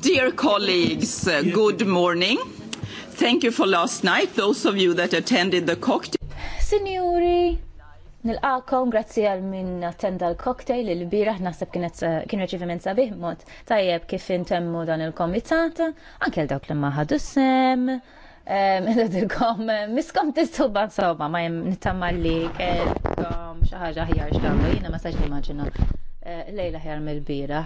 Dear colleagues, uh, good morning. Thank you for last night, those of you that attended the cocktail. Signori, nil-għakom, grazzi għal minn attenda l-cocktail il-biraħ naħseb uh, kien reċiviment sabiħ mod tajjeb kif intemmu dan il-komitat, anke l-dawk l-maħadussem. Dilkom, miskom tistu s'oba ma jem nitamalli kellkom xaħġa ħjar xtamlu, jina ma saġni maġina eh, lejla ħjar mil-bira.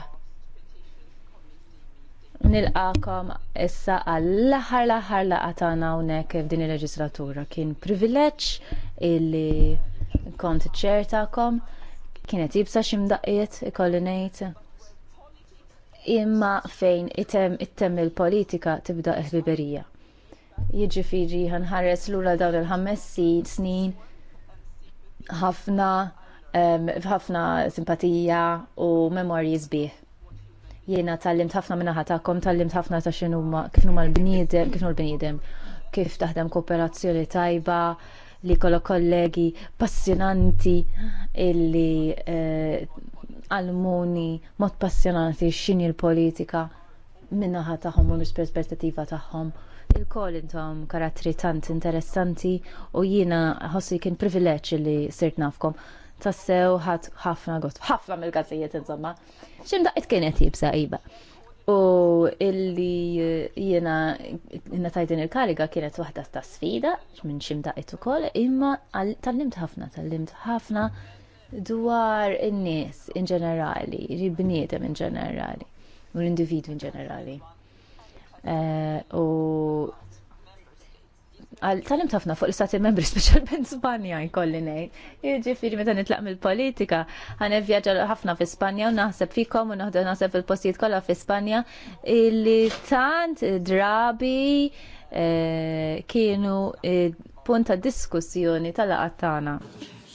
Nilqakom issa għall-aħħar l-aħħar laqatana hawnhekk f'din il-leġislatura. Kien privileċ illi kont ċertakom, kienet jibsa ximdaqiet ikolli ngħid. Imma fejn item it-tem il-politika tibda ħbiberija jiġifieri ħanħares lura dawn il-ħames snin ħafna ħafna simpatija u memorji sbieħ. Jiena tallimt ħafna minna ħatakom, tallimt ħafna ta' xinuma kif numa l-bniedem, kif l-bniedem, kif taħdem kooperazzjoni tajba, li kollok kollegi passjonanti illi eh, għalmuni mod passjonanti x'inhi l-politika minna tagħhom u mis-perspettiva tagħhom. Il-kol intom karattri tant interessanti u jiena ħossi kien privileġġ li sirt nafkom. Tassew ħadd ħafna gott, ħafna mill-gazzijiet insomma. Ximdaqt kienet jibsa iba. U illi eh, jiena jiena tajdin il-kariga kienet waħda ta' sfida minn ximdaqt ukoll, imma tal-limt ħafna, tal-limt ħafna dwar in-nies in ġenerali, il-bniedem in ġenerali, u l-individwi in ġenerali. Eh, u tal tafna fuq l-istati membri, specialment Spanja jkolli ngħid. Jiġifieri meta nitlaq mill-politika, ħan vjaġġa ħafna fi Spanja u naħseb fikom u naħdu naħseb fil-postijiet kollha fi Spanja illi tant drabi eh, kienu punta diskussjoni tal-laqgħat tagħna.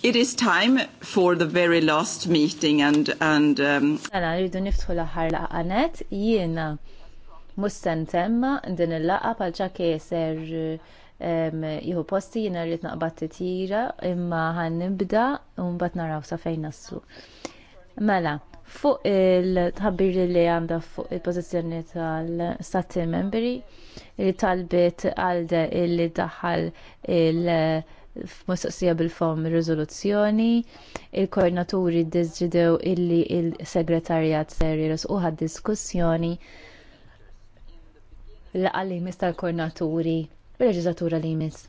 It is time for the very last meeting and and um... Mela, rridu niftħu l-aħħar laqanet jiena Mussen temma din il laqgħa palċa keser jieħu posti jina rrit naqbad titjira imma għan nibda un bat naraw sa fejn nassu. Mela, fuq il-tħabbir li għanda fuq il-pozizjoni tal-stati membri li talbit għalde li daħal il- mistoqsija bil-fom riżoluzzjoni, il-koordinaturi dizġidew illi il-segretarjat ser uħad diskussjoni diskussjoni l għalimis tal-kornaturi bil-leġizatura li jmiss.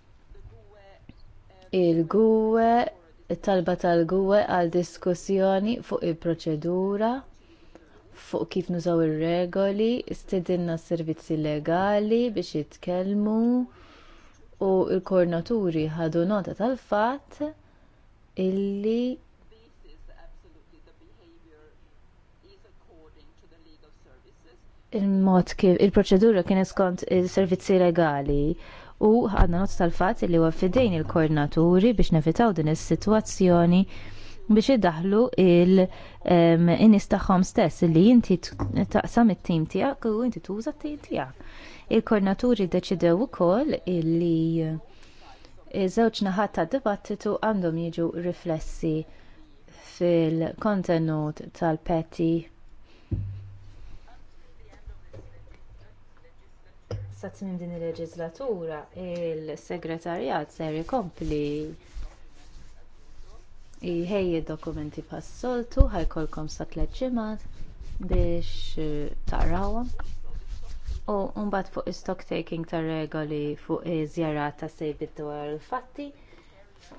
Il-gwe, il-talba tal-gwe għal diskussjoni fuq il-proċedura, fuq kif nużaw ir-regoli, istedinna s-servizzi legali biex jitkellmu u l-kornaturi ħadu nota tal-fatt illi il-mod kif il-proċedura kien skont il-servizzi legali u għadna nozz tal-fatt li huwa fidejn il-koordinaturi biex nevitaw din is-sitwazzjoni biex idaħħlu il innis tagħhom stess li inti taqsam it-tim tiegħek u inti tuża t-tim tiegħek. Il-koordinaturi deċidew ukoll li żewġ naħat tad dibattitu għandhom jiġu riflessi fil-kontenut tal peti Ta' tmiem din il-leġislatura il-segretarjat se jkompli jħejji dokumenti pas-soltu ħajkolkom sa tliet ġimgħat biex eh, tarawhom. U mbagħad fuq stock taking tar regoli fuq iż-żjarat ta' sejbit dwar il-fatti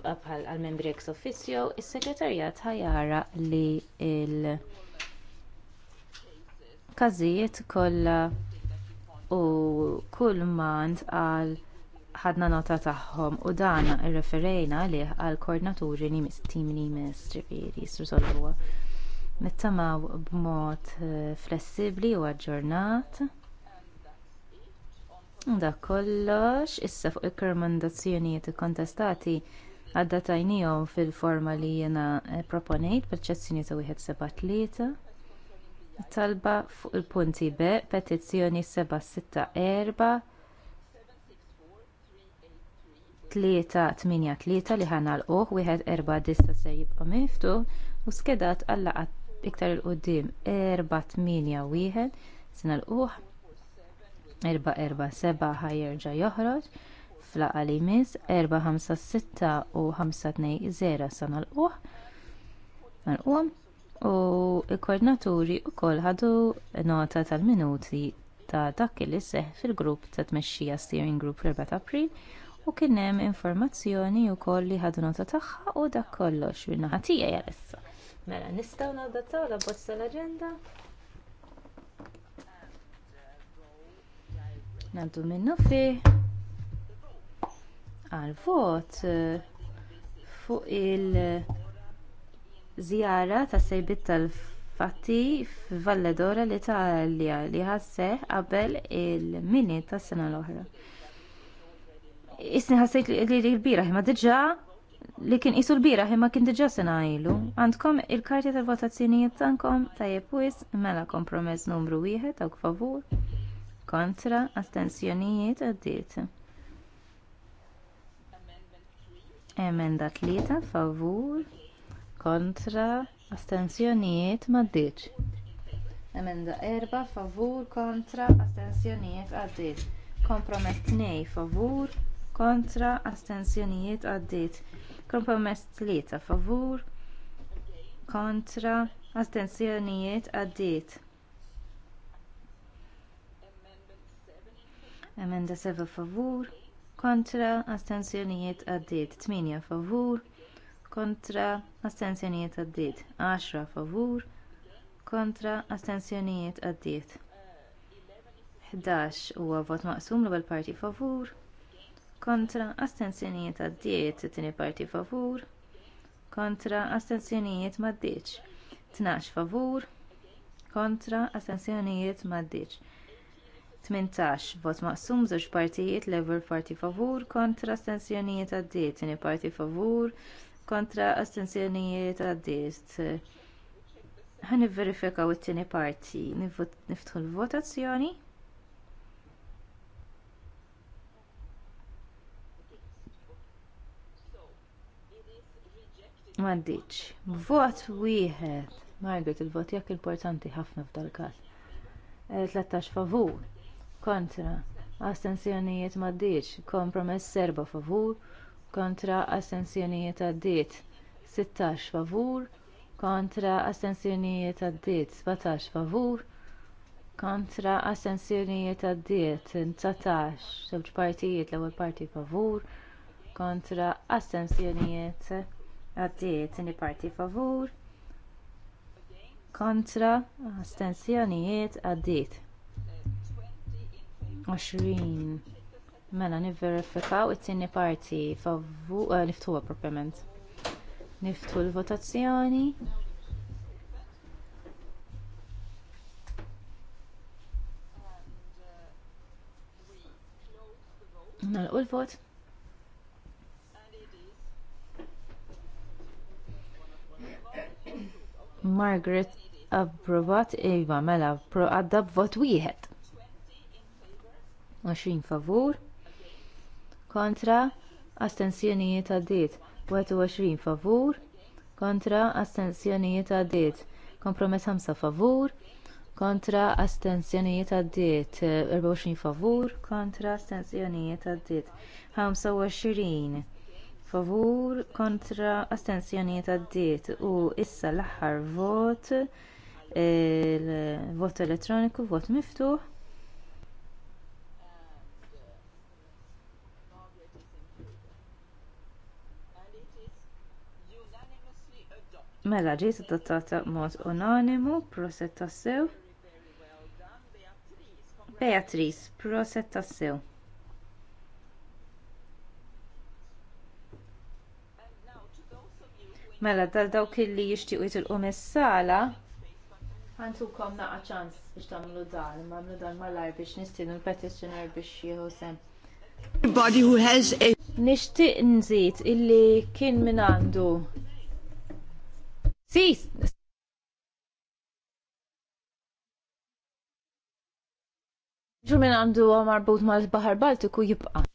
bħal għal-membri ex officio, is-segretarjat ħajara li l każijiet kollha u kull ma għal ħadna nota tagħhom u dan irreferejna għalih għall koordinaturi li tim li mis ġifieri s-risolvuha. Nittamaw b'mod eh, flessibbli u aġġornat. Da kollox, issa fuq il-rekomendazzjonijiet ikkontestati għadda tajnijom fil-forma li jiena eh, proponejt b'ċezzjoni ta' wieħed seba' tlieta talba fuq il-punti B, petizzjoni 764 383 li ħana l-oħ, wieħed erba dista se jibqa miftu u skedat għalla iktar il-qoddim 481 sena l-oħ 447 ħajerġa joħroġ flaqa li jmiss 456 u 520 sena l-oħ u l-koordinaturi wkoll ħadu nota tal-minuti ta' dak li seħħ fil-grupp ta' tmexxija Steering Group l-4 April u kien hemm informazzjoni wkoll li ħadu nota tagħha u dak kollox min-naħa tiegħi issa. Mela nistgħu nadattaw la bozza l-aġenda. Naddu minnu fi għal vot eh, fuq il- żjara ta' sejbit tal-fatti f'Valledora l-Italja li ħasseħ qabel il-mini tas sena l-oħra. Isni ħassejt li l-bira ma diġà li kien qisu l-bira ma kien diġà sena ilu. Għandkom il-karti tal-votazzjonijiet tagħkom ta' wis mela kompromess numru wieħed ta' favur kontra astensjonijiet għaddiet. Emenda tlieta favur kontra astensjonijiet maddiċ. Emenda erba' favur kontra astensjonijiet għaddiet. Kompromess 2 favur kontra astensjonijiet għaddiet kompromess tlieta favur kontra astensjonijiet għaddiet emenda 7 favur kontra astensjonijiet għaddiet 8 favur kontra astensjonijiet għaddiet. 10 favur kontra astensjonijiet għaddiet. 11 huwa vot maqsum l-ewwel parti favur kontra astensjonijiet għaddiet it-tieni parti favur kontra astensjonijiet m'għaddiex. 12 favur kontra astensjonijiet m'għaddiex. 18 vot maqsum żewġ partijiet l-ewwel parti favur kontra astensjonijiet għaddiet, tieni parti favur kontra astensjonijiet għaddiet. Għan u it-tini parti, niftħu l-votazzjoni. Mandiċ, vot wieħed. Margaret, il-vot jekk importanti ħafna f'dal każ. 13 eh, favur, kontra, astensjonijiet maddiċ, kompromess serba favur, kontra astensjonijiet diet 16 favur kontra astensjonijiet diet 17 favur kontra astensjonijiet diet 19 żewġ partijiet l-ewwel parti favur kontra astensjonijiet għaddiet tieni parti favur kontra astensjonijiet għaddiet 20 Mela nivverifikaw it-tieni parti favu uh, eh, niftuha propjament. Niftu l-votazzjoni. Nalqu l-vot. Margaret approvat iva mela għadda b'vot wieħed. 20 favur kontra astensjonijiet għaddiet 21 favur kontra astensjonijiet għaddiet kompromess 5 favur kontra astensjonijiet għaddiet 24 favur kontra astensjonijiet għaddiet 25 favur kontra astensjonijiet għaddiet u issa l-aħħar vot il-vot elettroniku vot miftuħ Mela ġiet adottata b'mod unanimu, proset tassew. Beatrice, proset tassew. Mela dal dawk li jixtiequ jitilqu mis-sala kom naqa ċans biex tagħmlu dan, mamlu dan malajr biex nistienu l-petitioner biex jieħu sem. Nixtieq nżid illi kien min għandu Sis, ġu minn għandu marbut mal-Bahar Baltiku jibqa.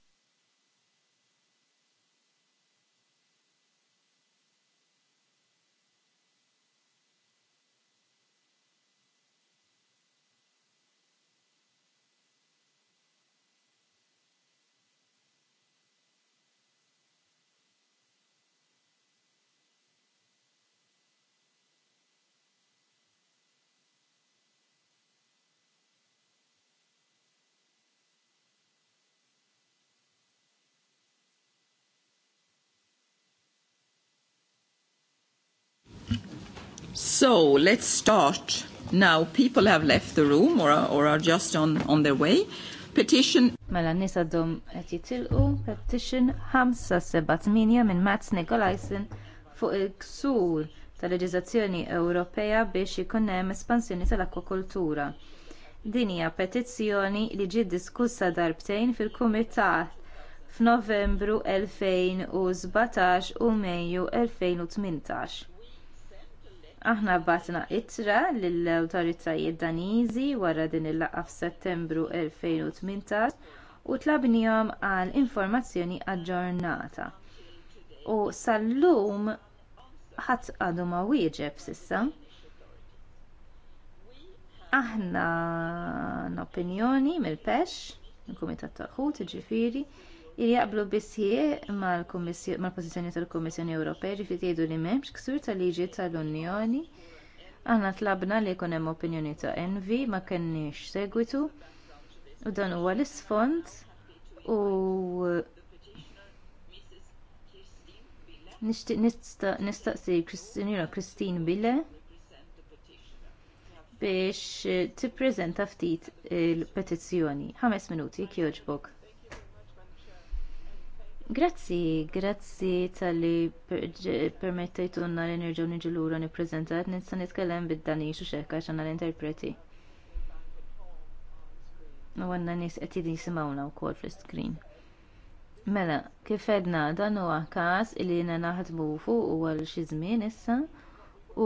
So let's start. Now people have left the room or, or are just on, on their way. Petition. Mela n-nisa għadhom qed jitilqu petition 578 minn Mats Nikolajsen fuq il-ksur tal-leġiżazzjoni Ewropea biex ikun hemm espansjoni tal-akwakultura. Din hija petizzjoni li ġiet diskussa darbtejn fil-Kumitat f'Novembru 2017 u Mejju 2018. Aħna batna ittra lill awtoritajiet Daniżi wara din il laqgħa f'Settembru 2018 u tlabniehom għal informazzjoni aġġornata. U sal-lum ħadd għadu ma wieġeb s'issa. Aħna n-opinjoni mill-pex, il-Kumitat tal ġifiri, jaqblu bisħieq mal-pożizzjoni tal-Kummissjoni Ewropea ġifi jgħidu li m'hemmx ksur tal-liġi tal-Unjoni. Aħna tlabna li jkun hemm opinjoni ta' Envi ma kenniex segwitu u dan huwa l-isfond u nistaqsi Kristina Christine Bille biex tippreżenta ftit il-petizzjoni. Ħames minuti jogħġbok. Grazzi, grazzi tal-li permettajtunna li enerġu niġu lura nippreżentat nista' nitkellem bid-dani xu xekka għax l-interpreti. U għanna nis nisimawna u wkoll fl-screen. Mela, kif edna dan huwa każ li jiena naħdmu fuq u għal xi żmien issa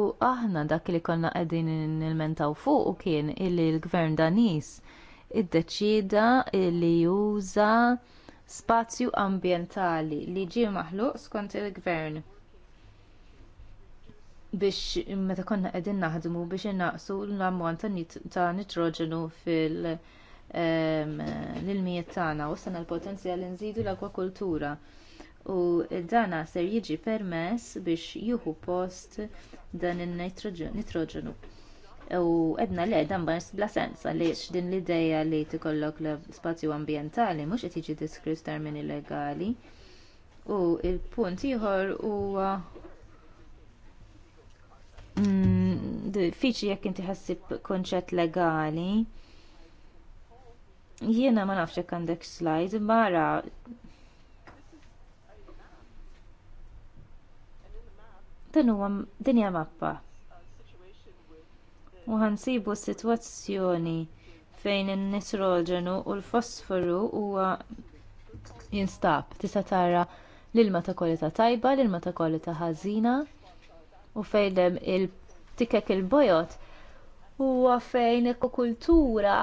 u aħna dak li konna qegħdin nilmentaw fuq u kien illi l-gvern Danis iddeċida li juża spazju ambjentali li ġie maħluq skont il-gvern biex meta konna qegħdin naħdmu biex innaqsu l-ammont ta' nitroġenu fil- ehm, l tagħna u sena l-potenzjal nżidu l-akwakultura. U dana ser jiġi permess biex jieħu post dan in nitroġenu U edna le, dan bars bla sens, għaliex din l-ideja li tikollok l spazju ambjentali mhux qed jiġi diskris termini legali. U il-punt ieħor huwa mm, diffiċli jekk inti ħassib konċett legali. Jiena ma nafx jekk għandek slide, mara dan huwa dinja mappa u ħansibu sitwazzjoni fejn in-nitroġenu u l-fosforu huwa jinstab. Tista' tara l-ilma ta' kwalità tajba, l-ilma ta' kwalità ħażina u fejn il-tikek il-bojot huwa fejn ekokultura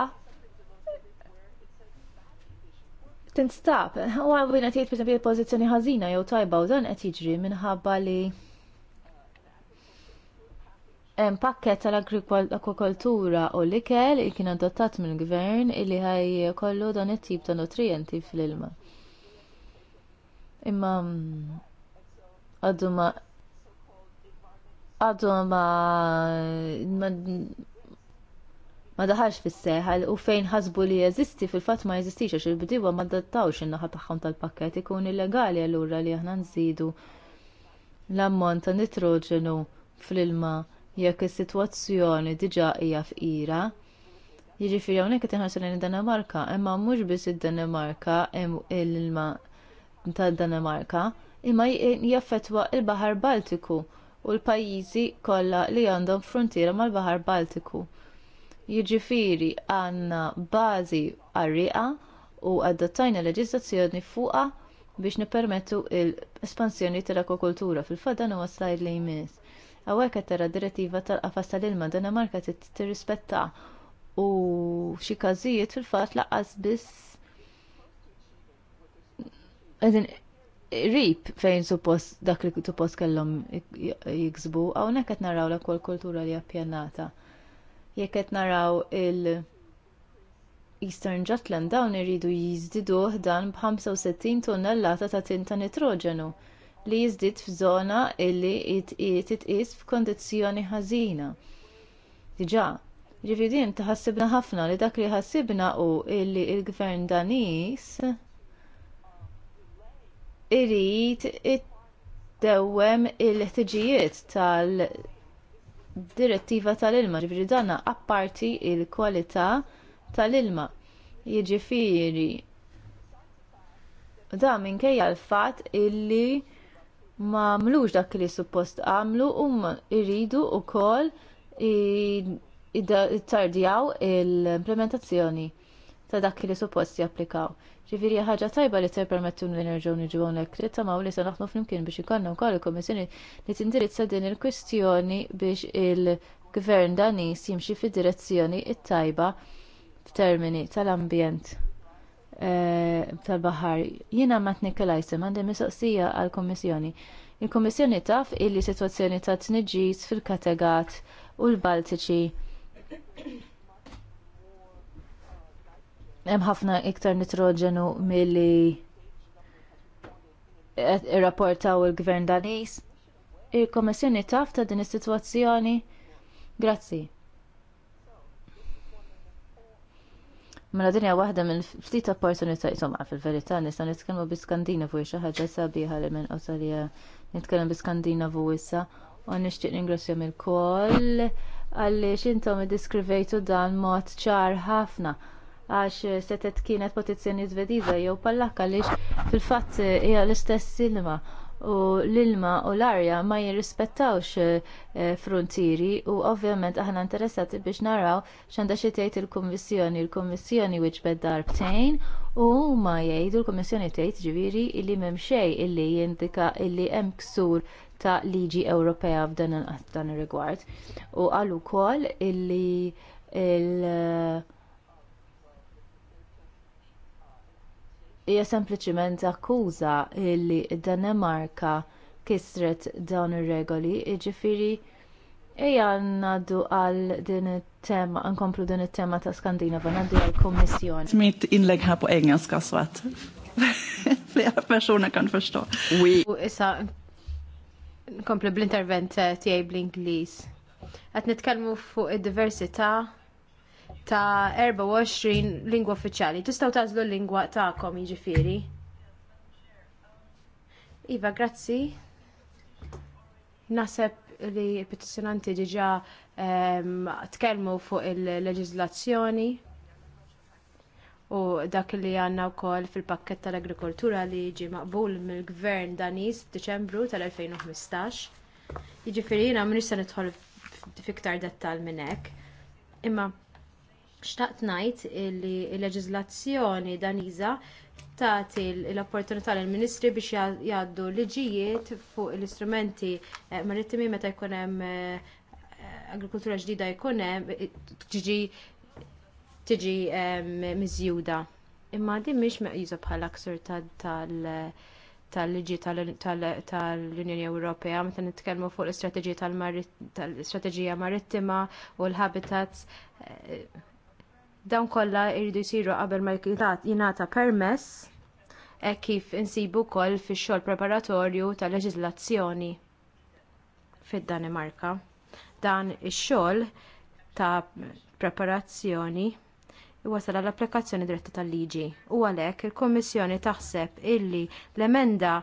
tinstab. U għan tiet per pożizzjoni ħażina jew tajba u dan qed jiġri minħabba li Hemm pakkett tal-akwakoltura u l-ikel li kien adottat mill-gvern li ħaj kollu dan it-tip ta' nutrijenti fl-ilma. Imma mm, għadu ma ma ma daħalx fis-seħal u fejn ħasbu li jeżisti fil-fatt ma jeżistix għax il-bdiewa ma dattawx in-naħa tagħhom tal-pakkett ikun illegali allura li aħna nżidu l-ammont ta' nitroġenu fl-ilma jekk is-sitwazzjoni diġà hija fqira. Jiġifieri hawnhekk qed inħarsu lejn id-Danimarka, imma mhux biss id-Danimarka hemm l-ilma tad-Danimarka, imma jaffettwa l-Baħar Baltiku u l-pajjiżi kollha li għandhom frontiera mal-Baħar Baltiku. Jiġifieri għandna bażi għarriqa u adottajna leġiżlazzjoni fuqha biex nippermettu l-espansjoni tal-akwakultura fil-fadan u għaslajt li jmiss Għawek għattara direttiva tal-qafas tal-ilma Danimarka tirrispetta u xi każijiet fil-fatt laqqas biss Edin, rip fejn suppost dak li suppost kellhom jiksbu, hawnhekk qed naraw l kol kultura li appjanata. Jekk qed naraw il- Eastern Jutland dawn iridu jizdiduh dan b'65 tonnellata ta' tin ta' nitroġenu li jiżdied f'żona illi titqies f'kondizzjoni ħażina. Diġà, ġifi din taħassibna ħafna li dak li ħassibna hu illi l gvern Danis irid iddewwem il-ħtiġijiet tal-direttiva tal-ilma, ġifieri danna apparti l kwalità tal-ilma. Jiġifieri da minkejja l-fatt illi ma għamlux dak li suppost għamlu u um irridu wkoll jittardjaw l-implementazzjoni ta' dak li suppost japplikaw. Ġifiri ħaġa tajba li ter permettu l-enerġu nġu għonlek li tamaw li sa' naħnu flimkien biex ikonna wkoll il komissjoni li tindirizza din il-kwistjoni biex il-gvern danis jimxi fid direzzjoni t tajba f'termini tal-ambjent. Eh, tal-bahar. Jina Matt Nikolajsem għandi mistoqsija għal komissjoni il komissjoni taf illi situazzjoni ta' tniġis fil-Kategat u l-Baltiċi. Hemm ħafna iktar nitroġenu milli irrapportaw il-gvern Danis. il komissjoni taf ta' din is-sitwazzjoni. Grazzi. Mela dinja waħda minn ftit opportunitajiet somqa fil-verità nista' nitkellmu fuq xi ħaġa sabiħa li minn qosalija nitkellem fuq issa u nixtieq ningrassjom il-koll għaliex intom iddiskrivejtu dan mod ċar ħafna għax setet kienet petizzjoni Zvediża jew Pallakka għaliex fil-fatt hija l-istess silma u l-ilma u l-arja ma jirrispettawx eh, eh, frontieri u ovvjament aħna interessati biex naraw x'għandha xi tgħid il-Kummissjoni. Il-Kummissjoni wiġbed darbtejn u ma jgħidu l-Kummissjoni tgħid ġifieri illi m'hemm xejn illi jindika illi hemm ksur ta' liġi Ewropea f'dan ir-rigward. U għal ukoll illi il- hija sempliċiment akkuża li d-Danimarka kisret dawn ir-regoli, jiġifieri Ejja ngħaddu għal din it-tema, nkomplu din it-tema ta' Skandinava, ngħaddu għal kommissjoni. Smit inleg ħabu engelska swat. Flera persona kan fashto. Wi. U issa nkomplu bl-intervent eh, tiegħi bl-Ingliż. Qed nitkellmu fuq id-diversità ta' 24 lingwa uffiċjali. Tistgħu tażlu l-lingwa tagħkom jiġifieri. Iva, grazzi. Naħseb li petizjonanti diġà tkellmu fuq il-leġiżlazzjoni u dak li għandna wkoll fil-pakket tal-agrikoltura li ġie maqbul mill-gvern Daniż f'Diċembru tal-2015. Jiġifieri jiena m'iniex se nidħol fiktar dettal minn hekk. Imma Xtaqt ngħid li l-leġiżlazzjoni daniża tagħti l-opportunità lill ministri biex jgħaddu liġijiet fuq l-istrumenti eh, marittimi meta jkun hemm eh, agrikoltura ġdida jkun hemm eh, tiġi miżjuda. Imma din mhix meqjusa bħala ksur tal-liġi tal-Unjoni Ewropea meta nitkellmu fuq l-istrateġija marittima u l-habitats Dawn kollha jridu jsiru qabel ma jingħata permess hekk kif insibu wkoll fix-xogħol preparatorju tal leġiżlazzjoni fid-Danimarka. Dan ix-xogħol ta' preparazzjoni wasal għall applikazzjoni diretta tal-liġi. U għalhekk il-Kummissjoni taħseb illi l-emenda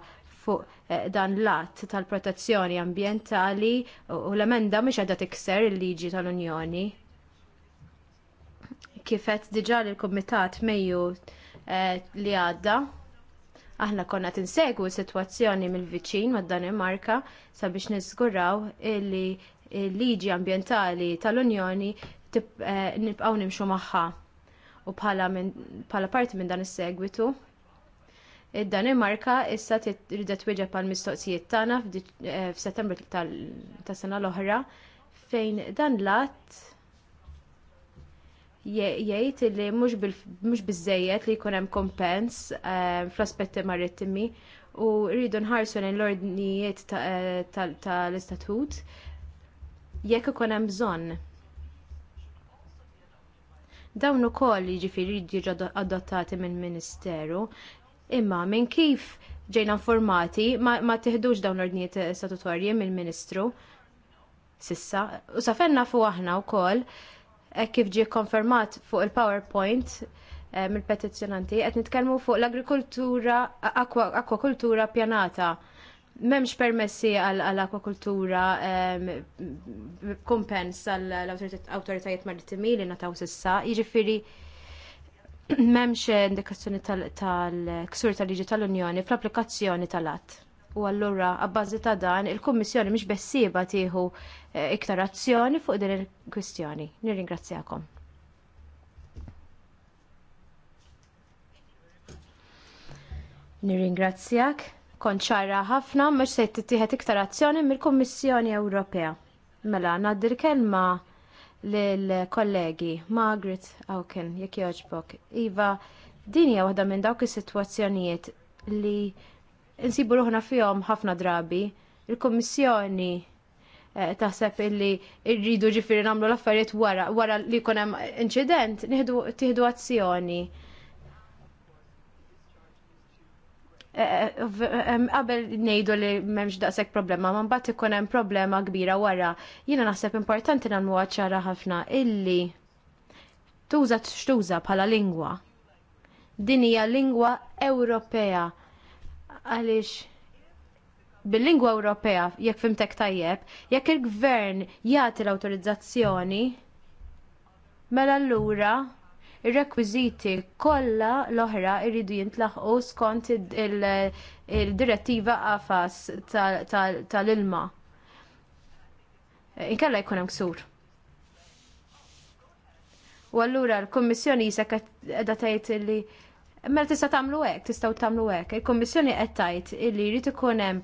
fuq eh, dan l-att tal-protezzjoni ambjentali u l-emenda mhix qiegħda tikser il-liġi tal-Unjoni kifet diġà il kumitat Mejju eh, li għadda aħna konna tinsegwu sitwazzjoni mill-viċin mad Danimarka sabiex niżguraw li l-liġi ambjentali tal-Unjoni eh, nibqgħu nimxu magħha. U bħala parti minn dan is-segwitu id-Danimarka issa trid twieġeb għall mistoqsijiet tagħna eh, f'Settembru tas-sena l-oħra fejn dan l-att jgħid li mhux biżżejjed li jkun hemm kompens eh, fl-aspetti marittimi u rridu nħarsu lejn l-ordnijiet eh, tal-istatut jekk ikun hemm bżonn. Dawn ukoll jiġifieri jiġu adottati mill-Ministeru imma minn kif ġejna informati ma teħdux dawn l-ordnijiet statutorji mill-Ministru sissa u safenna fuq aħna wkoll hekk eh, kif ġie konfermat fuq il-PowerPoint eh, mill-petizzjonanti, qed nitkellmu fuq l-agrikoltura, akwakultura pjanata. M'hemmx permessi għall akwakultura ehm, kumpens għall awtoritajiet marittimi li nataw sissa, jiġifieri m'hemmx indikazzjoni tal-ksur tal-liġi tal-Unjoni fl-applikazzjoni tal-att. U allura abbażi ta' dan il-Kummissjoni mhix bessiba tieħu Eh, iktar azzjoni fuq din il-kwistjoni. Nirringrazzjakom. Nirringrazzjak, kont ċara ħafna mhux se tittieħed iktar azzjoni mill-Kummissjoni Ewropea. Mela, ngħaddi kelma lill-kollegi Margaret Auken, jekk jogħġbok. Iva, din hija waħda minn dawk is-sitwazzjonijiet li insibu ruħna fihom ħafna drabi. Il-Kummissjoni Eh, taħseb illi rridu ġifiri namlu l-affarijiet wara, wara li jkun hemm inċident, tieħdu azzjoni. Eh, eh, qabel ngħidu li m'hemmx daqshekk problema, ma mbagħad ikun hemm problema kbira wara. Jiena naħseb importanti nagħmlu ċara ħafna illi tuża x'tuża bħala lingwa. Din hija lingwa Ewropea għaliex bil-lingwa Ewropea jekk fimtek tajjeb, jekk il-gvern jagħti l-awtorizzazzjoni, mela allura ir-rekwiżiti kollha l-oħra jridu jintlaħqu skont il-direttiva qafas tal-ilma. Inkella jkun hemm ksur. U allura l-Kummissjoni jisek qiegħda tgħid li mela tista' tagħmlu hekk, tistgħu tagħmlu hekk. Il-Kummissjoni qed tgħid li jrid ikun hemm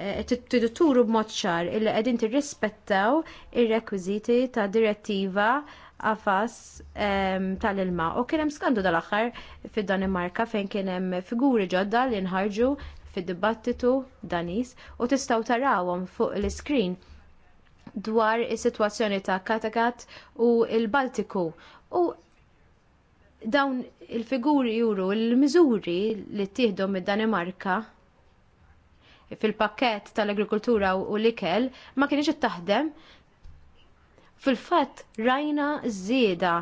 Eh, tridu turu b'mod ċar illi qegħdin tirrispettaw ir-rekwiżiti ta' direttiva għafas ehm, tal-ilma. U kien hemm skandu dal-aħħar fid-Danimarka fejn kien hemm figuri ġodda li nħarġu fid-dibattitu Danis u tistgħu tarawhom fuq l screen dwar is-sitwazzjoni ta' Katagat u l baltiku U dawn il-figuri juru l-miżuri li ttieħdu mid-Danimarka fil-pakket tal-agrikoltura u l-ikel ma kienx taħdem. Fil-fatt rajna żieda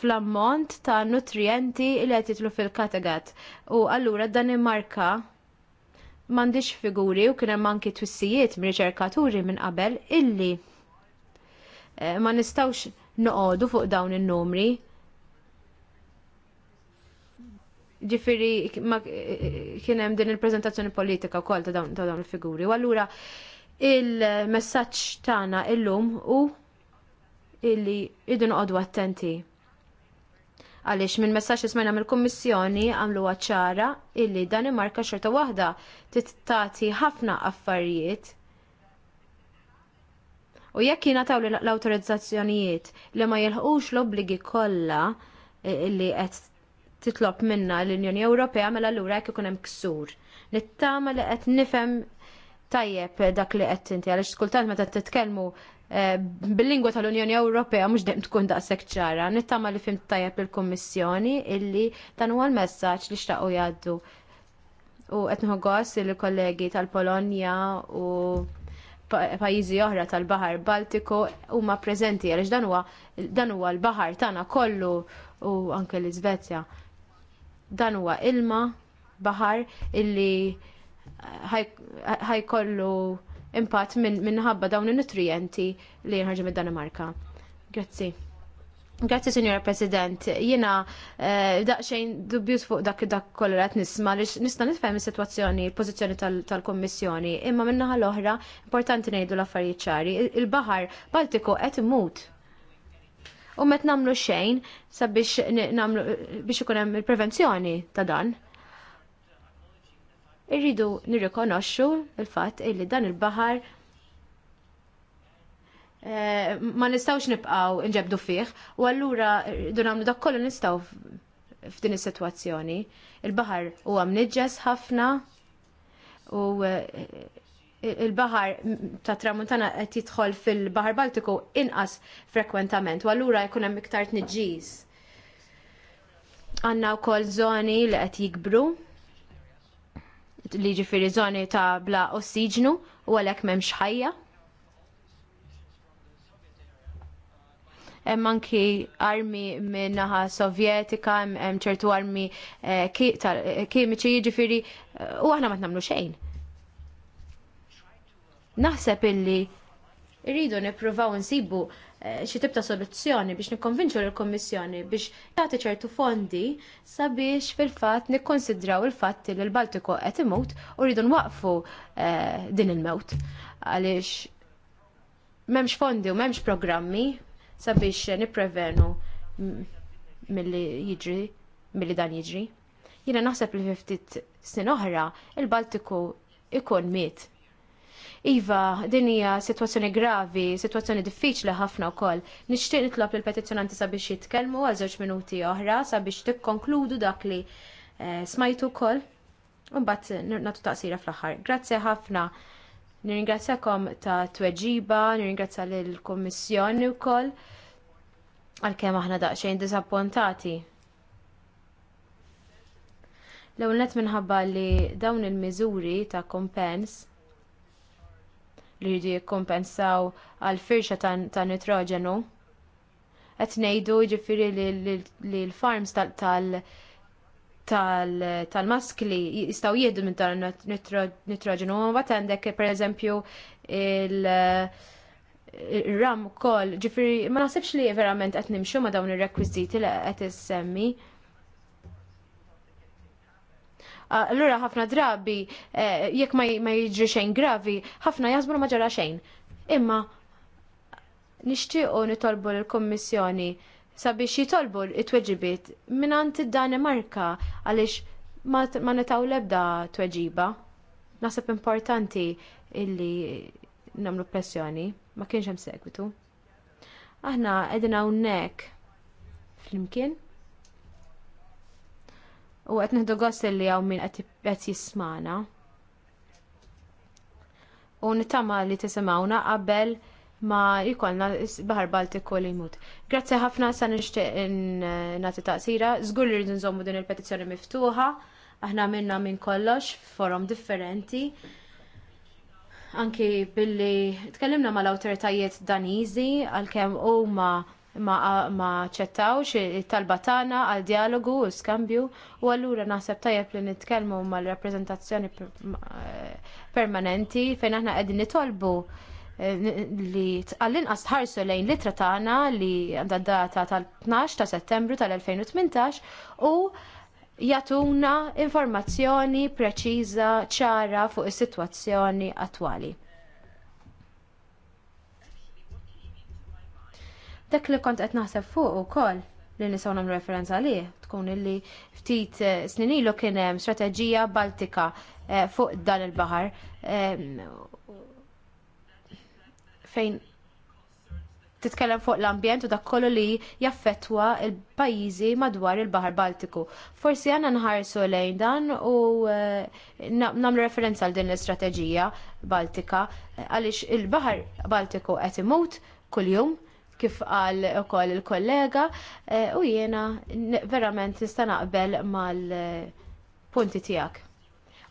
fl-ammont ta' nutrienti li qed jitlu fil kategat u allura Danimarka m'għandix figuri u kien hemm anki twissijiet minn riċerkaturi minn qabel illi eh, ma nistawx noqogħdu fuq dawn in-numri ġifiri kienem din il-prezentazzjoni politika u kol ta' dawn il-figuri. U allura il-messagġ tagħna illum u illi idun qodwa attenti. Għalix minn messaċ jismajna mill kummissjoni għamlu ċara illi Danimarka xorta waħda tittati ħafna affarijiet U jekk jingħataw l-awtorizzazzjonijiet li ma jilħqux l-obbligi kollha eh, li qed titlob minna l-Unjoni Ewropea mela allura jekk ikun hemm ksur. Nittama li qed nifhem tajjeb dak li qed inti għaliex skultant meta titkellmu eh, bil-lingwa tal-Unjoni Ewropea mhux dejjem tkun daqshekk ċara. Nittama li fim tajjeb il kummissjoni illi dan huwa l-messaġġ li xtaqgħu jgħaddu. U qed nħoggos il-kollegi tal-Polonja u pajjiżi oħra tal-Baħar Baltiku huma preżenti għaliex dan huwa dan huwa l-baħar tagħna kollu u anke l-Iżvezja dan huwa ilma baħar illi ħajkollu impatt minħabba min dawn in-nutrijenti li jinħarġu mid-Danimarka. Grazzi. Grazzi, Signor President. Jina eh, daqxejn dubjus fuq dak dak kollu qed nisma' li nista' nifhem is-sitwazzjoni, l-pożizzjoni tal-Kommissjoni, tal imma minnaħa l-oħra importanti ngħidu l-affarijiet ċari. Il-Baħar Baltiku qed imut u met namlu xejn sabiex namlu biex ikun hemm il-prevenzjoni ta' dan. Irridu nirrikonoxxu il-fatt illi dan il-baħar eh, ma nistawx nibqaw nġebdu fih u allura rridu nagħmlu dak kollu nistgħu f'din is-sitwazzjoni. Il-baħar huwa mniġġes ħafna u eh, il-bahar ta' tramuntana qed jidħol fil-bahar Baltiku inqas frekwentament, u allura jkun hemm iktar tniġġis. Għandna wkoll żoni li qed jikbru li ġifiri żoni ta' bla ossiġnu u għalhekk m'hemmx ħajja. Hemm anki armi minnaħa naħa Sovjetika, hemm ċertu armi eh, eh, kimiċi jiġifieri u aħna ma nagħmlu xejn Naħseb illi rridu nippruvaw nsibu eh, xi tip ta' soluzzjoni biex nikkonvinċu l-Kommissjoni biex tagħti ċertu fondi sabiex fil-fatt nikkonsidraw il-fatt li l-Baltiku qed imut u rridu nwaqfu eh, din il-mewt għaliex memx fondi u memx programmi sabiex niprevenu mill-li jiġri, mill-li dan jiġri. Jiena naħseb li ftit sin oħra il-Baltiku ikun miet. Iva, din hija sitwazzjoni gravi, sitwazzjoni diffiċli ħafna wkoll. Nixtieq nitlob lill petizzjonanti sabiex jitkellmu għal żewġ minuti oħra sabiex tikkonkludu dak li eh, smajtu wkoll. Mbagħad nagħtu taqsira fl-aħħar. Grazzi ħafna. Nirringrazzjakom ta' tweġiba, nirringrazzja lill-Kummissjoni wkoll għalkemm aħna daqsxejn diżappuntati. L-ewwel minħabba li dawn il-miżuri ta' kompens li rridu jikkompensaw għal firxa ta' nitrogenu. Qed ngħidu jiġifieri li l-farms tal-maskli jistgħu jieħdu minn dan nitrogenu u mbagħad għandek pereżempju il- ram ukoll, ġifieri ma naħsibx li verament qed nimxu ma dawn ir-rekwiżiti li qed issemmi. Allura ħafna drabi eh, jekk ma jiġri xejn gravi, ħafna jażbu ma ġara xejn. Imma nixtiequ nitolbu l-Kommissjoni sabiex jitolbu it-tweġibiet minant id-Danimarka għaliex ma netaw lebda tweġiba. Nasab importanti illi namlu pressjoni, ma kienx hemm segwitu. Aħna qegħdin hawnhekk flimkien u qed nħdu gost li hawn min qed jismana. U nittama li tisimawna qabel ma jkollna baħar Baltiku li jmut. Grazzi ħafna sa nixtieq nagħti taqsira, żgur li rridu zommu din il-petizzjoni miftuħa, aħna minna minn kollox forum differenti. Anki billi tkellimna mal-awtoritajiet Daniżi għalkemm huma ma ċettawx it-talba tagħna għal dialogu u skambju u allura naħseb tajjeb li nitkellmu mal-rappreżentazzjoni eh, permanenti fejn aħna qegħdin nitolbu eh, li għall-inqas tħarsu lejn litra tagħna li għandha data tal-12 ta' Settembru tal-2018 u jagħtuna informazzjoni preċiża ċara fuq is-sitwazzjoni attwali. Dak li kont qed naħseb fuq ukoll li nisgħu nagħmlu referenza għalih tkun illi ftit eh, snin ilu kien hemm strateġija Baltika eh, fuq dan il-baħar ehm, fejn titkellem fuq l-ambjent u dak kollu li jaffettwa il-pajjiżi madwar il-Baħar Baltiku. Forsi għandna nħarsu lejn dan u eh, nagħmlu referenza għal din l-istrateġija Baltika għaliex il-Baħar Baltiku qed imut kuljum kif qal ukoll il-kollega eh, u jiena verament nista' naqbel mal-punti tiegħek.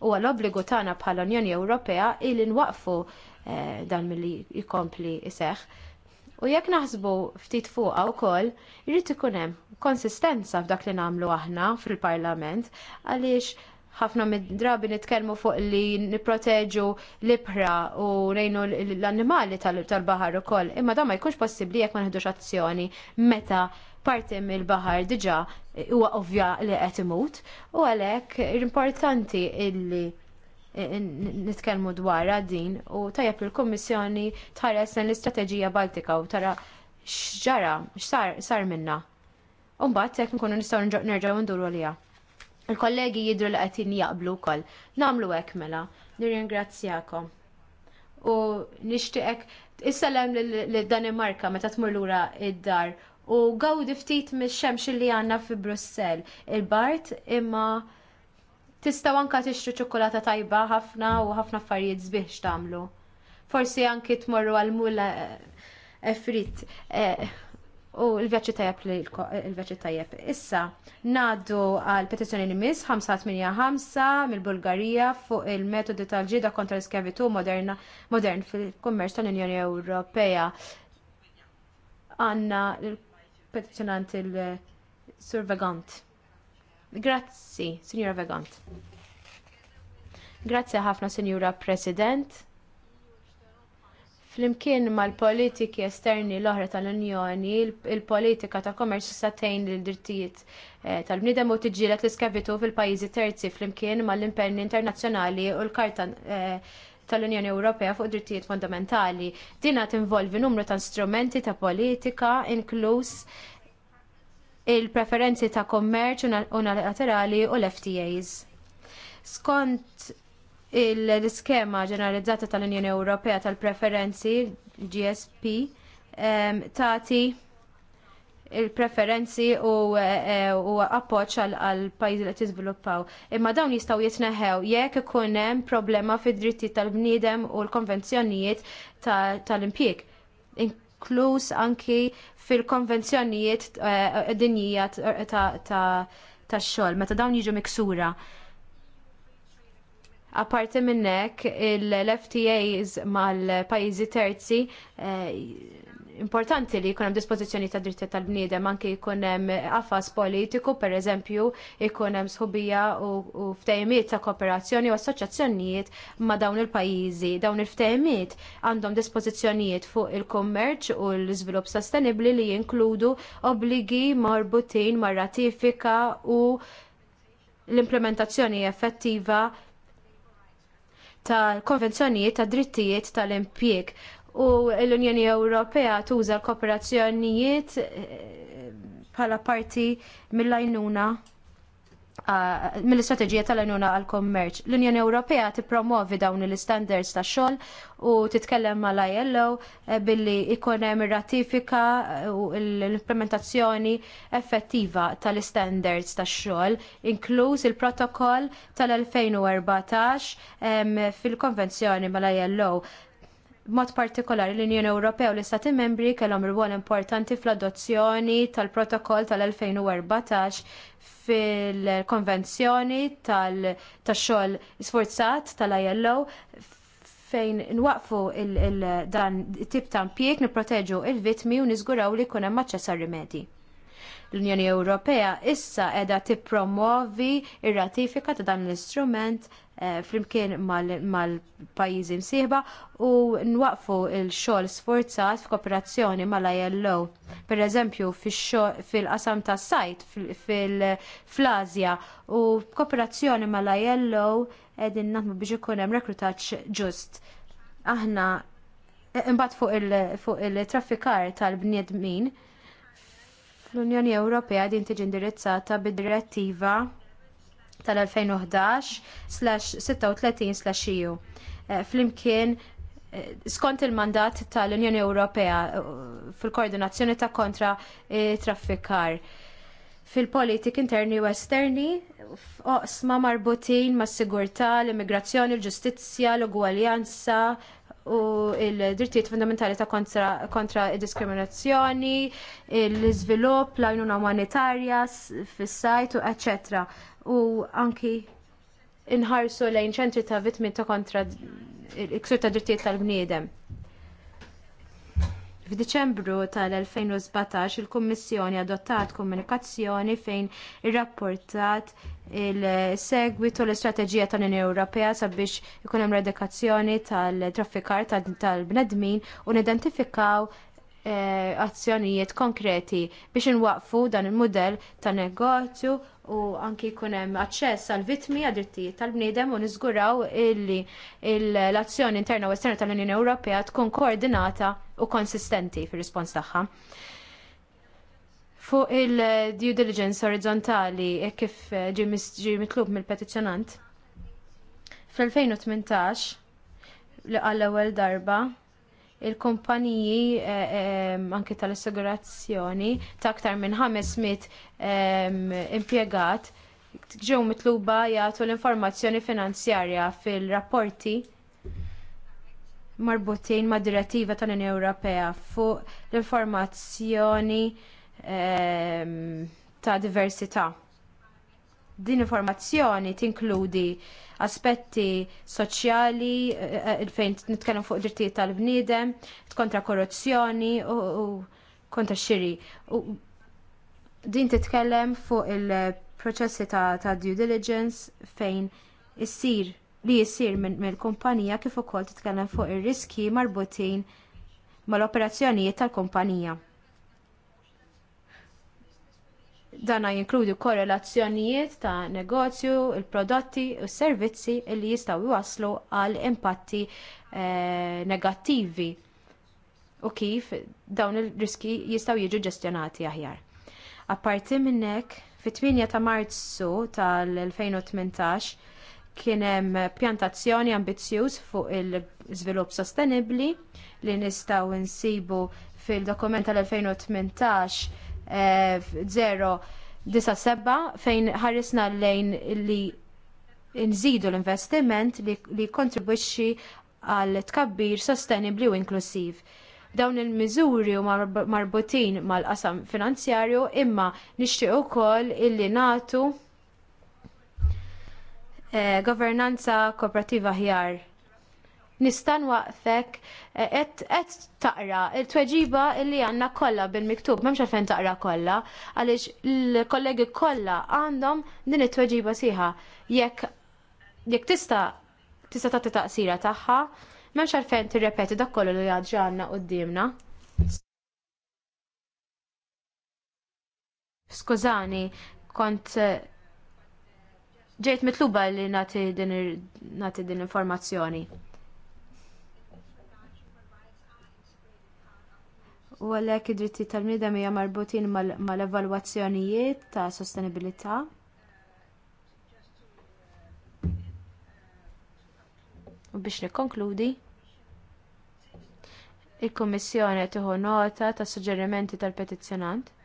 U għall-obbligu tagħna bħala Unjoni Ewropea il nwaqfu eh, dan milli jkompli iseħħ. U jekk naħsbu ftit fuqha wkoll, irrid ikun hemm konsistenza f'dak li nagħmlu aħna fil-Parlament għaliex ħafna mid-drabi nitkellmu fuq li niproteġu l ibra u rejnu l-annimali tal-baħar ukoll. Imma da ma jkunx possibbli jekk ma nħedux azzjoni meta parti mill-baħar diġà huwa ovvja li qed imut u għalhekk importanti illi eh, nitkellmu dwarha din u tajjeb il-Kummissjoni tħares l-istrateġija Baltika u tara x'ġara x'sar sar minna. Umbat jekk nkunu nistgħu nerġgħu nduru għalija. Il-kollegi jidru li qed jaqblu wkoll. Nagħmlu hekk mela. Nirringrazzjakom. U nixtieqek issalem lid-Danimarka meta tmur lura id-dar u gawdi ftit mix-xemx li għandna fi Brussell. Il-Bart imma tistaw anka tixtru ċokolata tajba ħafna u ħafna affarijiet zbiex tagħmlu. Forsi anki tmorru għal mula efrit. Eh, U l vjaċi tajab l eh, vjaċi tajab. Issa, naddu għal petizjoni li mis 585 mill-Bulgarija fuq il-metodi tal-ġida kontra l-skavitu modern fil kommerċ tal-Unjoni Ewropea. Għanna l-petizjonant il-Sur Vegant. Grazzi, Signora Vegant. Grazzi ħafna, Signora President Flimkien mal-politiki esterni l-oħra tal-Unjoni, il-politika ta' kommerċ satejn l-drittijiet eh, tal-bnidem u tiġġielet l-iskavitu fil-pajjiżi terzi flimkien mal-impenni internazzjonali u l-karta eh, tal-Unjoni Ewropea fuq drittijiet fondamentali. Dina tinvolvi numru ta' strumenti ta' politika, inkluż il-preferenzi ta' kommerċ unilaterali u l-FTAs. Skont l-iskema ġeneralizzata tal-Unjoni Ewropea tal-preferenzi, GSP, tagħti il-preferenzi e, u appoċ għal pajjiżi li tiżviluppaw. Imma dawn jistgħu jitneħew jekk ikun hemm problema fid-dritti tal-bniedem u l-konvenzjonijiet tal-impjieg. Inkluż anki fil-konvenzjonijiet e, dinjija tax-xogħol meta dawn jiġu miksura. Apparti minn hekk, il-FTAs mal pajjiżi terzi eh, importanti li jkun hemm dispożizzjoni ta' dritti tal-bniedem anke jkun hemm qafas politiku, pereżempju, jkun hemm sħubija u ftehimiet ta' kooperazzjoni u assoċjazzjonijiet ma' dawn il-pajjiżi. Dawn il-ftehimiet għandhom dispożizzjonijiet fuq il-kummerċ u l-iżvilupp sostenibbli li jinkludu obbligi marbutin mar ratifika u l-implementazzjoni effettiva tal-konvenzjonijiet ta' drittijiet tal-impjieg u l-Unjoni Ewropea tuża l-kooperazzjonijiet eh, bħala parti mill-għajnuna mill-istrateġija tal-Unjoni għal-Kommerċ. L-Unjoni Ewropea tippromovi dawn l-standards ta' xogħol u titkellem mal ILO eh, billi ikun hemm ir-ratifika eh, u l-implementazzjoni effettiva tal-standards ta' xogħol, inkluż il-protokoll tal-2014 fil-konvenzjoni mal ILO Mod partikolari l-Unjoni Ewropea u l-Istati Membri kellhom rwol importanti fl-adozzjoni tal-Protokoll tal-2014 fil-Konvenzjoni tal-xogħol sforzat tal-ILO fejn nwaqfu dan tip ta' impjieg nipproteġu l vittmi u niżguraw li jkun hemm aċċess għar-rimedji. L-Unjoni Ewropea issa qiegħda tippromovi r ratifika ta' dan l-istrument eh, flimkien mal-pajjiżi msiħba u nwaqfu l-xogħol sforzat f'kooperazzjoni mal-ILO. Pereżempju fil-qasam tas sajt fil flazja u kooperazzjoni mal-ILO qegħdin naħdmu biex ikun hemm rekrutaġġ ġust. Aħna eh, Imbagħad fuq il-traffikar tal-bniedmin, fl-Unjoni Ewropea din tiġi indirizzata bid-direttiva tal-2011/36/EU. Eh, flimkien eh, skont il-mandat tal-Unjoni Ewropea eh, fil-koordinazzjoni ta' kontra traffikar fil-politik interni u esterni f'oqsma marbutin mas sigurtà, l-immigrazzjoni, l-ġustizzja, l-ugwaljanza, u il-drittijiet fundamentali ta' kontra, kontra diskriminazzjoni, l-izvilupp, l-għajnuna umanitarja fis-sajt, etc. U anki inħarsu lejn ċentri ta' vittmi ta' kontra il-ksur ta' drittijiet tal-bniedem. F'Diċembru tal-2017 il-Kummissjoni adottat komunikazzjoni fejn ir-rapportat il-segwitu l-istrateġija tal-Unjoni Ewropea sabiex ikun hemm redikazzjoni tal-traffikar tal-bnedmin u nidentifikaw eh, azzjonijiet konkreti biex inwaqfu dan il-mudell ta' negozju u anki jkun hemm aċċess għal vittmi għad drittijiet tal-bniedem u niżguraw illi l-azzjoni interna u esterna tal-Unjoni Ewropea tkun koordinata u konsistenti fir-rispons tagħha. Fuq il-due diligence orizzontali e kif eh, ġi mitlub mill-petizzjonant. Fl-2018 li għall-ewwel darba il-kumpaniji eh, anki tal-assigurazzjoni ta' aktar minn 500 impjegat ġew mitluba jagħtu l-informazzjoni finanzjarja fil-rapporti marbutin mad direttiva tal-Unjoni Ewropea fuq l-informazzjoni Ehm, ta' diversità. Din informazzjoni tinkludi aspetti soċjali eh, eh, fejn nitkellem fuq drittijiet tal-bniedem, kontra korruzzjoni u kontra xiri. Din titkellem fuq il-proċessi ta' due diligence fejn issir li jissir mill-kumpanija kif ukoll titkellem fuq ir-riski marbutin mal-operazzjonijiet tal-kumpanija. Dana jinkludi korrelazzjonijiet ta' negozju, il-prodotti u s servizzi li jistgħu jwasslu għal impatti eh, negattivi u kif dawn ir riski jistgħu jiġu ġestjonati aħjar. Apparti minn hekk, fit-8 ta' Marzu tal-2018 kien hemm pjantazzjoni ambizzjuż fuq il-żvilupp sostenibbli li nistgħu nsibu fil-dokument tal-2018 097 fejn ħarisna lejn li nżidu l-investiment li kontribwixxi għal tkabbir sostenibli u inklusiv. Dawn il-miżuri u marbutin mal-qasam finanzjarju imma nixtieq ukoll illi natu eh, governanza kooperativa ħjar nistan waqfek qed eh, taqra il-tweġiba li għandna kollha bil-miktub m'hemmx għalfejn taqra kollha għaliex il-kollegi kollha għandhom din it-tweġiba siħa jekk jekk tista' tista' tagħti taqsira tagħha m'hemmx għalfejn tirrepeti dak kollu li għandna dimna Skużani, kont eh, ġejt mitluba li nagħti din informazzjoni. u għalhekk id-dritti tal-bniedem hija marbutin mal-evalwazzjonijiet ta' sostenibilità. U biex nikkonkludi, il-Kummissjoni tieħu nota ta' suġġerimenti tal-petizzjonant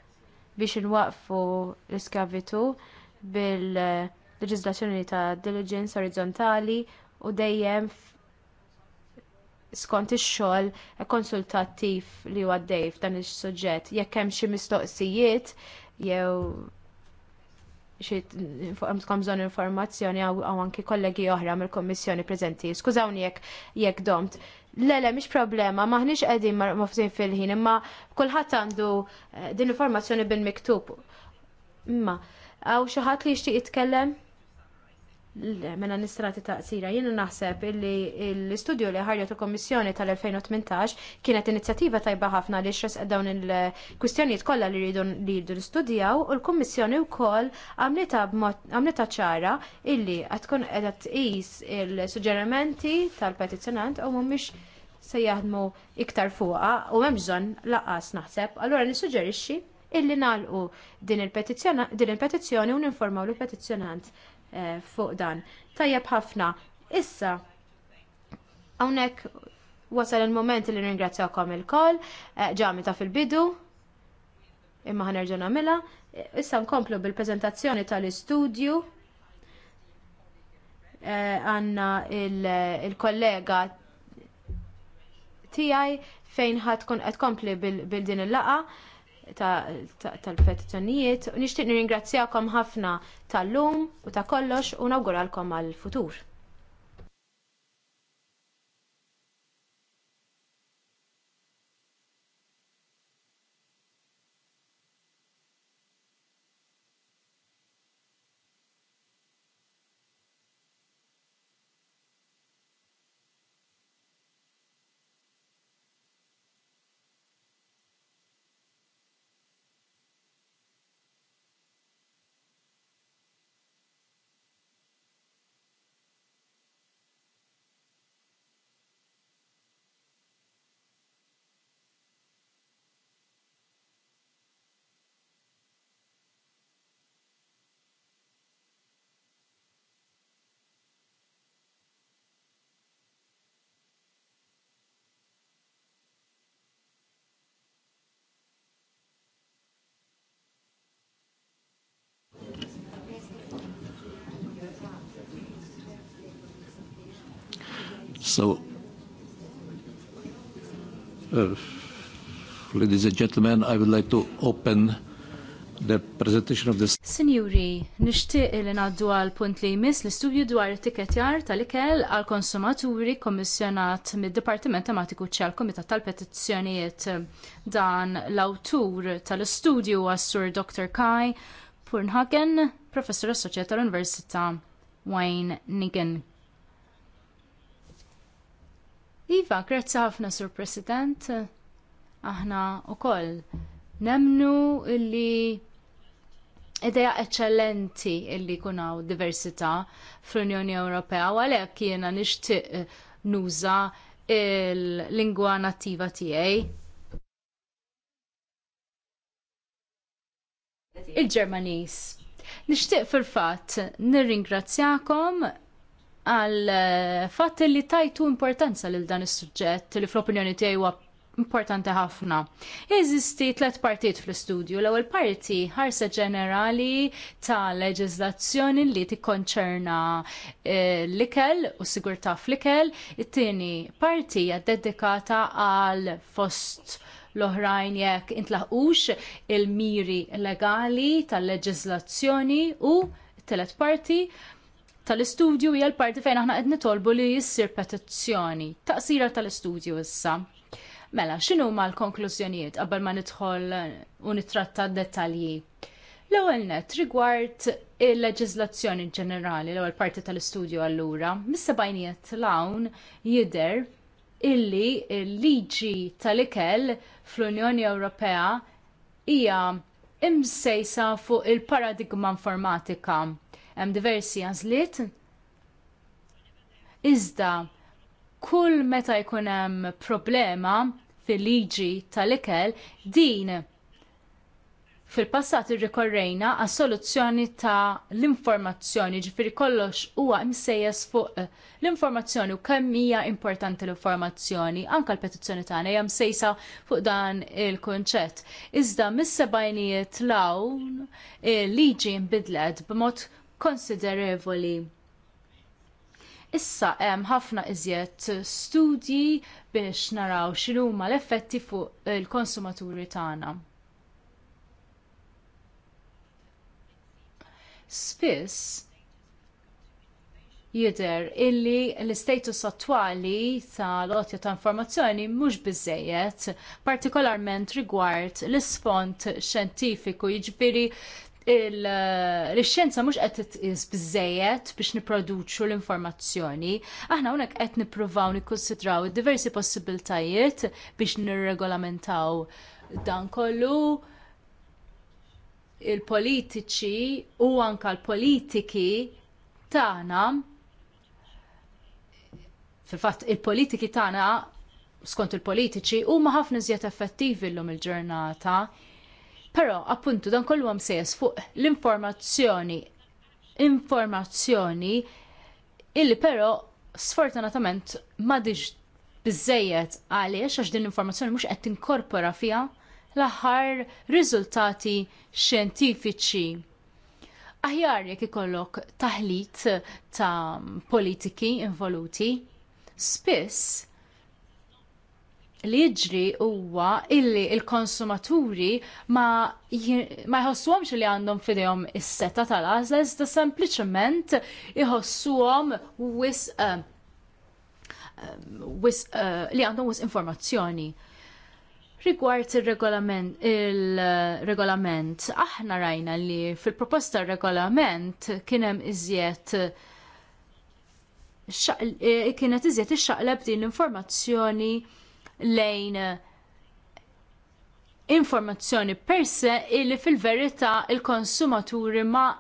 biex inwaqfu l-iskavitu bil-leġislazzjoni ta' diligence orizzontali u dejjem skont ix-xogħol konsultattiv li huwa f'dan is-suġġett. Jekk hemm xi mistoqsijiet jew xi fuqhom bżonn informazzjoni għaw anki kollegi oħra mill kummissjoni preżenti. Skużawni jekk jekk domt. Le, le, mish problema, maħniċ qegħdin mafsin fil-ħin, imma kulħadd għandu eh, din informazzjoni bil-miktub. Imma, għaw xi ħadd li jixtieq jitkellem? mena nistrati ta' sira Jien naħseb illi l-istudju li ħarjot il-Kommissjoni tal-2018 kienet inizjattiva tajba ħafna li xres dawn il-kwistjonijiet kollha li rridu li jridu nistudjaw u l-Kummissjoni wkoll għamlita ċara illi qed tkun qiegħda tqis il-suġġerimenti tal-petizzjonant u mhumiex se jaħdmu iktar fuqa u hemm bżonn laqas naħseb. Allura nissuġġerixxi illi nagħlqu din il-petizzjoni u ninformaw l-petizzjonant Eh, fuq dan. Tajjeb ħafna. Issa, hawnhekk wasal il-moment li ringrazzjakom il kol eh, ġamita fil-bidu, imma ħanerġu nagħmilha. Eh, issa nkomplu bil-preżentazzjoni tal-istudju għanna il-kollega tijaj fejn ħat kompli bil-din il-laqa tal-petizzjonijiet. Nixtieq nirringrazzjakom ħafna tal-lum u ta' kollox u nawguralkom għall futur So, uh, ladies and gentlemen, I would like to open the presentation of this. Sinjuri, nixtieq li ngħaddu għal punt li jmiss l-istudju dwar it-tiketjar tal-ikel għal konsumaturi kommissjonat mid-Dipartiment Tematiku għal Komitat tal-Petizzjonijiet dan l-awtur tal-istudju għassur sur Dr. Kai Purnhagen, professor assoċjat tal-Università Wayne Nigen Iva, grazzi ħafna, Sur President. Aħna u koll nemnu illi ideja eccellenti illi kunaw diversità fl-Unjoni Ewropea, u għalhekk jiena nixtieq nuża l lingwa nattiva tiegħi. il ġermaniż Nixtieq fil fatt nirringrazzjakom għal eh, fatt li tajtu importanza lil dan is-suġġett li fl-opinjoni tiegħi huwa importanti ħafna. Jeżisti tliet partit fl-istudju. L-ewwel parti ħarsa ġenerali ta' leġiżlazzjoni li tikkonċerna eh, l-ikel u sigurtà fl-ikel, it-tieni parti hija dedikata għal fost l-oħrajn jekk intlaqux il-miri legali tal-leġiżlazzjoni u t telet parti tal-istudju hija l-parti fejn aħna qed nitolbu li jissir petizzjoni. Taqsira tal-istudju issa. Mela, x'inhu ma l-konklużjonijiet qabel ma nidħol u nitratta dettalji? L-ewwel net rigward il-leġiżlazzjoni ġenerali, l-ewwel parti tal-istudju allura, missa bajniet l-hawn jidher illi l-liġi tal-ikel fl-Unjoni Ewropea hija imsejsa fuq il-paradigma informatika hemm diversi għażliet. Iżda kull meta jkun hemm problema fil-liġi tal-ikel din fil-passat irrikorrejna għas soluzzjoni ta' l-informazzjoni, ġifiri kollox huwa msejjes fuq l-informazzjoni u kemm hija importanti l-informazzjoni, anke l-petizzjoni tagħna hija msejsa fuq dan il-kunċett. Iżda mis-sebajnijiet lawn il-liġi nbidlet b'mod konsiderevoli. Issa hemm ħafna iżjed studji biex naraw x'inhuma l-effetti fuq il-konsumaturi tagħna. Spiss jidher illi l-istatus attwali ta' lotja ta' informazzjoni mhux biżżejjed, partikolarment rigward l isfond xjentifiku jiġifieri il-xjenza mhux qed titqis biżejjed biex nipproduċu l-informazzjoni, aħna hawnhekk qed nippruvaw nikkonsidraw diversi possibiltajiet biex nirregolamentaw dan kollu il-politiċi u anka l-politiki tagħna fil-fatt il-politiki tagħna skont il-politiċi huma ħafna iżjed effettivi llum il-ġurnata il ġurnata Però appuntu dan kollu għam sejas fuq l-informazzjoni, informazzjoni illi pero sfortunatament ma diġ bizzejiet għaliex għax din l-informazzjoni mhux qed tinkorpora fiha l-aħħar riżultati xjentifiċi. Aħjar jekk ikollok taħlit ta' politiki involuti, spiss li jiġri huwa illi l il konsumaturi ma, jħossuhomx li għandhom fidejhom is-seta tal-għażla iżda sempliċement iħossuhom wisq wis, eh, eh, eh, li għandhom wisq informazzjoni. Rigward il-regolament, il-regolament, aħna rajna li fil-proposta regolament kienem iżjed kienet iżjed ixxaqleb din l-informazzjoni lejn informazzjoni per se illi fil-verità il-konsumaturi ma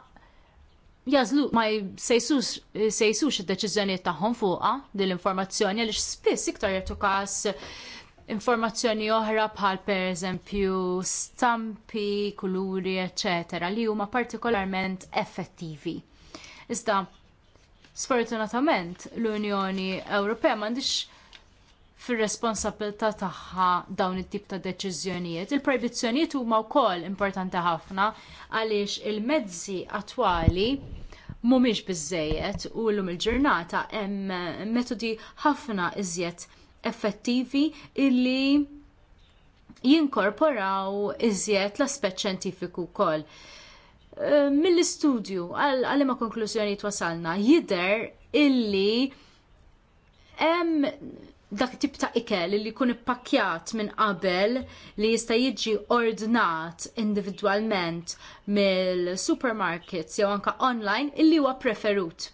jazlu ma sejsux id-deċiżjonijiet tagħhom fuqha din l-informazzjoni għaliex spiss iktar jertu każ informazzjoni oħra bħal pereżempju stampi, kuluri, eċetera, li huma partikolarment effettivi. Iżda, sfortunatament l-Unjoni Ewropea m'għandix fir-responsabilità tagħha dawn it-tip ta' deċiżjonijiet. Il-proibizzjonijiet huma wkoll importanti ħafna għaliex il-mezzi attwali mhumiex biżżejjed u llum il-ġurnata hemm metodi ħafna iżjed effettivi illi jinkorporaw iżjed l-aspett xjentifiku wkoll. Eh, mill-istudju għal ma konklużjoni wasalna jidher illi hemm dak tip ta' ikel li jkun ippakkjat minn qabel li jista' jiġi ordnat individwalment mill-supermarkets jew anke online illi huwa preferut.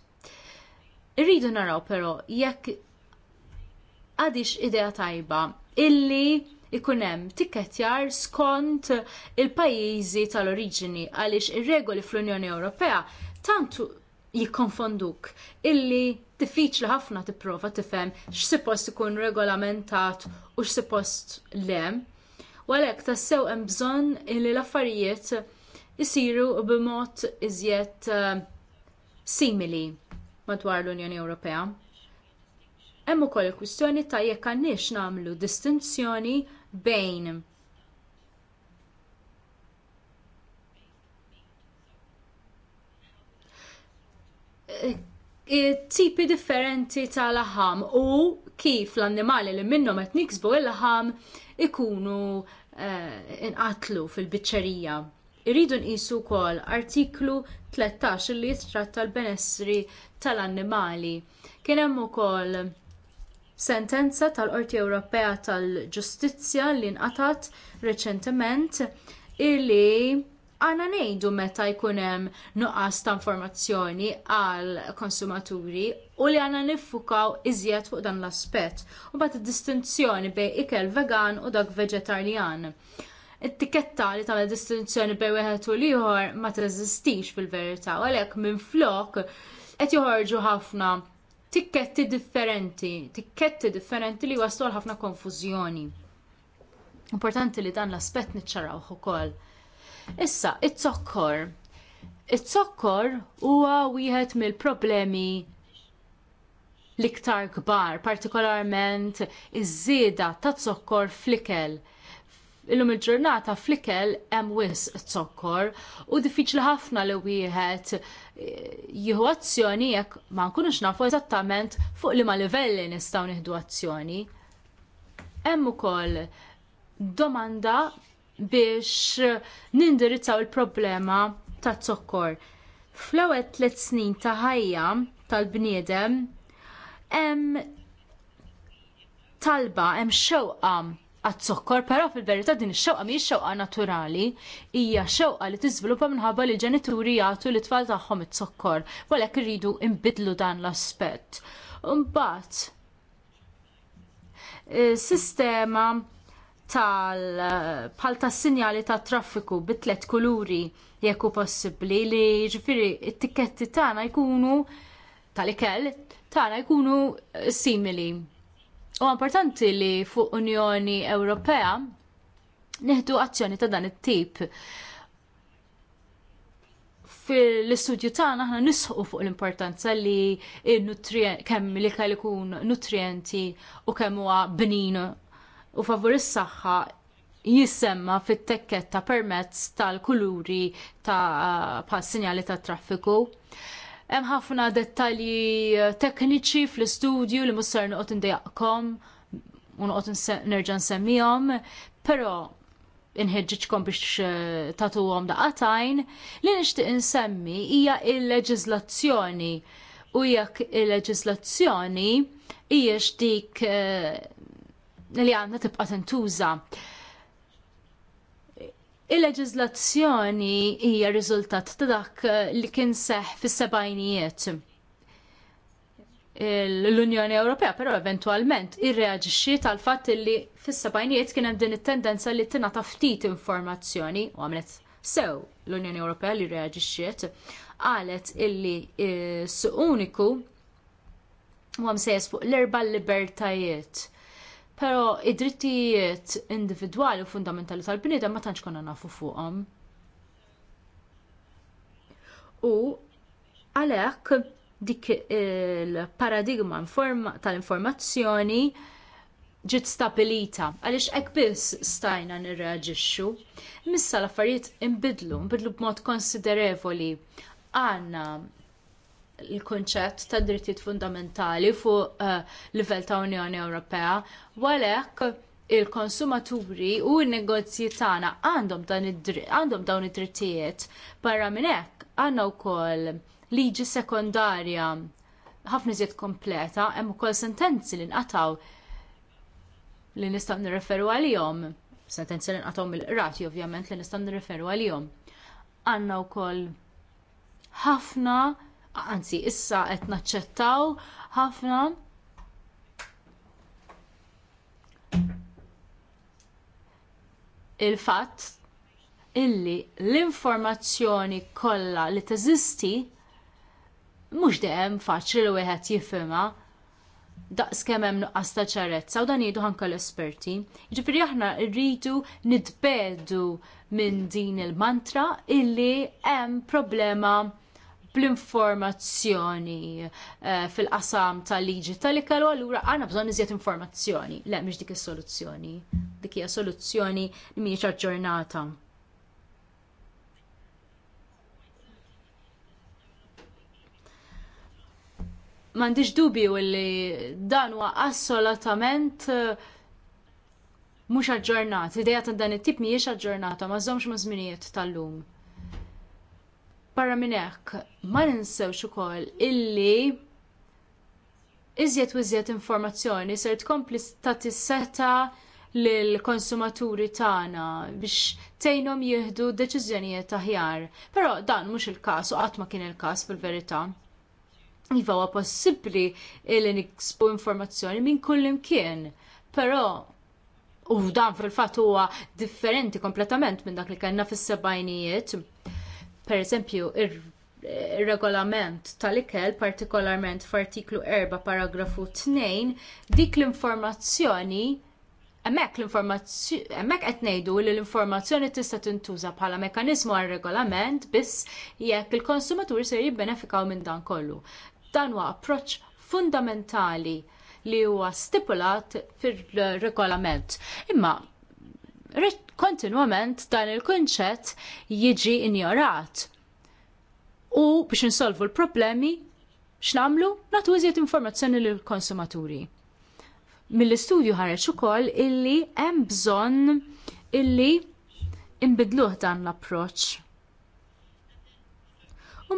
Irridu naraw però jekk għadix idea tajba illi ikun hemm tikketjar skont il-pajjiżi tal-oriġini għaliex ir-regoli fl-Unjoni Ewropea tantu jikkonfonduk illi diffiċli ħafna tipprova tifhem x'suppost ikun regolamentat u x'suppost le. U għalhekk tassew hemm bżonn illi l-affarijiet isiru b'mod iżjed eh, simili madwar l-Unjoni Ewropea. Hemm ukoll il-kwistjoni ta' jekk għandniex nagħmlu distinzjoni bejn tipi differenti tal-laħam u kif l-annimali li minnhom qed niksbu il-laħam ikunu eh, inqatlu fil-biċċerija. Irridu nqisu wkoll artiklu 13 li jitratta l-benessri tal-annimali. Kien hemm ukoll sentenza tal-Qorti Ewropea tal-Ġustizzja li nqatat reċentement illi għana nejdu meta jkunem nuqqas ta' informazzjoni għal konsumaturi u li għana nifukaw iżjed fuq dan l-aspet u bat distinzjoni bej ikel vegan u dak vegetarian. It-tiketta li tagħmel distinzjoni bej wieħed u liħor ma teżistix fil-verità u għalhekk minn flok qed joħorġu ħafna tikketti differenti, tikketti differenti li waslu ħafna konfużjoni. Importanti li dan l-aspett niċċarawh ukoll Issa, it-sokkor. It-sokkor huwa wieħed mill-problemi l-iktar kbar, partikolarment iż-żieda ta' zokkor fl-ikel. Illum il-ġurnata fl-ikel hemm wisq zokkor u diffiċli ħafna li wieħed eh, jieħu azzjoni jekk ma nkunux nafu eżattament fuq liema livelli nistgħu nieħdu azzjoni. Hemm ukoll domanda biex nindirizzaw il-problema ta' zokkor. Fl-ewwel tliet snin ta' ħajja tal-bniedem hemm talba hemm xewqa għat-zokkor, però fil verita din ix-xewqa mhijiex xewqa naturali, hija xewqa li tiżviluppa minħabba li ġenituri jagħtu li tfal tagħhom iż-zokkor, walhekk irridu imbidlu dan l-aspett. Imbagħad eh, sistema tal eh, pal tas sinjali tat traffiku bit tliet kuluri jekk hu possibbli li jiġifieri t-tikketti tagħna jkunu tal-ikel tagħna jkunu eh, simili. U importanti li fuq Unjoni Ewropea neħdu azzjoni ta' dan it-tip. Fil-istudju tagħna aħna nisħu fuq l-importanza li kemm li kell ikun nutrienti u kemm huwa bnin u favur is-saħħa jissemma fit-tekketta permezz tal-kuluri ta' pa' sinjali ta' traffiku. Hemm ħafna dettalji eh, tekniċi fl-istudju li musser noqgħod indejaqkom u noqgħod nerġa' nsemmihom, però inħeġġiġkom biex eh, tagħtuhom daqatajn li nixtieq insemmi hija il-leġiżlazzjoni u jekk il-leġiżlazzjoni hijiex dik eh, li għandna tibqa' tintuża. Il-leġiżlazzjoni hija riżultat ta' dak li kien seħ fis-sebgħinijiet l-Unjoni Ewropea, però eventwalment irreaġixxi tal-fatt li fis-sebgħinijiet kien hemm din it-tendenza li tingħata ftit informazzjoni u għamlet sew l-Unjoni Ewropea li reaġixxiet qalet illi e, suq uniku huwa msejjes fuq l-erba' libertajiet Però id-drittijiet individwali u fundamentali tal-bniedem ma tantx konna nafu fuqhom. U għalhekk dik il-paradigma tal-informazzjoni ġiet stabilita, għaliex hekk biss stajna nirreaġixxu. Missa l-affarijiet inbidlu, inbidlu b'mod konsiderevoli. Għanna il-konċett ta' drittijiet fundamentali fuq eh, livell ta' Unjoni Ewropea, u għalhekk il-konsumaturi u n-negozji tagħna għandhom dawn id-drittijiet. Barra minn hekk għandna wkoll liġi sekondarja ħafna iżjed kompleta, hemm ukoll sentenzi li nqataw li nistgħu nirreferu għalihom. Sentenzi li nqataw mill-qrati ovvjament li nistgħu nirreferu għalihom. Għandna wkoll ħafna anzi issa qed naċċettaw ħafna il-fatt illi l-informazzjoni kollha li teżisti mhux dejjem faċli li wieħed jifhimha daqskemm hemm nuqqas ta' ċarezza u dan jgħidu anke l-esperti. Jiġifieri aħna rridu nitbedu minn din il-mantra illi hemm problema bl-informazzjoni eh, fil-qasam tal-liġi tal-ikel, u allura għana bżonn iżjed informazzjoni. Le, mhix dik is-soluzzjoni. Dik hija soluzzjoni li mhijiex aġġornata. M'għandix dubju li dan huwa assolutament eh, mhux aġġornat. Idea ta' dan it-tip mhijiex aġġornata, ma zomx ma' żminijiet tal-lum. Barra minn hekk, ma ninsewx ukoll illi iżjed u iżjed informazzjoni ser tkompli tagħti seta lill konsumaturi tagħna biex tgħinhom jieħdu deċiżjonijiet aħjar. Però dan mhux il-każ u qatt ma kien il-każ fil-verità. Iva huwa possibbli li niksbu informazzjoni minn kullimkien. però u dan fil-fatt huwa differenti kompletament minn dak li kellna fis-sebgħinijiet pereżempju ir-regolament tal-ikel partikolarment f'artiklu 4 paragrafu 2 dik l-informazzjoni Hemmhekk l-informazzjoni hemmhekk qed ngħidu li l-informazzjoni tista' tintuża bħala mekkaniżmu għal regolament biss jekk il-konsumaturi se jibbenefikaw minn dan kollu. Dan huwa approċċ fundamentali li huwa stipulat fir-regolament. Imma kontinwament dan il-kunċett jiġi injorat. U biex insolvu l-problemi, x'namlu? Nagħtu iżjed informazzjoni lill konsumaturi Mill-istudju ħareġ ukoll illi hemm bżonn illi inbidluh dan l-approċċ.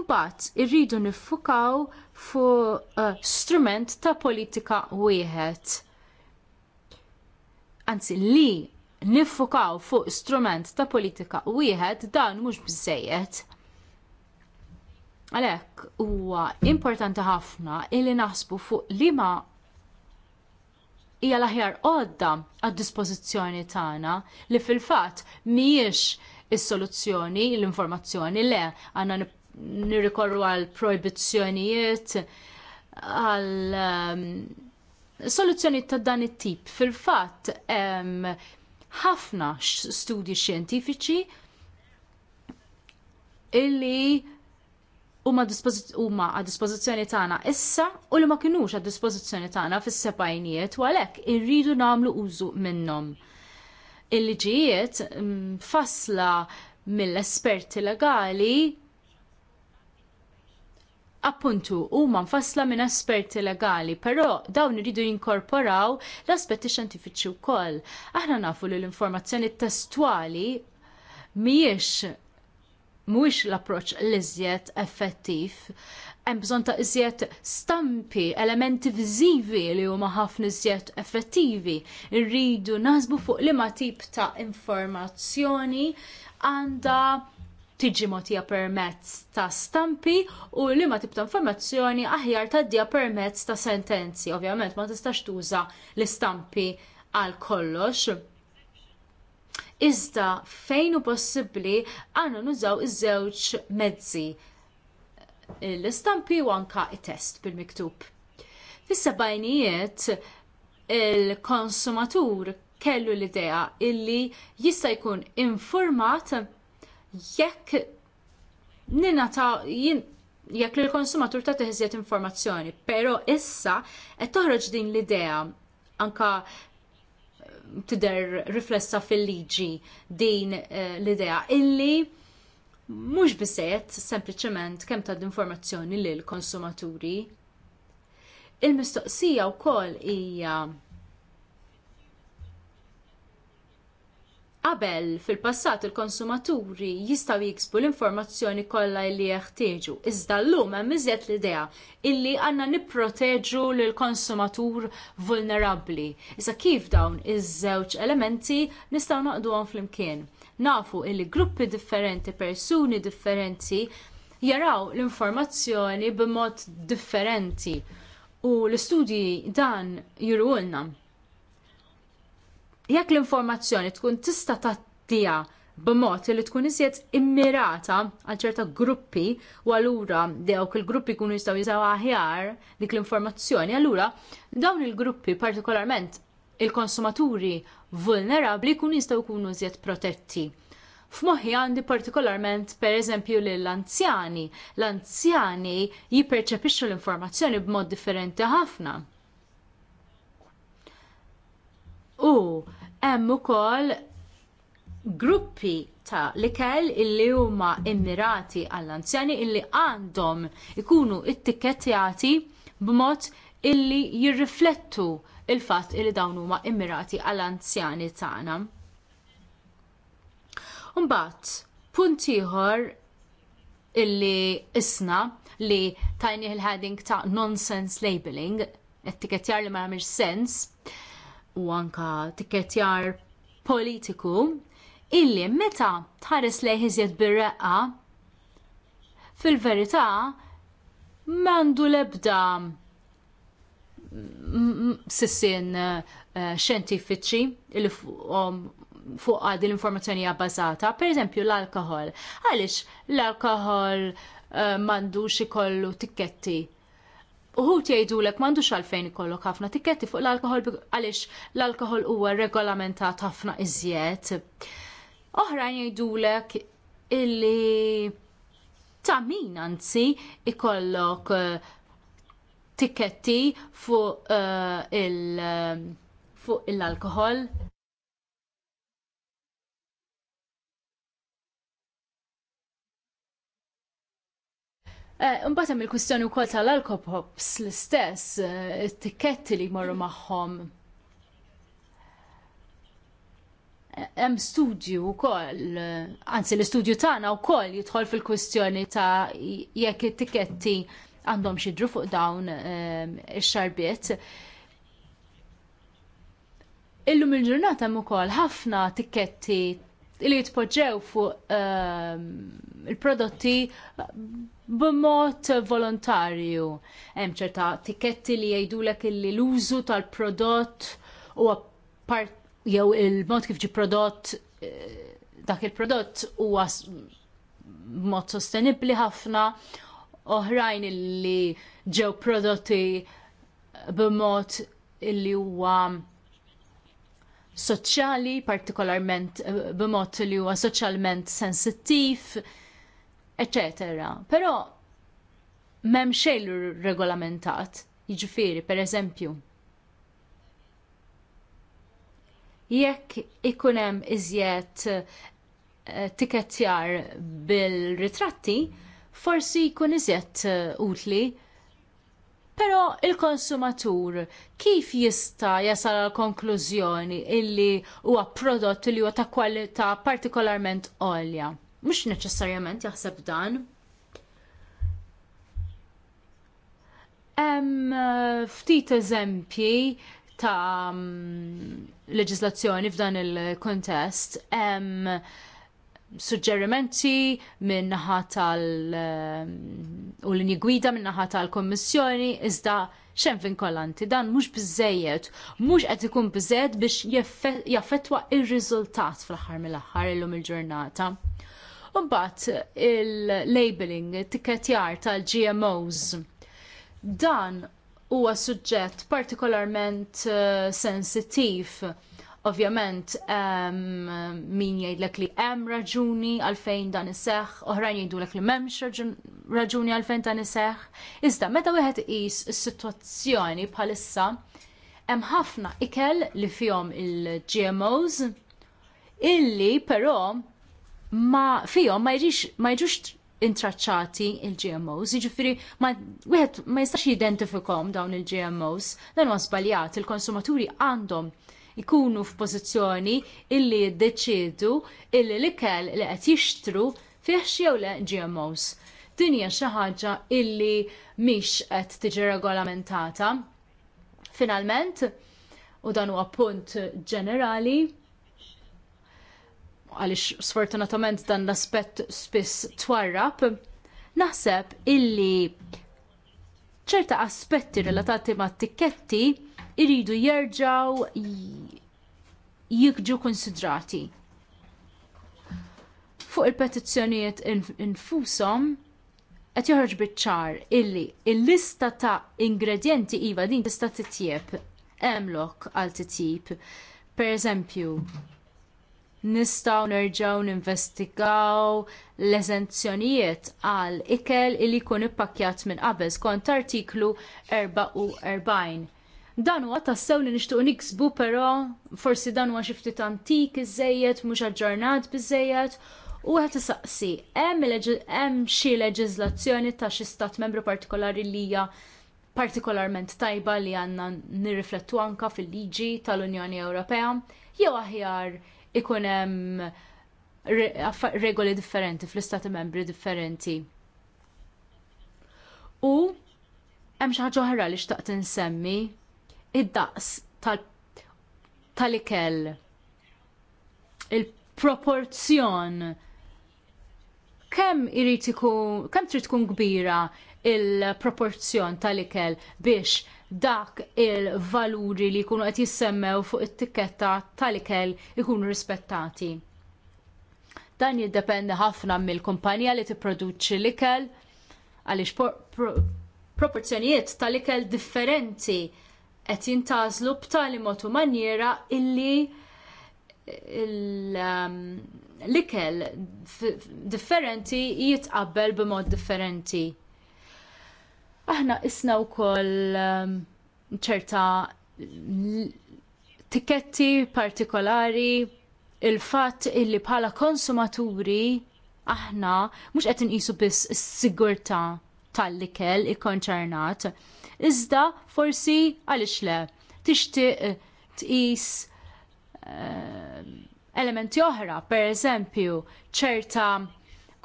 Mbagħad irridu niffukaw fuq uh, strument ta' politika wieħed. Anzi, li niffukaw fuq strument ta' politika wieħed dan mhux biżżejjed. Għalhekk huwa importanti ħafna illi naħsbu fuq liema hija l-aħjar għodda għad-dispożizzjoni tagħna li fil-fatt mhijiex is-soluzzjoni l-informazzjoni le għandna nirrikorru għal proibizzjonijiet għal ehm, soluzzjoni ta' dan it-tip. Fil-fatt ehm, ħafna studji xjentifiċi illi huma huma għad dispożizzjoni tagħna issa u li ma kinux għad dispożizzjoni tagħna fis-sebgħinijiet u għalhekk irridu nagħmlu użu minnhom. Il-liġijiet mfassla mm, mill-esperti legali appuntu huma mfassla minn esperti legali, però dawn iridu jinkorporaw l-aspetti xjentifiċi wkoll. Aħna nafu li l-informazzjoni testwali mhijiex mhuwiex l-approċċ l-iżjed effettiv. Hemm bżonn ta' iżjed stampi, elementi viżivi li huma ħafna iżjed effettivi. Irridu naħsbu fuq liema tip ta' informazzjoni għandha tiġi mogħtija permezz ta' stampi u li ma tibta' informazzjoni aħjar tgħaddija permezz ta' sentenzi. Ovvjament ma tistax tuża l-istampi għal kollox. Iżda fejn hu possibbli għandna nużaw iż-żewġ mezzi l-istampi u anke t test bil-miktub. Fis-sebajnijiet il-konsumatur kellu l-idea illi jista' jkun informat jekk nina ta' jien jekk l konsumatur ta' teħżiet informazzjoni, però issa qed toħroġ din l-idea anka eh, tidher riflessa fil-liġi din uh, l-idea illi mhux biżejjed sempliċement kemm tad informazzjoni lill konsumaturi Il-mistoqsija wkoll hija Qabel fil-passat il-konsumaturi jistgħu jiksbu l-informazzjoni kollha li jeħtieġu. Iżda llum hemm iżjed l-idea illi għandna nipproteġu lill-konsumatur vulnerabbli. Issa kif dawn iż-żewġ elementi nistgħu naqduhom flimkien. Nafu illi gruppi differenti, persuni differenti jaraw l-informazzjoni b'mod differenti. U l-istudji dan jurulna Jekk l-informazzjoni tkun tista' tattija b'mod li tkun iżjed immirata għal ċerta gruppi u allura dawk il-gruppi jkunu jistgħu jisaw aħjar dik l-informazzjoni, allura dawn il-gruppi partikolarment il-konsumaturi vulnerabbli kunu jistgħu jkunu iżjed protetti. F'moħħi għandi partikolarment pereżempju lill anzjani L-anzjani jipperċepixxu l-informazzjoni b'mod differenti ħafna. U hemm ukoll gruppi ta' likel illi huma immirati għall-anzjani illi għandhom ikunu ittikettjati b'mod illi jirriflettu il-fatt illi dawn huma immirati għall-anzjani tagħna. Imbagħad, punt ieħor illi isna li tajni il-heading ta' nonsense labeling, etikettjar li ma' sens, u anka tikketjar politiku illi meta tħares lejh iżjed bir-reqqa fil-verità m'għandu l-ebda sissin eh, xjentifiċi illi fuq għadi l-informazzjoni hija bbażata, pereżempju l-alkohol. Għaliex l-alkohol eh, m'għandux ikollu tikketti uħut jgħidulek m'għandux għalfejn ikollok ħafna tiketti fuq l-alkohol għaliex l-alkohol huwa regolamentat ħafna iżjed. Oħrajn jgħidulek illi ta' min anzi ikollok eh, tiketti fuq uh, il eh, fuq l-alkohol Mbagħad eh, hemm il-kwistjoni wkoll tal-alkopops l-istess, eh, it-tikketti li jmorru magħhom. Eh, hemm studju wkoll, anzi l-istudju tagħna wkoll jidħol fil-kwistjoni ta' jekk it-tiketti għandhom xidru fuq dawn ix-xarbiet. Illum il-ġurnata hemm ukoll ħafna tikketti li jitpoġġew fuq il-prodotti b'mod volontarju. Hemm ċerta tiketti li jgħidulek illi l-użu tal-prodott u jew il-mod kif ġi prodott eh, dak il-prodott huwa mod sostenibbli ħafna oħrajn illi ġew prodotti b'mod illi huwa soċjali, partikolarment eh, b'mod li huwa soċjalment sensittiv eccetera. Però m'hemm xejl regolamentat, jiġifieri pereżempju. Jekk ikun hemm iżjed eh, tikettjar bil-ritratti, forsi jkun iżjed eh, utli Pero il-konsumatur kif jista jasal għal konklużjoni illi huwa prodott li huwa ta' kwalità partikolarment għolja? mhux neċessarjament jaħseb dan. Hemm ftit eżempji ta' mm, leġislazzjoni f'dan il-kontest hemm suġġerimenti min-naħa tal- u linji gwida min-naħa tal-Kommissjoni iżda xem vinkolanti dan mhux biżżejjed mhux qed ikun biżejjed biex jaffettwa r riżultat fl-aħħar mill-aħħar illum il-ġurnata. il ġurnata Mbagħad il-labeling, it-tikketjar tal-GMOs. Dan huwa suġġett partikolarment eh, sensittiv ovvjament um, min jgħidlek li hemm raġuni għalfejn dan iseħħ, oħrajn jgħidulek li m'hemmx raġuni għalfejn dan iseħħ. Iżda meta wieħed iqis is-sitwazzjoni bħalissa hemm ħafna ikel li fihom il-GMOs illi però ma fihom ma jiġux intraċċati il-GMOs, jiġifieri ma wieħed ma jistax jidentifikom dawn il-GMOs, dan huwa żbaljat, il-konsumaturi għandhom ikunu f'pożizzjoni illi jiddeċiedu illi l-ikel li qed jixtru fih jew le GMOs. Din hija xi ħaġa illi mhix qed tiġi regolamentata. Finalment, u dan huwa punt ġenerali, għaliex sfortunatament dan l-aspett spiss twarrab, naħseb illi ċerta aspetti relatati ma' tikketti iridu jerġaw jikġu konsidrati. Fuq il-petizzjonijiet infusom, qed joħorġ biċ-ċar illi il-lista ta' ingredienti iva din tista' titjieb hemm lok għal titjib. Per eżempju, nistgħu nerġgħu ninvestigaw l-eżenzjonijiet għal ikel li jkun ippakkjat minn qabel skont artiklu 44. Dan huwa tassew li nixtiequ niksbu però forsi dan huwa xi ftit antik iżejjed mhux aġġornat biżejjed u qed isaqsi hemm xi leġiżlazzjoni ta' xi stat membru partikolari li hija partikolarment tajba li għandna nirriflettu anke fil-liġi tal-Unjoni Ewropea, jew aħjar ikun hemm regoli differenti fl-istati membri differenti. U hemm xi ħaġa oħra li xtaqt insemmi id-daqs tal-ikel tal ikel il proporzjon kemm irid ikun kemm trid tkun kbira il-proporzjon tal-ikel biex dak il-valuri li jkunu qed jissemmew fuq it-tikketta tal-ikel ikunu rispettati. Dan jiddependi ħafna mill-kumpanija li tipproduċi l-ikel għaliex proporzjonijiet tal-ikel differenti qed jintażlu b'tali mod u manjera illi um, l-ikel differenti jitqabbel b'mod differenti Aħna isna wkoll um, ċerta tiketti partikolari il-fatt illi bħala konsumaturi aħna mhux qed inqisu biss is-sigurtà tal-ikel ikkonċernat, iżda forsi għaliex le tixtieq tqis eh, elementi oħra, pereżempju ċerta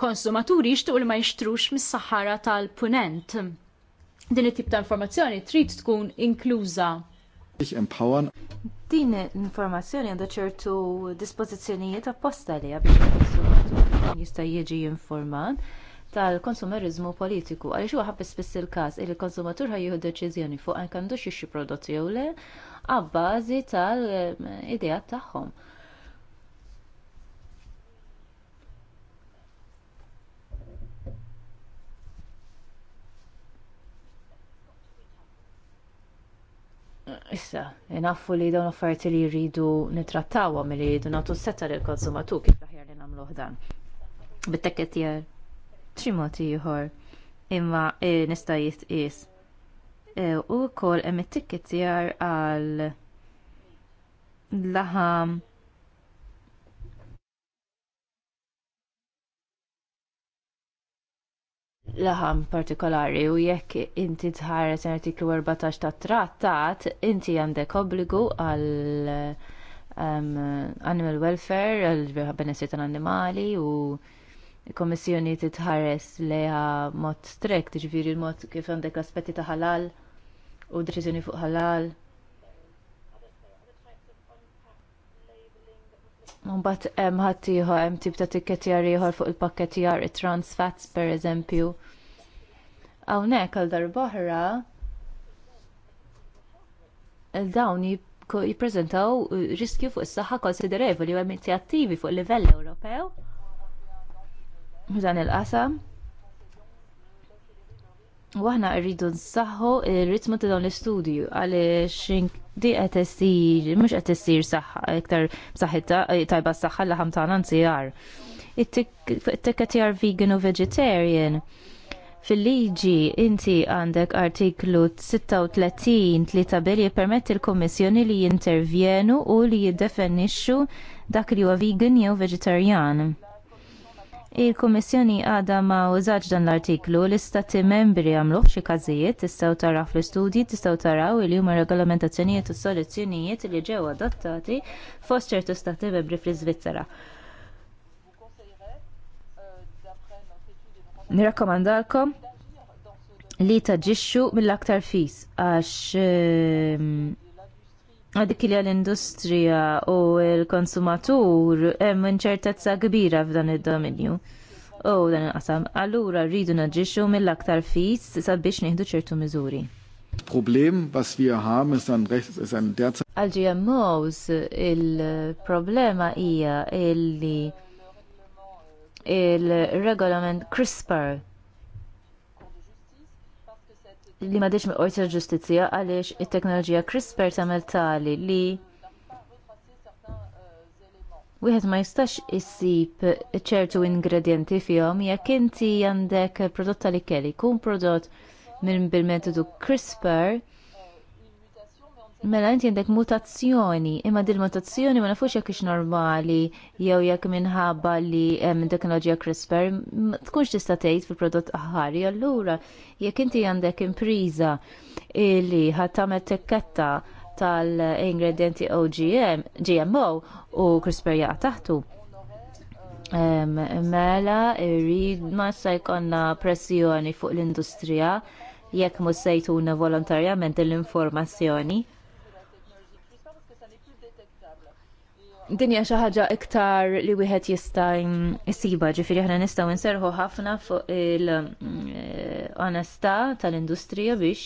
konsumaturi jixtiequ li ma jixtrux mis-saħħara tal-punent din it-tip ta' informazzjoni trid tkun inkluża. Din informazzjoni għandha ċertu dispożizzjonijiet apposta li biex jista' jiġi informat tal-konsumerizmu politiku għaliex huwa ħabbis spiss il-każ li l-konsumatur ħajjieħu deċiżjoni fuq għandux jixxi prodotti jew le għabbażi tal-idea tagħhom. Issa, naffu li dawn affarijiet li jridu nitrattawhom li jridu nagħtu seta lill konsumatur kif aħjar li nagħmluh dan. Bit-tekket jer, mod ieħor, imma e, nista' jitqies. E, u wkoll hemm it-tikket jar għal laħam laħam partikolari u jekk inti tħares artiklu 14 ta' trattat, inti għandek obbligu għal um, animal welfare, għal benessi tal-animali u komissjoni titħares leha mod strekt, ġviri l-mod kif għandek aspetti ta' ħalal u deċiżjoni fuq ħalal Mbagħad hemm ħadd ieħor hemm tip ta' tikketjar ieħor fuq il-pakketjar it-trans fats pereżempju. Hawnhekk għal darb'oħra dawn jippreżentaw riskju fuq is-saħħa konsiderevoli u hemm inizjattivi fuq livell Ewropew dan il-qasam. U aħna rridu nsaħħu ir-ritmu ta' dawn l-istudju għaliex di qed issir mhux qed issir saħħa iktar b'saħħitha eh, tajba s-saħħa li ħam tagħna nsihar. it jar vegan u vegetarian fil-liġi inti għandek artiklu 36 li tabel jippermetti l-Kommissjoni li jintervjenu u li jiddefinixxu dak li huwa vegan jew vegetarian. Il-Kummissjoni għadha ma użax dan l-artiklu l-istati membri għamluh xi każijiet tistgħu taraw fl-istudji tistgħu taraw li huma regolamentazzjonijiet u soluzzjonijiet li ġew adottati fost ċertu stati membri fl-Iżvizzera. Nirrakkomandalkom li taġixxu mill-aktar fis għax ehm, dik li l-industrija u l-konsumatur hemm inċertezza kbira f'dan id-dominju. U dan il-qasam, allura rridu naġixxu mill-aktar fis sabiex nieħdu ċertu miżuri. Problem was wir haben ist ein recht ist ein derzeit Al GMOs il-problema hija illi il-regolament CRISPR li ma deċmi miqorti l-ġustizja għaliex il-teknoloġija CRISPR tamel tali li wieħed ma jistax issib ċertu ingredienti fihom jekk inti għandek prodott tal-ikeli kun prodott minn bil-metodu CRISPR Mela inti għandek mutazzjoni, imma dil mutazzjoni ma nafux jekk normali jew jekk minħabba li eh, minn teknoloġija CRISPR ma tkunx tista' tgħid fil-prodott aħari. Allura jekk inti għandek impriża li ħadd tagħmel tekketta tal-ingredienti OGM, GMO u CRISPR jaqa' taħtu. Mela irrid ma se jkollna pressjoni fuq l-industrija jekk mhux se jtuna volontarjament l-informazzjoni dinja xi ħaġa iktar li wieħed jista' jsiba, ġifieri aħna nistgħu nserħu ħafna fuq il-onestà eh, tal-industrija biex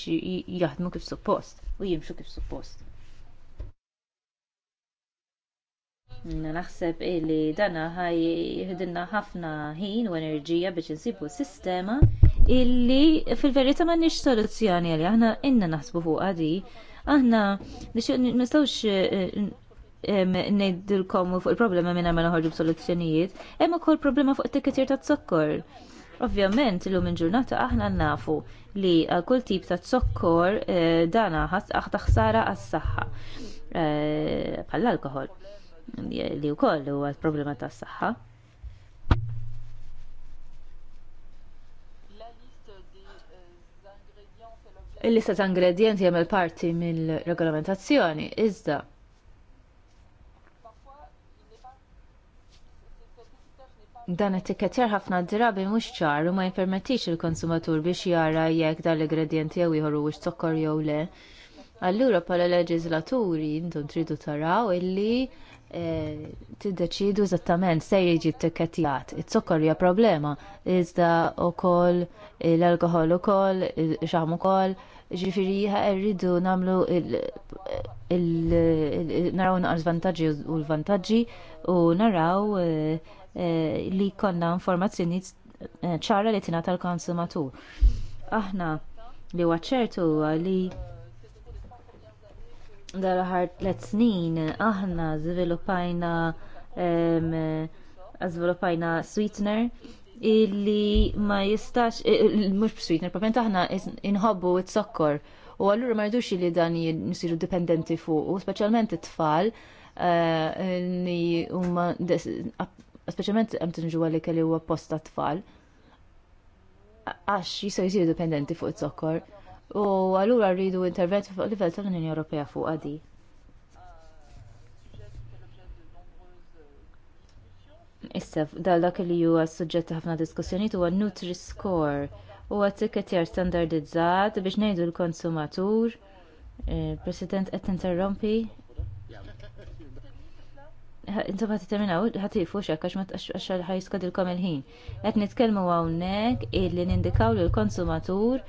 jaħdmu kif suppost u jimxu kif suppost. Naħseb li dana ħaj jihdilna ħafna ħin u enerġija biex insibu sistema illi fil-verità m'għandniex soluzzjoni għalli aħna inna naħsbu fuq għadi aħna nistgħux eh, nejdilkom fuq il-problema minna ma b b'soluzzjonijiet, hemm ukoll problema fuq it-tikketir ta' zokkor. Ovvjament, illum il-ġurnata aħna nafu li eh, kull tip ta' t-sokkor eh, dana aħta ħsara għas-saħħa eh, bħall-alkohol li wkoll huwa problema tas-saħħa. il-lista ta' ingredienti jagħmel parti mill-regolamentazzjoni, iżda dan it-tikketter ħafna drabi mhux ċar u ma jippermettix il-konsumatur biex jara jekk dan l-ingredjenti jew ieħor huwiex zokkor jew le. Allura bħala leġislaturi intom tridu taraw illi eh, tiddeċidu eżattament se jiġi t-tikketjat. It-zokkor hija problema, iżda wkoll l-alkohol ukoll, xaħam ukoll, ġifiri rridu namlu il naraw naqar vantaġġi u l-vantaġġi u naraw eh, Eh, li jkollna informazzjoni eh, ċara li tina tal-konsumatur. Aħna li huwa li dal-ħar let snin aħna zviluppajna zviluppajna eh, sweetener illi ma jistax mux sweetener propjament aħna inħobbu it sokkor u allura ma rridux li dan jisiru dipendenti fuq u speċjalment it-tfal li specialment hemm tinġuwa li kelli huwa post tfal għax jisaj jisiru dipendenti fuq it-sokkor. U allura rridu intervent fuq livell tal-Unjoni Ewropea fuq għadi. Issa, dal dak li huwa suġġett ta' ħafna diskussjonijiet huwa Nutri-Score u għat tikketjar standardizzat biex ngħidu l-konsumatur. Eh, President qed interrompi intom ħat terminaw ħat tifu xek għax ma tqaxxal ħajskadilkom il-ħin. Qed nitkellmu hawnhekk illi nindikaw lil konsumatur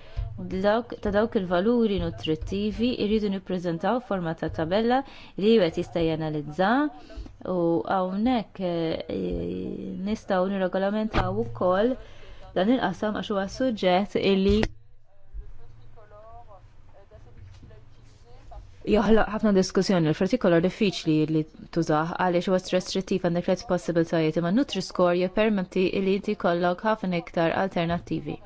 ta' dawk il-valuri nutrittivi irridu nippreżentaw forma ta' tabella li wieħed jista' janalizza u hawnhekk eh, eh, nistgħu nirregolamentaw ukoll dan il-qasam għax huwa suġġett illi joħloq ħafna diskussjoni l-partikolar diffiċli li tużaħ għaliex huwa restrittiv għandek tliet possibilitajiet imma Nutri-Score jippermetti li inti jkollok ħafna iktar alternattivi.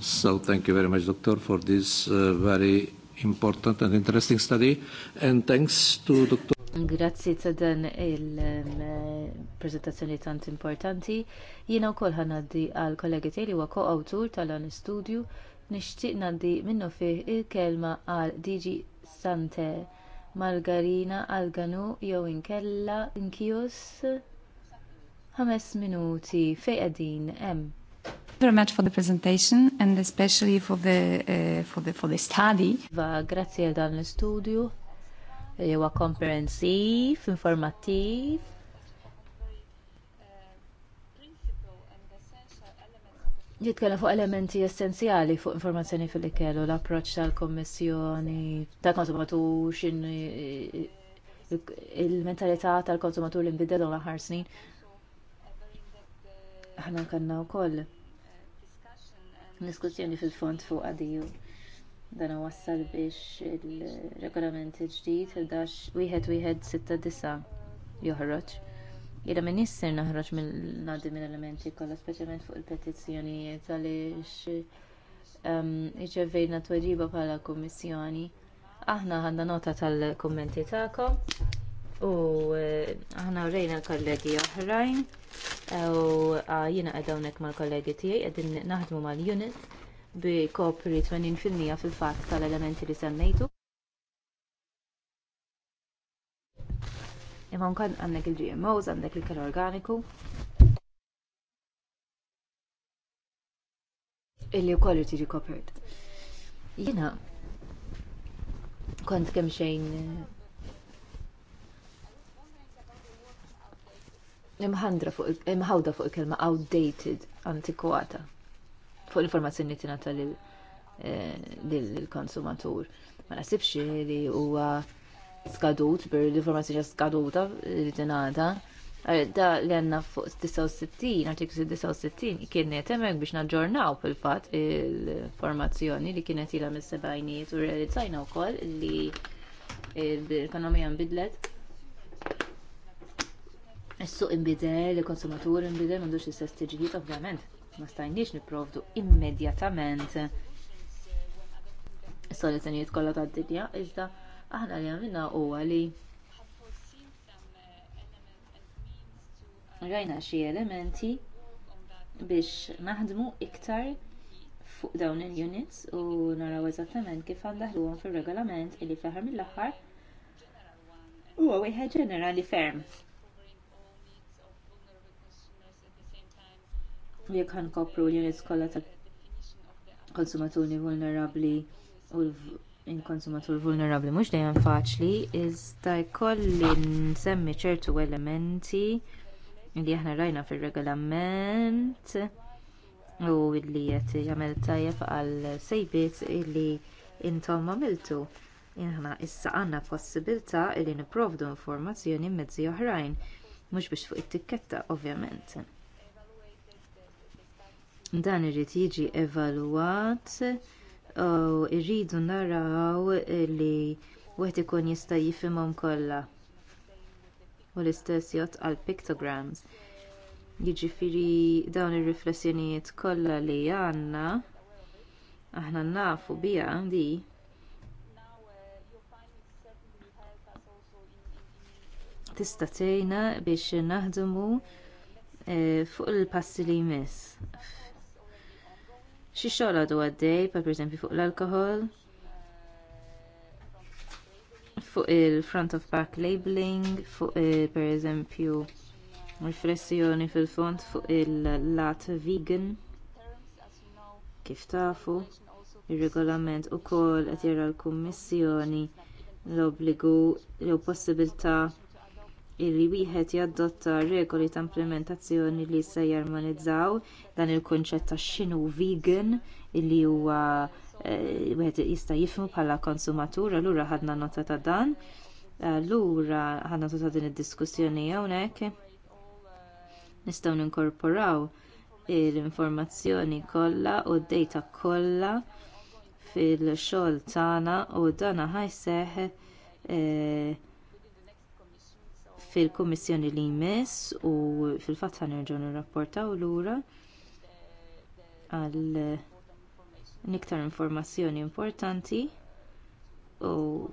So thank you very much, Doctor, for this uh, very important and interesting study. And thanks to Dr. Grazzi ta' dan il-prezentazzjoni um, tant importanti. Jiena wkoll ħanaddi għal kollegi tiegħi li huwa ko-awtur tal-an studju Nixtieq ngħaddi minnu fih il-kelma għal Digi Sante Margarina Alganu jew inkella inkjus ħames minuti fejn qegħdin hemm. Very much for the presentation and especially for the uh, for the for the study. Va grazie dan l-istudju. Jewa komprensiv, informattiv, jitkellem fuq elementi essenzjali fuq informazzjoni fil-ikel u l-approċċ tal-kommissjoni, tal-konsumatur, xin eh, il-mentalità tal-konsumatur li nbidel l-aħħar snin. Aħna kanna wkoll diskussjoni fil-fond fuq għadiju. Dan wassal biex il regolamenti ġdid 11 wieħed wieħed sitta joħroġ Jena minn jisser naħroġ minn ngħaddi minn elementi kollha speċjalment fuq il-petizzjonijiet għaliex ehm, iċevejna tweġiba bħala kummissjoni. Aħna għandna nota tal-kummenti tagħkom u eh, aħna rejna l-kollegi oħrajn u jiena għedawnek mal-kollegi tiegħi qegħdin naħdmu mal-unit bi kopri 20 fil-fatt tal-elementi li semmejtu. Imma kan għandek il-GMOs, għandek il-kel organiku. Illi kollu tiġi kopert. Jiena kont kemm xejn eh, imħandra fuq imħawda fuq il-kelma outdated, antikwata fuq l informazzjoni tingħata lil eh, konsumatur Ma nasibx li huwa skadut, per l-informazzjoni skaduta li t-nata. Eh, da li għanna fuq 69, artiklu 69, kienet hemmhekk biex naġġornaw fil-fatt il-formazzjoni li kienet ilha mis sebajniet u realizzajna wkoll li l-ekonomija nbidlet. Is-suq inbidel, il-konsumatur inbidel, m'għandux is-sess tiġijiet ovvjament. Ma stajniex nipprovdu immedjatament is-soluzzjonijiet kollha tad-dinja, iżda Aħna li għamilna u għali. rajna xie elementi biex naħdmu iktar fuq dawn il-units u naraw eżattament kif għandahlu għandaħluhom fil regolament illi fl-aħħar mill-aħħar u wieħed ġenerali ferm. Jek għan kopru l-units kollha tal konsumatuni vulnerabli u il-konsumatur vulnerabbli mhux dejjem faċli, iżda jkolli nsemmi ċertu elementi li aħna rajna fir-regolament u li qed jagħmel tajjeb għal sejbiet li intom għamiltu. Aħna issa għandna possibilità li nipprovdu informazzjoni mezzi oħrajn, mhux biex fuq it-tikketta ovvjament. Dan irid jiġi evalwat u irridu naraw li wieħed ikun jista' jifhimhom kollha. U l-istess jgħod għal pictograms. Jiġifieri dawn ir-riflessjonijiet kollha li għandna aħna nafu biha di tista' tgħinna biex naħdmu eh, fuq il-passi li jmiss xi xogħol għadu għaddej, per fuq l-alkohol, fuq il-front of pack labeling, fuq eh, pereżempju riflessjoni fil-font fuq il-lat vegan, kif tafu, ir regolament ukoll qed jara l-Kummissjoni l-obbligu jew possibilità illi wieħed jadotta regoli ta' implementazzjoni li se jarmonizzaw dan il-kunċett ta' xinu vegan illi huwa eh, wieħed jista' jifhmu bħala konsumatur, allura ħadna nota ta' dan. Allura ħadna nota ta' din id-diskussjoni hawnhekk. Nistgħu ninkorporaw l-informazzjoni kollha u d-data kollha fil-xogħol tagħna u dan ħajseħ eh, fil-Kummissjoni li jmiss u fil-fatt ħanerġgħu nirrapportaw lura għal niktar informazzjoni importanti u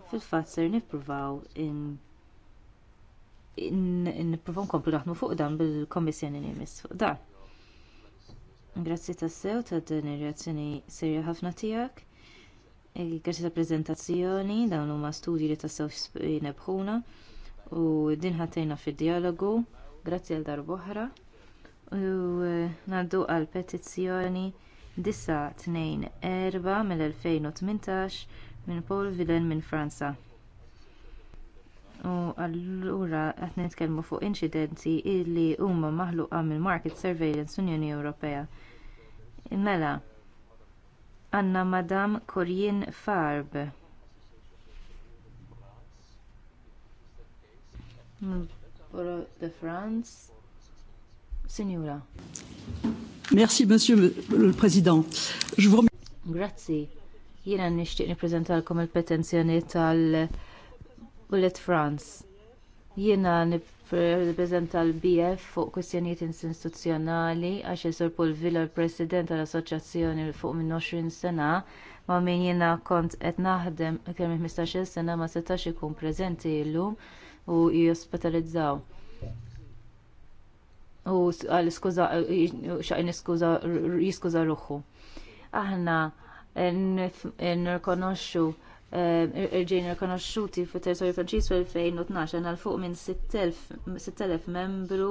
fil-fatt ser nippruvaw nipruvaw nkomplu naħdmu fuq dan bil-Kommissjoni li jmiss fuq dan. Grazzi sew ta' din ir-reazzjoni serja ħafna tiegħek. E, grazzi ta' prezentazzjoni dawn huma studji li sew nebħuna u din ħatejna fid-dialogu grazzi għal darboħra u eh, naddu għal petizzjoni 924 mill-2018 minn Paul Villen minn Franza. U allura qed nitkellmu fuq inċidenti li huma maħluqa mill-Market Surveillance Unjoni Ewropea. Mela, għandna Madam Corinne Farb de France. Signora. Merci, Monsieur le Président. Je vous remercie. Grazie. Jiena nixtieq nippreżentalkom il-petenzjoni tal-Bullet France. Jiena nippreżenta l-BF fuq kwistjonijiet istituzzjonali għax il-Sur Paul Villa l-President tal-Assoċjazzjoni fuq minn 20 sena ma' min jiena kont qed naħdem kemm 15-il sena ma setax ikun preżenti llum u jospitalizzaw. U għal skuza, xaqin jiskuza ruħu. Aħna nirkonoxxu eh, irġejn rikonoxxuti fit territorju Franċis fil-2012 għal fuq minn 6,000 membru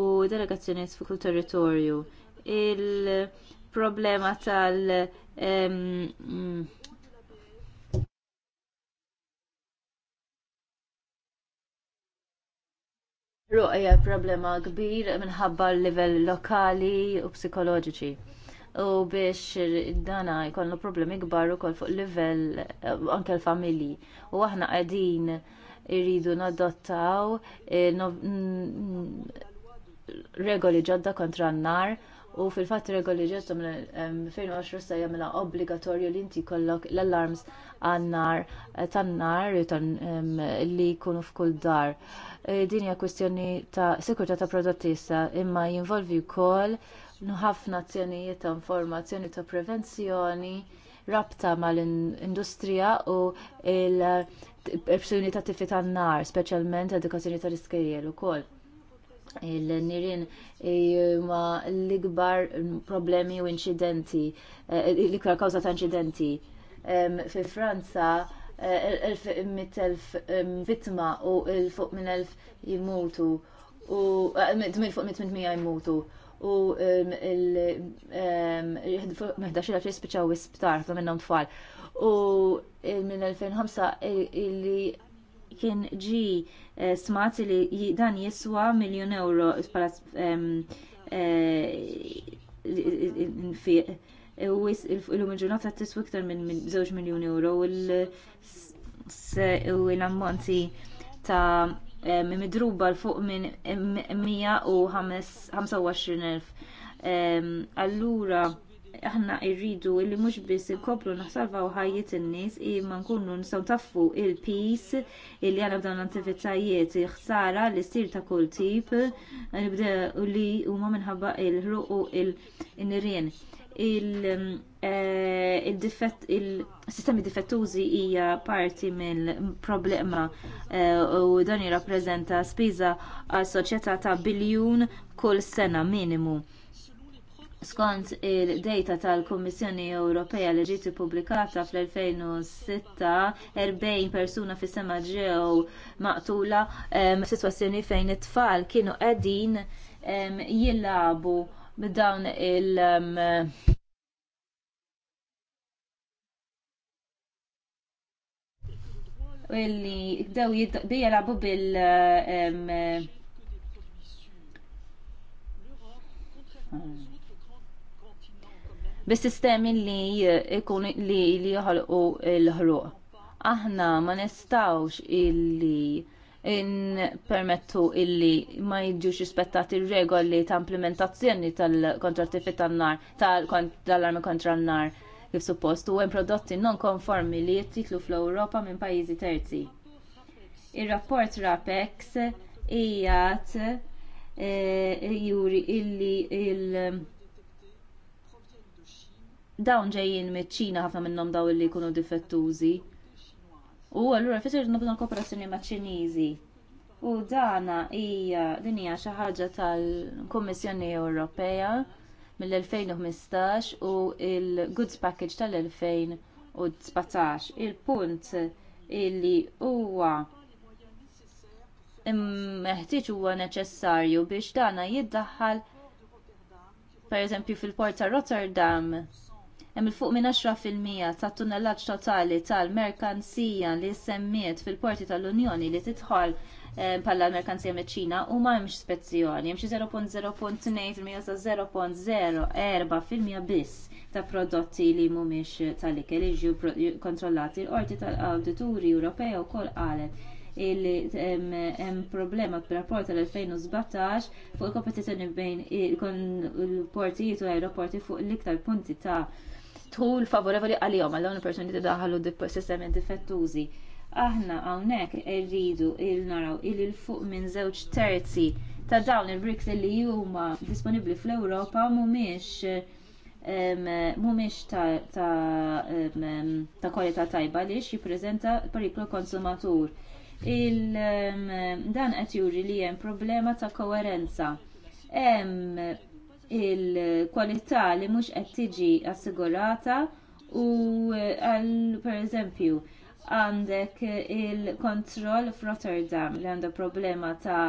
u delegazzjonijiet fuq kull territorju. Il-problema tal- Ruqja problema kbir minħabba l-livell lokali u psikoloġiċi. U biex dana jkollu problemi kbar kol fuq livell eh, anke l-familji. U aħna qegħdin irridu nadottaw eh, mm, regoli ġodda kontra n-nar u fil-fatt regoli ġodda minn 2020 eh, se jagħmilha obbligatorju li inti jkollok l-alarms għannar eh, tan-nar li jkunu f'kull dar. Eh, din hija kwestjoni ta' sikurtà ta' prodotti issa imma jinvolvi wkoll ħafna azzjonijiet ta' informazzjoni ta' prevenzjoni rabta mal-industrija u l-persuni ta' tifi tan-nar, speċjalment edukazzjoni ta' riskejjel ukoll il-nirin eh, ma l-ikbar problemi u incidenti, l-ikbar kawza ta' incidenti fi Franza 100.000 vittma u il-fuq minn 1000 jimutu u minn fuq 800 jimutu u il-11 jispiċaw isptar ta' minnom tfal. U minn 2005 illi kien ġi smat li dan jiswa miljon euro pala il-lum il-ġurnata tiswa iktar minn 2 miljoni euro u l-ammonti ta' eh, midruba l-fuq minn 125.000. Eh, ehm, allura, aħna irridu li mhux biss inkoplu naħsalvaw ħajjiet in-nies imma nkunu nistgħu taffu il-peace illi għandna f'dawn l-attivitajiet ħsara li ssir ta' kull tip u eh, li huma minħabba il-ħruq u l-nirien il-sistemi eh, difettużi hija parti mill-problema eh, u dan jirrappreżenta spiża għal soċjetà ta' biljun kull sena minimu. Skont il-data tal-Kummissjoni Ewropea li ġiet ippubblikata fl-2006, 40 persuna fis sema ġew maqtula um, situazzjoni fejn it-tfal kienu qegħdin um, jilagħbu b'dawn il- um, illi bdew jilagħbu bil um, bil sistemi li ikun li li joħolqu l-ħruq. Aħna ma nistawx illi in permettu illi ma jiġux rispettati regoli ta' implementazzjoni tal-kontratti fit tan-nar, tal-armi kontra n-nar kif suppost u hemm prodotti non konformi li jittiklu fl-Ewropa minn pajjiżi terzi. Ir-rapport RAPEX ijat eh, juri illi il- dawn ġejjin miċ-Ċina ħafna minnhom daw illi jkunu difettużi U allura fisir nobdu kooperazzjoni ma' Ċiniżi. U dana hija din hija xi ħaġa tal-Kummissjoni Ewropea mill-2015 u l goods Package tal-2017. Il-punt illi huwa meħtieġ huwa neċessarju biex dana jiddaħħal pereżempju fil-port ta' Rotterdam hemm il-fuq minn 10% tat-tunnellaġġ totali tal-merkanzija li semmiet fil-porti tal-Unjoni li tidħol eh, bħala merkanzija meċ-Ċina huma hemmx spezzjoni, hemm xi 0.0.2% sa 0.04% biss ta' prodotti li mhumiex tal-ikel jiġu kontrollati l-qorti tal-Awdituri Ewropej wkoll qalet illi hemm problema b'rapport tal-2017 fuq il-kompetizzjoni bejn il-portijiet u l-aeroporti fuq l-iktar punti ta' tul favorevoli għalihom għal dawn il-persuni li d sistemi difettużi. Aħna hawnhekk irridu il naraw il fuq minn żewġ terzi ta' dawn il-briks li huma disponibbli fl-Ewropa mhumiex mumiex ta', ta, kwalità tajba li jippreżenta periklu konsumatur. Il, dan qed juri li hemm problema ta' koerenza il-kwalità li mhux qed tiġi assigurata u għal pereżempju għandek il-kontroll f'Rotterdam li għandha problema ta'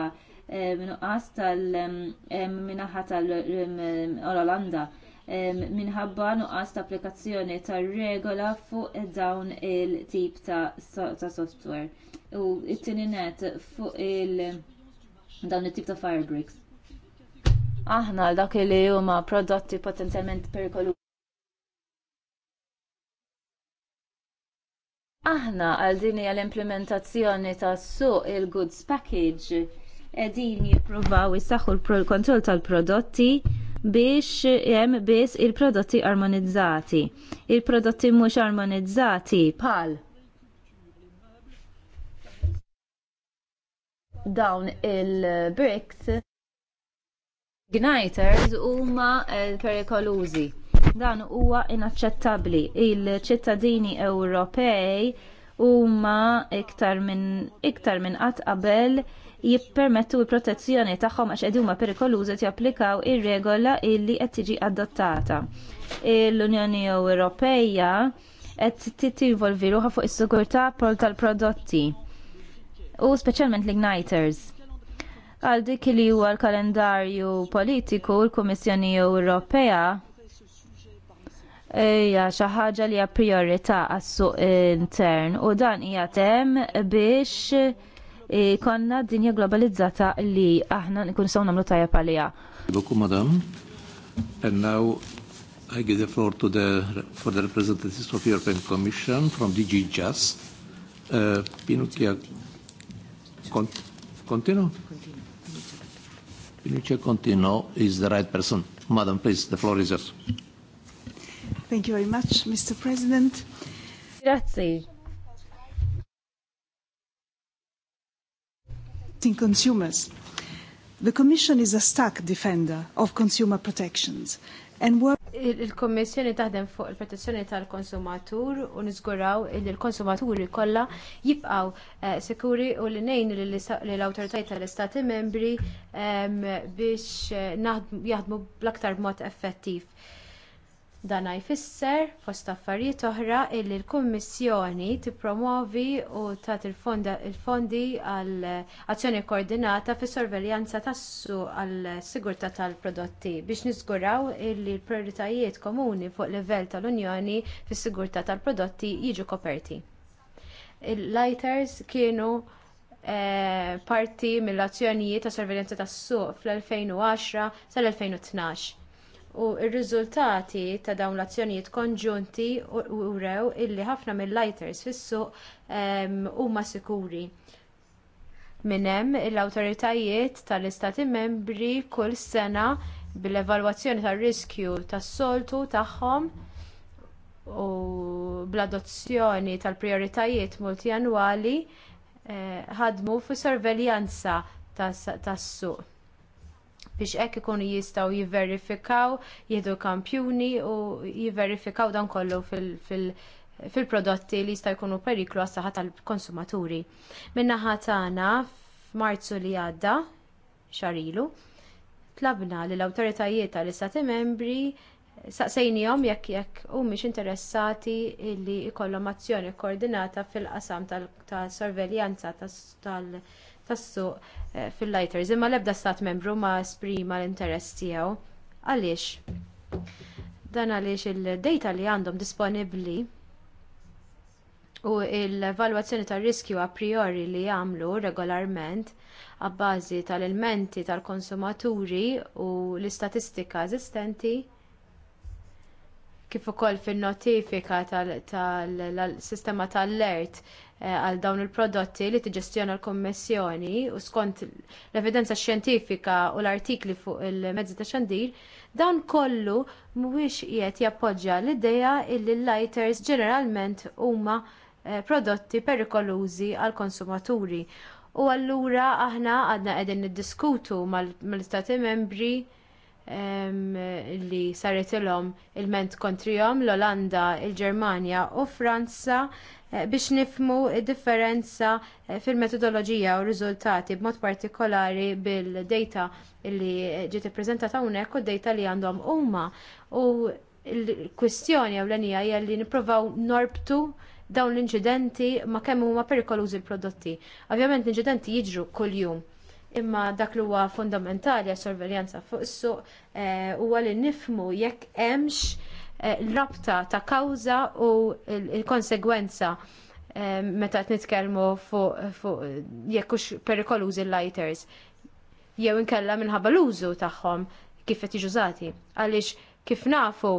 nuqqas tal-minaħa tal-Olanda minħabba nuqqas ta' applikazzjoni tar regola fuq dawn il-tip ta' software. U it-tini fuq il- dawn it-tip ta' Firebricks aħna għal dak li huma prodotti potenzjalment perikolużi. Aħna għal din hija l-implementazzjoni tas-suq il-goods package qegħdin jippruvaw jissaħħu l-kontroll tal-prodotti biex hemm biss il-prodotti armonizzati. Il-prodotti mhux armonizzati bħal dawn il-bricks Igniters huma eh, perikolużi. Dan huwa inaċċettabbli. Il-ċittadini Ewropej huma iktar minn iktar minn qatt qabel jippermettu l-protezzjoni tagħhom għax qed huma perikolużi japplikaw ir-regola illi qed tiġi adottata. L-Unjoni Ewropea qed titinvolvi ruħha fuq is-sigurtà tal-prodotti u speċjalment l-igniters għal dik li huwa l-kalendarju politiku l-Kummissjoni Ewropea hija xi ħaġa li hija priorità għas-suq intern u dan hija tem biex konna dinja globalizzata li aħna nkun saw nagħmlu tajjeb għaliha. madam, and now I give the floor to the for the representatives of European Commission from DG Just. Uh, continue. Will you check Contino is the right person? Madam, please, the floor is yours. Thank you very much, Mr. President. Grazie. In consumers. The Commission is a stark defender of consumer protections Il-Kommissjoni taħdem fuq il-protezzjoni tal-konsumatur u niżguraw li l-konsumaturi kollha jibqgħu eh, sikuri u li ngħin l-awtoritajiet tal-Istati membri ehm, biex eh, jaħdmu bl-aktar mod effettiv. Dan jfisser fost affarijiet oħra illi l-Kummissjoni tippromovi u tat il-fondi għal azzjoni koordinata fis sorveljanza tas-suq għall sigurtà tal-prodotti biex niżguraw illi l-prioritajiet komuni fuq livell tal-Unjoni fis sigurtà tal-prodotti jiġu koperti. Il-lighters kienu eh, parti mill-azzjonijiet ta' sorveljanza tas-suq fl-2010 sal-2012 u r-riżultati ta' dawn l-azzjonijiet konġunti urew illi ħafna mill-lighters fis-suq huma sikuri. Minn hemm l-awtoritajiet tal-istati membri kull sena bil-evalwazzjoni tar-riskju tas-soltu tagħhom u bl-adozzjoni tal-prijoritajiet annwali eh, ħadmu fis fi sorveljanza tas-suq biex hekk ikunu jistgħu jivverifikaw, jieħdu kampjuni u jivverifikaw dan kollu fil-prodotti li jistgħu jkunu periklu għas-saħħa tal-konsumaturi. Min-naħa tagħna f'Marzu li għadda xarilu, tlabna lill awtoritajiet tal-istati membri saqsejnijom jekk jekk humiex interessati li jkollhom azzjoni kkoordinata fil-qasam tal-sorveljanza tal tas eh, fil-lighters imma l-ebda stat membru ma sprima l-interess tiegħu. Għaliex? Dan għaliex il-data li għandhom disponibbli u l-evalwazzjoni tar riskju a priori li jagħmlu regolarment għabbażi tal ilmenti tal-konsumaturi u l-istatistika eżistenti kif ukoll fin-notifika tal-sistema tal-alert eh, għal dawn il-prodotti li tiġestjona l-Kommissjoni u skont l-evidenza xjentifika u l-artikli fuq il-mezzi ta' xandir, dan kollu mhuwiex qiegħed jappoġġja l-idea li l-lighters ġeneralment huma eh, prodotti perikolużi għall konsumaturi. U allura aħna għadna qegħdin niddiskutu mal-Stati membri li saret ilhom il-ment kontrihom l-Olanda, il-Ġermanja u Franza eh, biex nifmu d differenza eh, fil-metodoloġija u r-riżultati b'mod partikolari bil-data li ġiet ippreżentata hawnhekk u d data li għandhom huma. U l-kwistjoni ewlenija hija li nippruvaw norbtu dawn l-inċidenti ma kemm huma perikolużi l-prodotti. Ovvjament l-inċidenti jiġru kuljum imma dak li huwa fundamentali għas sorveljanza fuq is-suq eh, huwa li nifmu jekk hemmx eh, rabta ta' kawża u l-konsegwenza eh, meta qed nitkellmu fuq jekk hux perikolużi l-lighters jew inkella minħabba l-użu tagħhom kif qed jiġużati. Għaliex kif nafu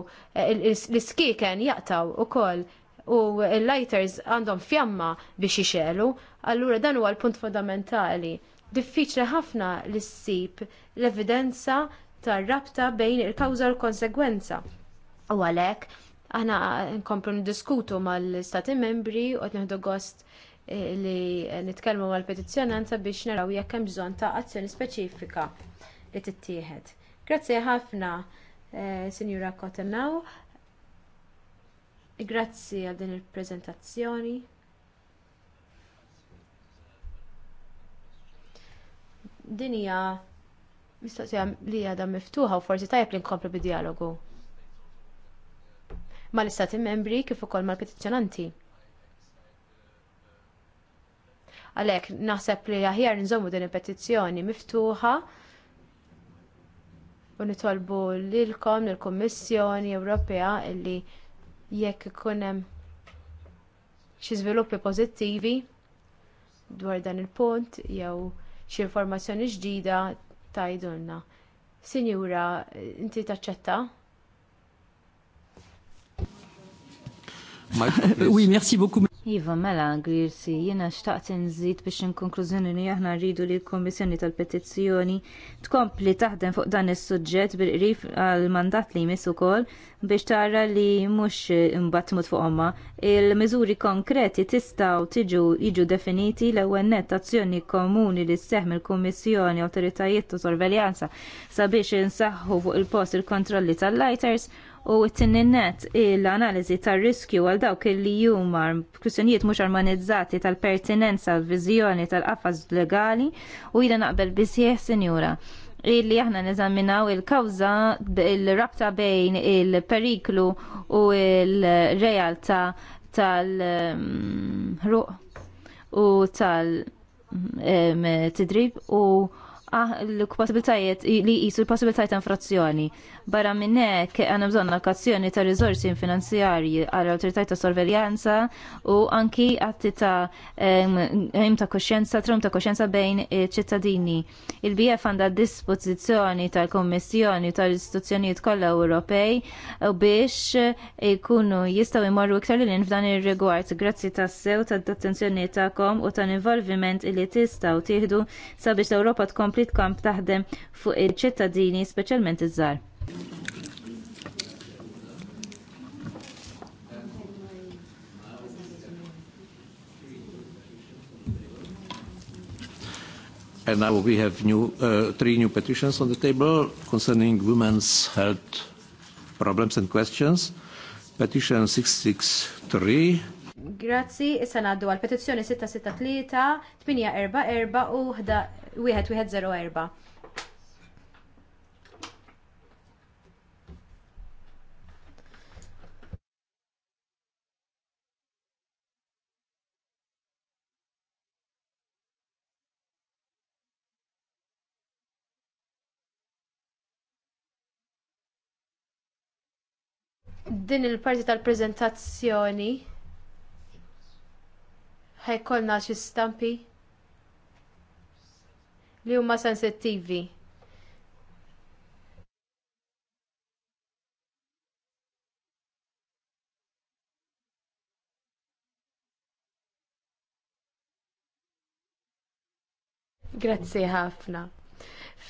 l-iskiken jaqtaw ukoll u l-lighters għandhom fjamma biex jixelu, allura dan huwa l-punt fundamentali diffiċli ħafna li ssib l-evidenza tar-rabta bejn il-kawża u l-konsegwenza. U għalhekk aħna nkomplu niddiskutu mal-Stati membri u qed nieħdu gost eh, li nitkellmu mal-petizzjonanza biex naraw jekk hemm bżonn ta' azzjoni speċifika li tittieħed. Grazzi ħafna, eh, Sinjura Kotenaw. Grazzi għal din il-preżentazzjoni. din hija mistoqsija li għadha miftuħa u forsi tajjeb li nkomplu bid-dialogu. Mal-istati membri kif ukoll mal-petizzjonanti. Għalhekk naħseb li aħjar nżommu din il-petizzjoni miftuħa u nitolbu lilkom lill-Kummissjoni Ewropea illi jekk ikun hemm xi żviluppi pożittivi dwar dan il-punt jew xi informazzjoni ġdida tajdulna. Sinjura, inti taċċetta? Oui, merci beaucoup. Iva, mela, Girsi, jiena xtaqt nżid biex inkonklużjoni li aħna rridu li l-Kommissjoni tal-Petizzjoni tkompli taħdem fuq dan is-suġġett bil qrif għal-mandat li jmiss ukoll biex tara li mhux imbattmut fuq omma. Il-miżuri konkreti tistgħu tiġu jiġu definiti l-ewwel nett azzjoni komuni li sseħħ mill-Kummissjoni Awtoritajiet u Sorveljanza sabiex insaħħu fuq il-post il-kontrolli tal-lighters u t-tinninnet l-analiżi tar-riskju għal dawk li huma kwistjonijiet mhux armonizzati tal-pertinenza l-viżjoni tal-qafas legali u jiena naqbel bisieħ sinjura illi aħna neżaminaw il-kawża il-rabta bejn il-periklu u il-realtà tal-ruq mm, u tal-tidrib mm, u ah, l-possibilitajiet li jisu l-possibilitajiet infrazzjoni. Barra minn hekk bżon bżonn allokazzjoni ta' rizorsi finanzjarji għal autoritajt ta' sorveljanza u anki atti ta' għim ta' koxjenza, trom ta' koxjenza bejn ċittadini. Il-BF għandha dispożizzjoni tal-Kommissjoni tal-istituzzjonijiet kollha Ewropej biex jkunu jistgħu imorru iktar l f'dan ir-rigward. Grazzi tas-sew tad-attenzjoni tagħkom u tal-involviment li tistgħu tieħdu sabiex l-Ewropa tkompli tkomp taħdem fuq il-ċittadini, speċjalment iż-żgħar. And now we have new, uh, three new petitions on the table concerning women's health problems and questions. Petition 663. Grazzi, issa naddu għal petizzjoni 663, 844 u 1104. din il-parti tal-prezentazzjoni ħajkolna xi stampi li huma sensittivi. Grazzi ħafna.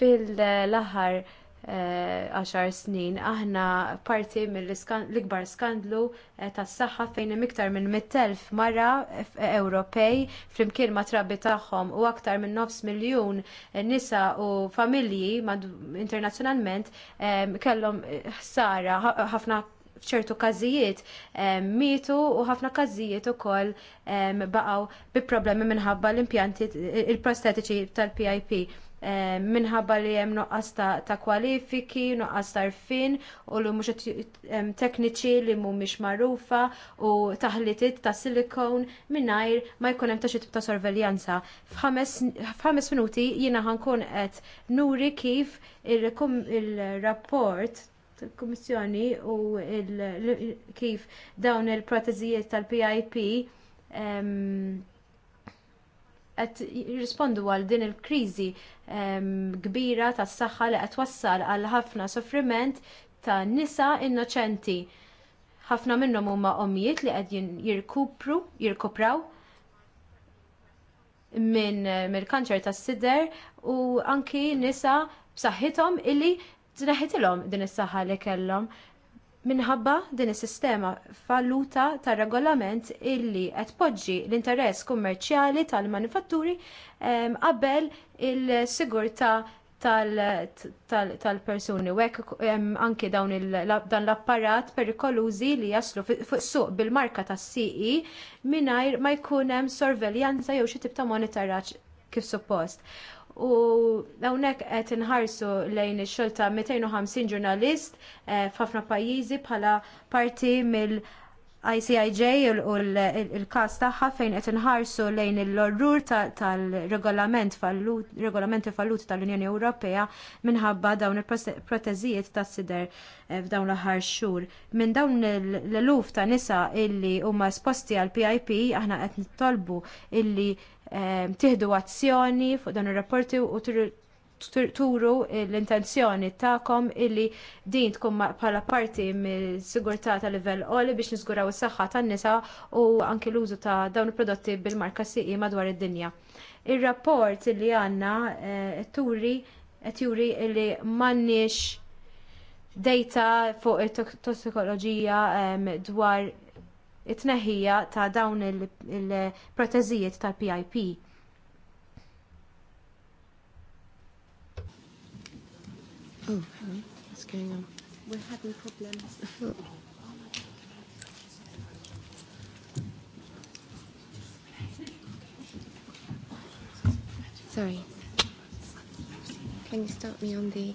Fil-laħar 10 eh, snin. Aħna parti mill-ikbar skandlu eh, tas-saħħa fejn hemm iktar minn 100,000 mara eh, Ewropej flimkien ma' trabi tagħhom u aktar minn nofs miljun nisa u familji internazzjonalment kellhom ħsara ħafna f'ċertu każijiet mietu u ħafna każijiet ukoll baqgħu bi problemi minħabba l-impjanti il-prostetiċi tal-PIP Eh, minħabba li hemm noqqas ta' kwalifiki, noqqas ta' rfin u li mhux tekniċi li mhumiex magħrufa u taħlitit ta' silikon mingħajr ma jkun hemm ta' xi tip ta' sorveljanza. F'ħames minuti jiena ħankun qed nuri kif il-rapport il-Kummissjoni u il kif dawn il-protezijiet tal-PIP um, qed jirrispondu għal din il-kriżi ehm, kbira tas-saħħa li qed wassal għal ħafna soffriment ta' nisa innoċenti. Ħafna minnhom huma ommijiet li qed jirkupru, jirkupraw minn mill-kanċer tas-sider u anki nisa b'saħħithom illi tneħħitilhom din is-saħħa li kellhom minħabba din is-sistema falluta tar-regolament illi qed poġġi l-interess kummerċjali tal-manifatturi ehm, qabel il-sigurtà tal-persuni. U hekk anke dawn dan l-apparat perikolużi li jaslu fuq suq bil-marka tas-CE mingħajr ma jkun hemm sorveljanza jew xi tip ta' monitoraġġ kif suppost. U hawnhekk qed inħarsu lejn ix xolta 250 ġurnalist eh, f'ħafna pajjiżi bħala parti mill ICIJ u l-każ tagħha fejn qed inħarsu lejn l-orrur tal-regolament regolamenti falluti tal-Unjoni Ewropea minħabba dawn il protezijiet ta' sider eh, f'dawn l-aħħar xhur. Minn dawn l-eluf ta' nisa illi huma esposti għal PIP aħna qed nittolbu illi Ehm, tieħdu azzjoni fuq dan ir-rapporti u turu l-intenzjoni tagħkom illi din tkun bħala parti mis-sigurtà ta' livell qoli biex niżguraw is-saħħa tan-nisa u anke l-użu ta' dawn il-prodotti bil-marka CE madwar id-dinja. Ir-rapport li għandna eh, turi qed juri li m'għandniex data fuq it-tossikoloġija ehm, dwar it-tneħħija ta' dawn il protezijiet tal PIP. Oh, We're having problems. Sorry. Can you start me on the...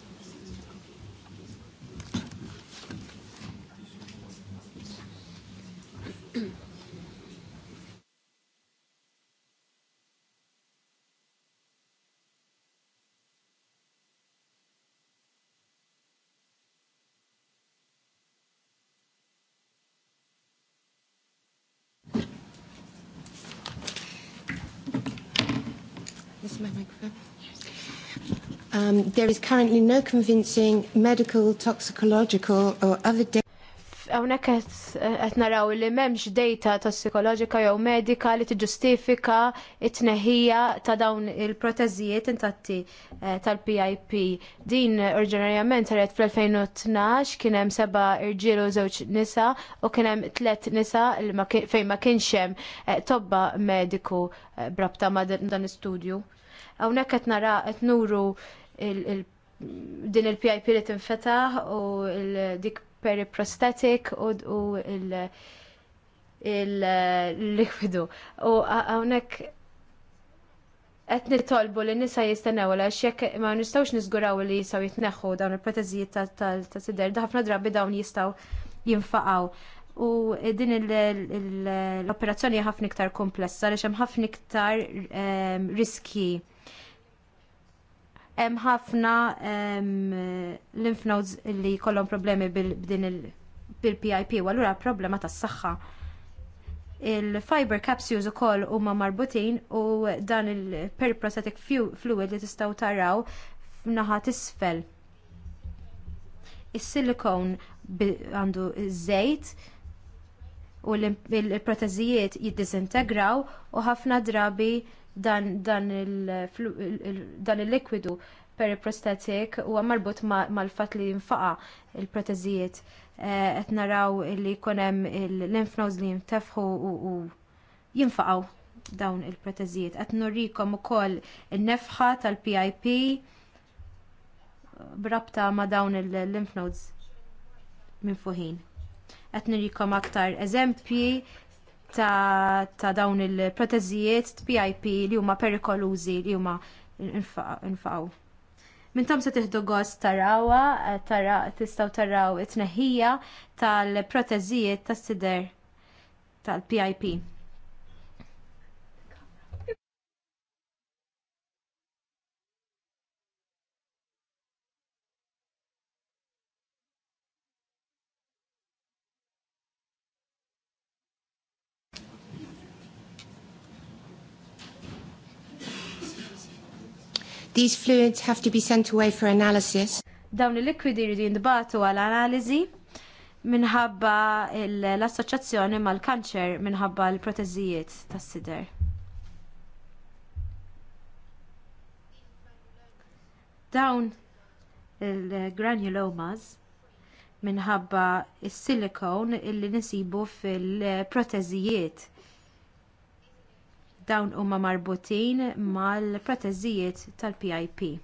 Um, there is currently no convincing medical, toxicological or other data. Hawnhekk eh, qed naraw li m'hemmx data tossikoloġika jew medika li tiġġustifika t tneħħija ta' dawn il-proteżijiet intatti eh, tal-PIP. Din oriġinarjament saret fl-2012 kien hemm seba' irġiel u żewġ nisa u kien hemm tliet nisa fejn ma kienx hemm eh, tobba mediku brabta ma' dan l-istudju. Hawnhekk qed nara qed nuru din il-PIP li tinfetaħ u dik periprostatic u il-likwidu. U hawnhekk qed nitolbu li nisa jistennew għax jekk ma nistgħux niżguraw li jistgħu jitneħħu dawn il-proteżijiet ta' sider, ħafna drabi dawn jistgħu jinfaqgħu. U din l-operazzjoni ħafna iktar komplessa għalix hemm ħafna iktar ehm, riski hemm ħafna lymph nodes li jkollhom problemi bil-din il-PIP u allura problema tas-saħħa. Il-fiber capsules ukoll huma marbutin u dan il-periprosthetic fluid li tistgħu taraw f'naħa tisfel. Is-silikon għandu żejt u l-proteżijiet jiddisintegraw u ħafna drabi dan il-likwidu per prostatik huwa marbut mal-fatt li jinfaqa il-protezijiet qed eh, naraw li jkun hemm il-lymph nodes li jintefħu u jinfaqaw dawn il-protezijiet. Qed nurrikom ukoll in-nefħa tal-PIP eh, brabta ma' dawn il-lymph nodes minn fuħin. Qed nurikom aktar eżempji ta', ta dawn il-protezijiet PIP li huma perikolużi li huma Min Mintom se tiħdu gost tarawa, eh, tara, tistaw taraw it-tneħħija tal-protezijiet tas-sider tal-PIP. These fluids have to be sent away for analysis. Dawn il-likwidi jridu jindbatu għal analiżi minħabba l-assoċjazzjoni mal-kanċer minħabba l-proteżijiet tas-sider. Dawn il-granulomas minħabba s il silikon il-li nisibu fil-proteżijiet dawn huma marbutin mal-proteżijiet tal-PIP.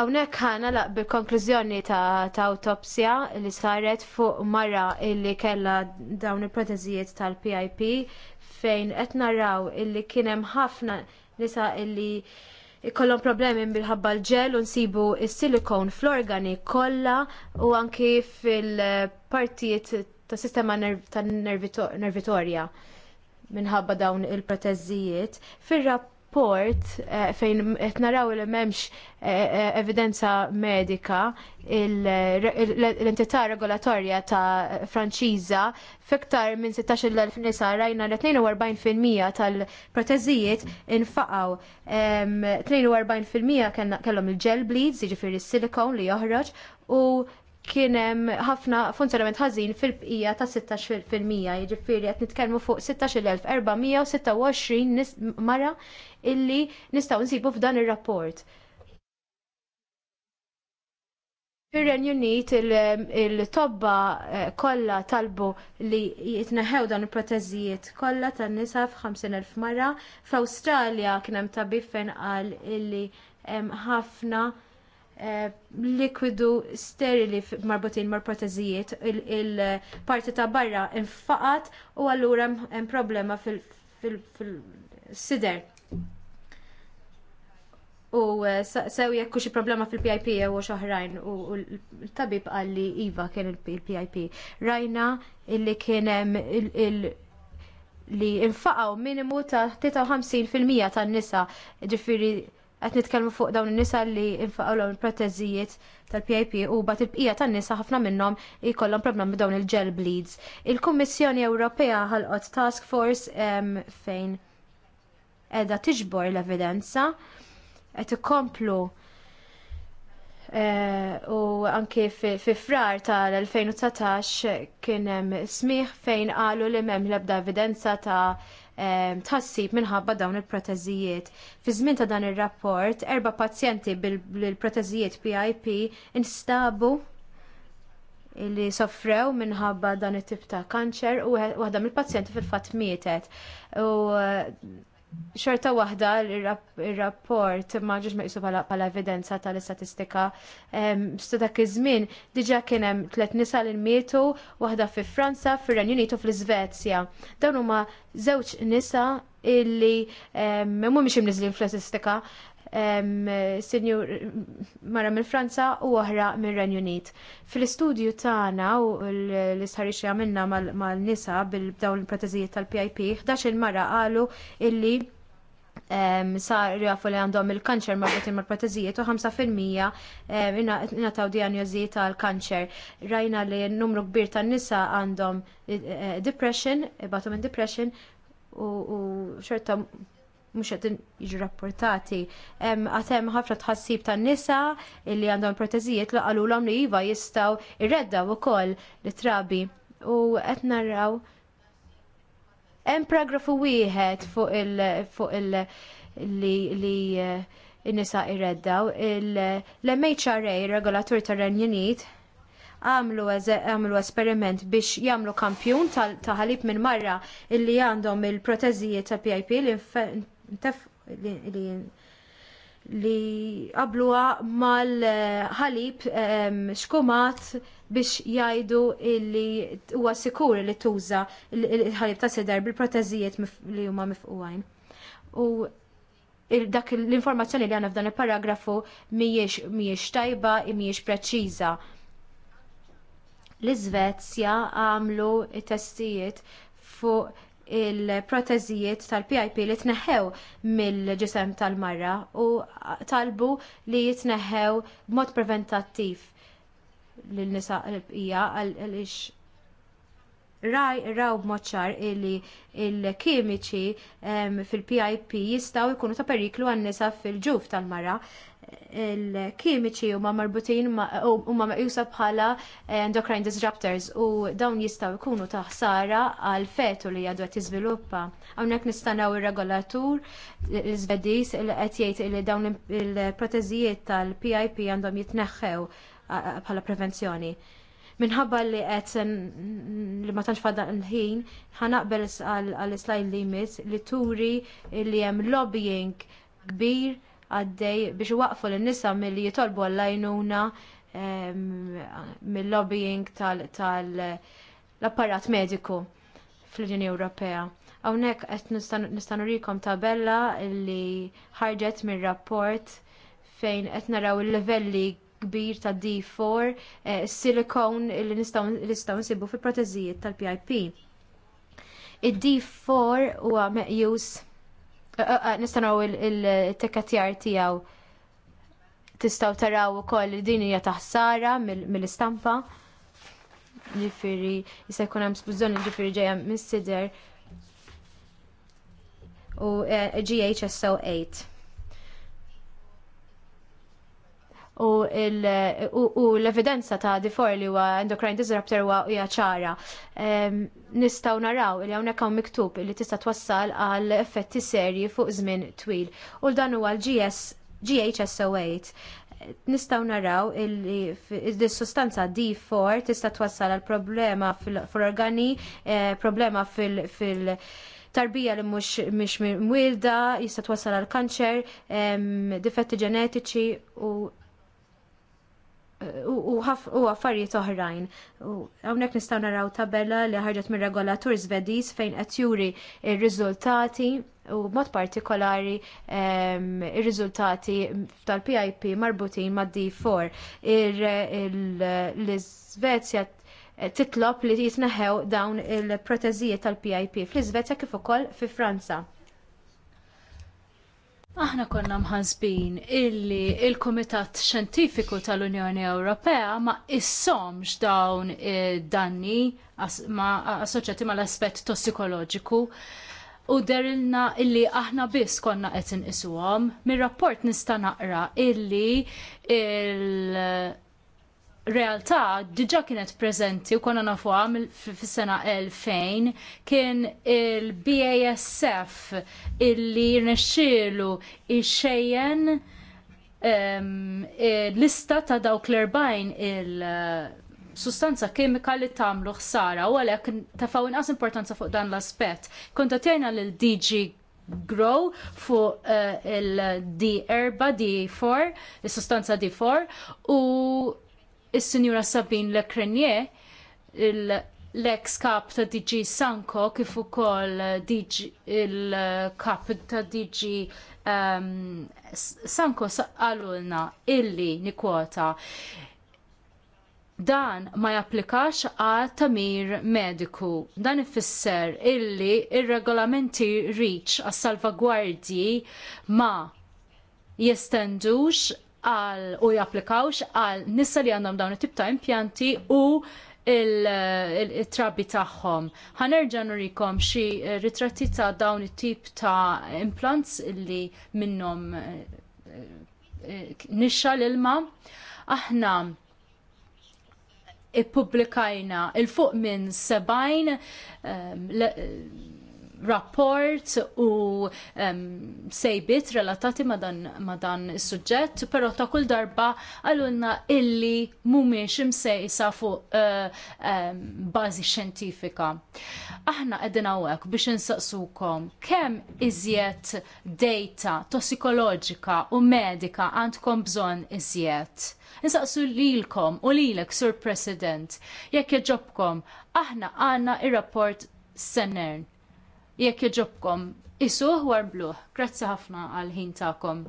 Hawnhekk ħana laq bil-konklużjoni ta', ta autopsja li saret fuq mara illi kellha dawn il-proteżijiet tal-PIP fejn qed naraw illi kien hemm ħafna nisa illi ikollhom problemi bil-ħabba l-ġel u nsibu s-silikon fl-organi kollha u anki fil-partijiet tas sistema tan nervitorja minħabba dawn il-proteżijiet. Fir-rapp rapport eh, fejn qed naraw li m'hemmx eh, eh, evidenza medika l-entità regolatorja ta' franċiża f'iktar minn 16,000 nisa rajna li 42% tal-proteżijiet infaqaw. 42% kellhom il-gel bleeds, jiġifieri s silikon li joħroġ u kien hemm ħafna funzjonament ħażin fil-bqija ta' 16% jiġifieri qed nitkellmu fuq 16,426 mara illi nistgħu nsibu f'dan ir-rapport. Fir-Renju Unit il-tobba eh, kollha talbu li jitneħew dan il-proteżijiet kollha tan-nisa f'50,000 mara. F'Awstralja kien hemm tabib fejn qal illi hemm ħafna Eh, likwidu sterili marbutin mar protezijiet il-parti ta' barra infaqat u allura hemm problema fil-sider. U eh, sew jekk xi problema fil-PIP jew oħrajn u l-tabib qal li iva kien il-PIP. Rajna illi kien hemm il- li infaqaw minimu ta' 53% tan-nisa ġifiri Qed nitkellmu fuq dawn in-nisa li infaqaw l proteżijiet tal-PIP u bat il-bqija tan-nisa ħafna minnhom jkollhom problem b'dawn il-gel bleeds. Il-Kummissjoni Ewropea ħalqot task force fejn qiegħda tiġbor l-evidenza qed ikomplu e, u anke fi frar tal-2019 kien hemm smigħ fejn qalu li m'hemm l-ebda evidenza ta' tassib minħabba dawn il-proteżijiet. Fi żmien ta' dan ir-rapport, erba' pazjenti bil-proteżijiet PIP instabu li soffrew minħabba dan it-tip ta' kanċer u waħda mill-pazjenti fil-fatt mietet. U xorta waħda il-rapport ma ġiġ meqsu pala evidenza tal-istatistika studak iż-żmien diġa kien hemm tliet nisa l mietu waħda fi Franza, fir-Renju Unitu fl-Iżvezja. Dawn huma żewġ nisa illi mhumiex imniżlin fl-istatistika sinjur mara mill Franza u oħra mir Renju Unit. Fil-istudju tagħna u l-istħarriċ li għamilna mal-nisa bil-dawn il-protezijiet tal-PIP, 11 mara qalu illi sar jafu li għandhom il-kanċer marbutin mal-protezijiet u 5% inataw diagnozi tal-kanċer. Rajna li n-numru kbir tan-nisa għandhom eh, eh, depression, eh, batom depression u xorta mhux qed jiġu rapportati. Għad hemm ħafna tħassib tan-nisa illi għandhom proteżijiet li qalulhom li iva jistgħu irreddaw ukoll li trabi u qed narraw hemm paragrafu wieħed fuq il fuq il li li eh, n-nisa irreddaw il mhra regolatur tar-Renju Unit, għamlu esperiment biex jagħmlu kampjun ta' ħalib minn marra illi għandhom il-protezijiet ta' PIP li li li qabluha mal-ħalib xkumat biex jgħidu li huwa sikur li tuża l-ħalib ta' sider bil-proteżijiet li huma mifquajn. U dak l-informazzjoni li għandna f'dan il-paragrafu mhijiex tajba, mhijiex preċiża. L-Iżvezja għamlu testijiet fuq il-proteżijiet tal-PIP li tneħħew mill-ġisem tal-marra u talbu li jitneħħew b'mod preventattiv lil-nisa l-bqija għaliex raj raw b'mod ċar li l kimiċi fil-PIP jistgħu jkunu ta' periklu għan-nisa fil-ġuf tal-mara il-kimiċi huma marbutin huma meqjusa bħala eh, endocrine disruptors u dawn jistgħu jkunu ta' ħsara għal fetu li għadu qed jiżviluppa. Hawnhekk nistanaw ir-regolatur l-Iżvedis li qed jgħid li dawn il-proteżijiet tal-PIP għandhom jitneħħew bħala prevenzjoni. Minħabba li qed li ma tantx fadda l-ħin, ħanaqbel għall-slide limit li turi li hemm lobbying kbir għaddej biex waqfu l-nisa milli jitolbu għall-għajnuna mill-lobbying tal-apparat mediku fl-Unjoni Ewropea. Hawnhekk qed nistanu rikom tabella li ħarġet mir rapport fejn qed naraw il-livelli kbir ta' D4, eh, silikon li nistgħu nsibu fil proteżijiet tal-PIP. Id-D4 huwa meqjus nistanaw il-tekatjar tijaw tistaw taraw ukoll koll din hija taħsara mill-istampa. Ġifieri jista' jkun hemm spużżoni ġifiri ġejja mis-sider u eh, GHSO 8. u l-evidenza ta' difor li huwa endocrine disruptor huwa hija ċara. Nistgħu naraw li hawnhekk hawn miktub li tista' twassal għal effetti serji fuq żmien twil. U dan huwa l-GS GHS08 nistaw naraw is sustanza D4 tista twassal għal problema fl organi eh, problema fil- tarbija li mhux mux mwilda, jista twassal għal kanċer, difetti ġenetiċi u u affarijiet oħrajn. Hawnhekk nistgħu naraw tabella li ħarġet mir-regolatur Svediż fejn qed juri r-riżultati u mod partikolari ehm, il riżultati tal-PIP marbutin mad-D4. L-Iżvezja titlob li jitneħew dawn il-proteżijiet tal-PIP fl-Iżvezja kif ukoll fi Franza. Aħna konna mħansbin illi il-Kumitat Xjentifiku tal-Unjoni Ewropea ma issomx dawn eh, danni assoċjati mal aspett tossikoloġiku u derilna illi aħna biss konna qed inqisuhom. Mir-rapport nista' naqra illi il- realtà diġa kienet preżenti u konna nafuha fis-sena 2000 kien il-BASF illi rnexxielu ixejjen ehm, lista ta' dawk l-40 il- sustanza kimika li tagħmlu ħsara u għalhekk tafaw inqas importanza fuq dan l-aspett. Kontatjajna lill DG Grow fuq eh, il-D4, is sustanza D4 u is-Sinjura Sabin Lekrenier, l-ex kap ta' DG Sanko kif ukoll eh, il-kap ta' DG um, ehm, Sanko saqqalulna illi nikwota dan ma japplikax għal tamir mediku. Dan ifisser illi ir-regolamenti riċ reach għas salvagwardji ma jestendux għal u japplikawx għal nissa li għandhom dawn it-tip ta' impjanti u il-trabi tagħhom. Ħanerġa' nurikom xi ritratti ta' dawn it-tip ta' implants li minnhom eh, eh, nixxa l-ilma. Aħna ippubblikajna il-fuq minn 70 rapport u um, sejbit relatati ma dan is-suġġett, però ta' kull darba għalunna illi mhumiex imsejsa fuq uh, um, bażi xjentifika. Aħna qegħdin hawnhekk biex insaqsukom kemm iżjed data tossikoloġika u medika għandkom bżonn iżjed. Insaqsu lilkom u lilek, Sur President, jekk jaġobkom, aħna għandna ir-rapport Senern jekk jġobkom. Isuh warbluh. Grazzi ħafna għal ħin tagħkom.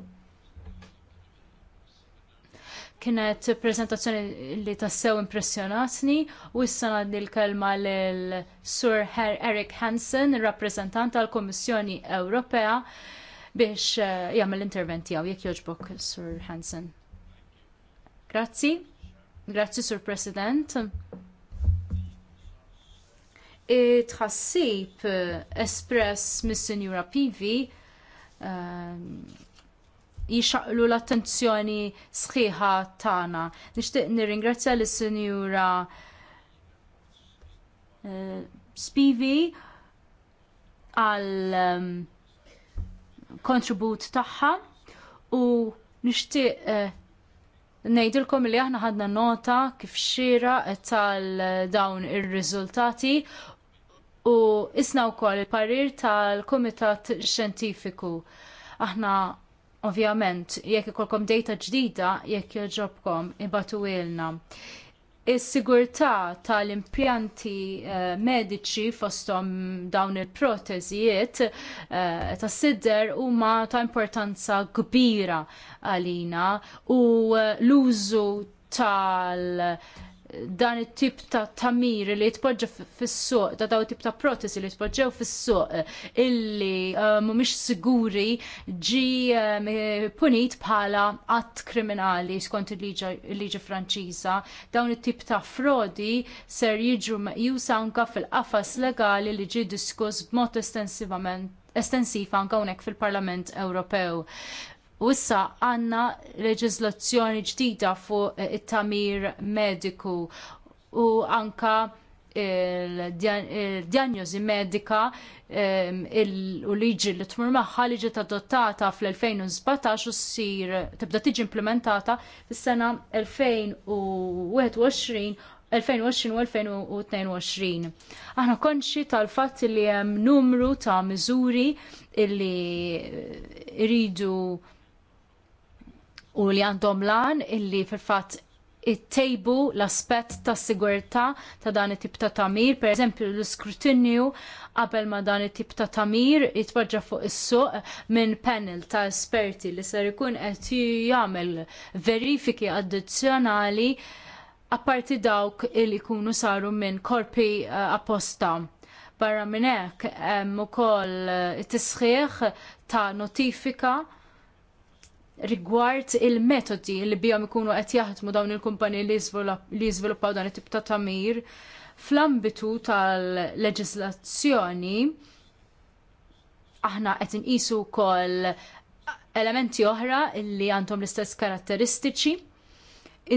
Kienet prezentazzjoni li tassew impressjonatni u issa ngħaddi l-kelma lil Sur Eric Hansen, rappresentant tal kummissjoni Ewropea biex eh, jagħmel intervent tiegħu jekk jogħġbok, Sur Hansen. Grazzi. Grazzi, Sur President tħassib eh, espress mis-Sinjura Pivi eh, jixaqlu l-attenzjoni sħiħa tagħna. Nixtieq nirringrazzja lis sinjura eh, Spivi għal kontribut tagħha u nixtieq ngħidilkom li aħna ħadna nota kif xira tal dawn ir-riżultati u isna wkoll il-parir tal-Kumitat Xjentifiku. Aħna ovvjament jekk ikolkom data ġdida jekk jogħġobkom, ibatu ilna. Is-sigurtà tal-impjanti eh, mediċi fosthom dawn il-protezijiet eh, ta' sidder huma ta' importanza kbira għalina u l-użu tal- dan it-tip ta' tamir li jitpoġġa fis-suq, ta' daw tip ta' protesi li jitpoġġew fis-suq illi eh, mhumiex siguri ġi eh, punit bħala att kriminali skont il-liġi Franċiża. Dawn it-tip ta' frodi ser jiġu meqjusa anke fil-qafas legali li ġie diskuss b'mod estensivament estensiv anka hawnhekk fil-Parlament Ewropew. U issa għandna leġiżlazzjoni ġdida fuq eh, it-tamir mediku u anka il-diagnosi medika ehm, u liġi li tmur magħha liġi adottata fl-2017 u ssir tibda tiġi implementata fis-sena 2021 u 2022. Aħna konxi tal-fatt li hemm numru ta' miżuri li rridu u li għandhom lan illi fil-fatt ittejbu l-aspett ta' sigurtà ta' dan it-tip ta' tamir, pereżempju l-iskrutinju qabel ma dan it-tip ta' tamir jitwaġġa fuq is-suq minn panel ta' esperti li ser ikun qed jagħmel verifiki addizzjonali apparti dawk li jkunu saru minn korpi eh, apposta barra minn hekk hemm ukoll eh, it-tisħiħ ta' notifika rigward il-metodi li bijom ikunu qed jaħdmu dawn il-kumpani li jiżviluppaw dan it-tip ta' tamir fl-ambitu tal-leġislazzjoni aħna qed inqisu wkoll elementi oħra li għandhom l-istess karatteristiċi.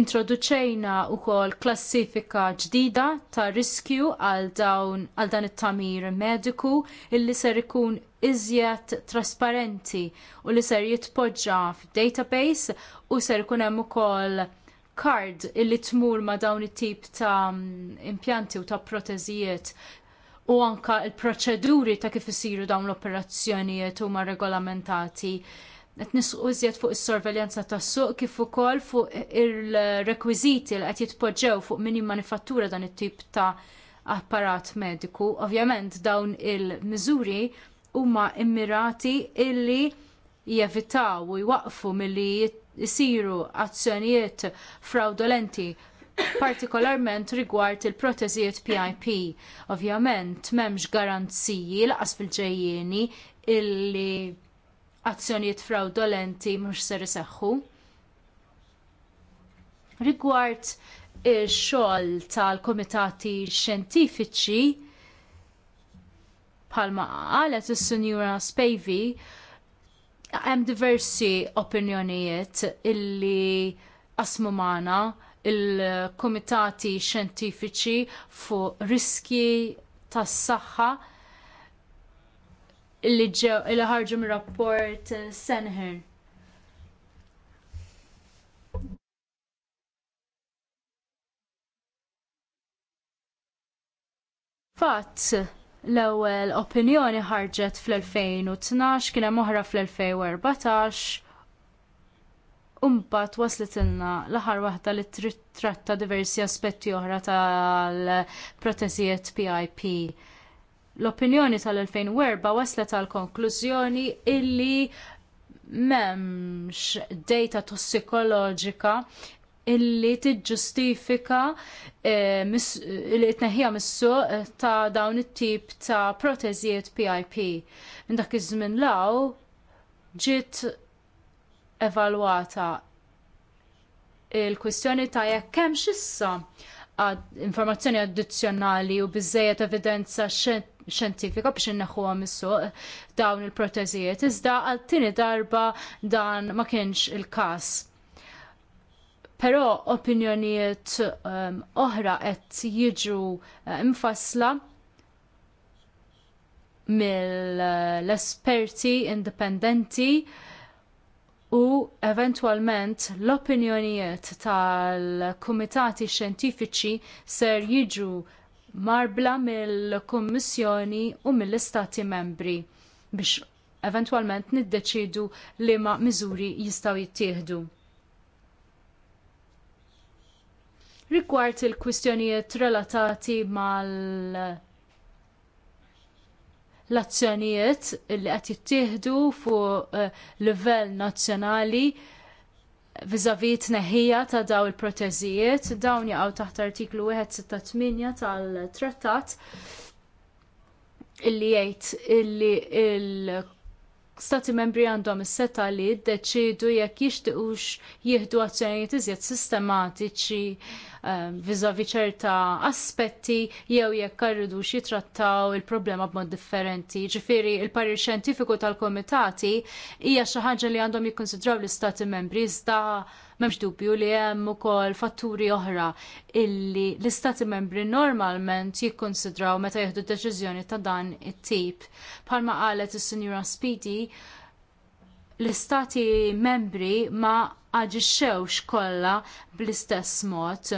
Introduċejna wkoll klassifika ġdida ta' riskju għal, dawn, għal dan it-tamir mediku illi ser ikun iżjed trasparenti u li ser jitpoġġa f'database u ser ikun hemm ukoll kard illi tmur ma' dawn it-tip ta' mm, impjanti u ta' proteżijiet u anka l proċeduri ta' kif isiru dawn l-operazzjonijiet huma regolamentati. Qed nisqu iżjed fuq is-sorveljanza tas-suq kif ukoll fuq ir-rekwiżiti li qed jitpoġġew fuq min manifattura dan it-tip ta' apparat mediku. Ovvjament dawn il-miżuri huma immirati illi jevitaw u jwaqfu milli jisiru azzjonijiet fraudolenti partikolarment rigward il-protezijiet PIP. Ovvjament, m'hemmx garanziji laqas fil-ġejjieni illi azzjonijiet fraudolenti mhux ser iseħħu. Rigward ix-xogħol tal-kumitati xjentifiċi, bħalma qalet is-Sinjura Spavey hemm diversi opinjonijiet illi qasmu maħna il-kumitati xjentifiċi fuq riskji tas-saħħa illi ġew illi ħarġu mir-rapport Senhern. Fatt, l-ewwel opinjoni ħarġet fl-2012 kien hemm oħra fl-2014 u mbagħad waslet ilna l-aħħar waħda li tratta diversi aspetti oħra tal-protezijiet PIP. L-opinjoni tal-2004 waslet għal konklużjoni illi m'hemmx data tossikoloġika illi tiġġustifika eh, li tneħħija mis-suq eh, ta' dawn it-tip ta' proteżijiet PIP. Minn dak iż-żmien law ġiet evalwata il-kwistjoni ta' jekk hemm xissa informazzjoni addizzjonali u biżżejjed evidenza xjentifika biex inneħħuha mis-suq eh, dawn il-proteżijiet iżda għal tieni darba dan ma kienx il-każ Però opinjonijiet um, oħra qed jiġu uh, mfassla mill-esperti indipendenti u eventwalment l-opinjonijiet tal-kumitati xjentifiċi ser jiġu marbla mill-Kummissjoni u mill-Istati membri biex eventwalment niddeċidu li ma miżuri jistgħu jittieħdu. Rigward il-kwistjonijiet relatati mal l-azzjonijiet li qed jittieħdu fuq eh, livell nazzjonali vizavi tneħħija ta' daw il proteżijiet dawn jaqgħu taħt artiklu 168 tal-trattat illi jgħid illi l stati membri għandhom is-seta li jiddeċiedu jekk jixtiequx jieħdu azzjonijiet iżjed sistematiċi ehm, viżavi ċerta aspetti jew jekk arridux jitrattaw il-problema b'mod differenti. Ġifieri l parir xjentifiku tal-komitati hija xi ħaġa li għandhom jikkonsidraw l-istati membri iżda M'hemmx dubju li hemm ukoll fatturi oħra illi l-istati membri normalment jikkonsidraw meta jieħdu deċiżjoni ta' dan it-tip. Palma qalet is-Sinjura Speedy: l-istati membri ma aġixxewx kollha bl-istess mod.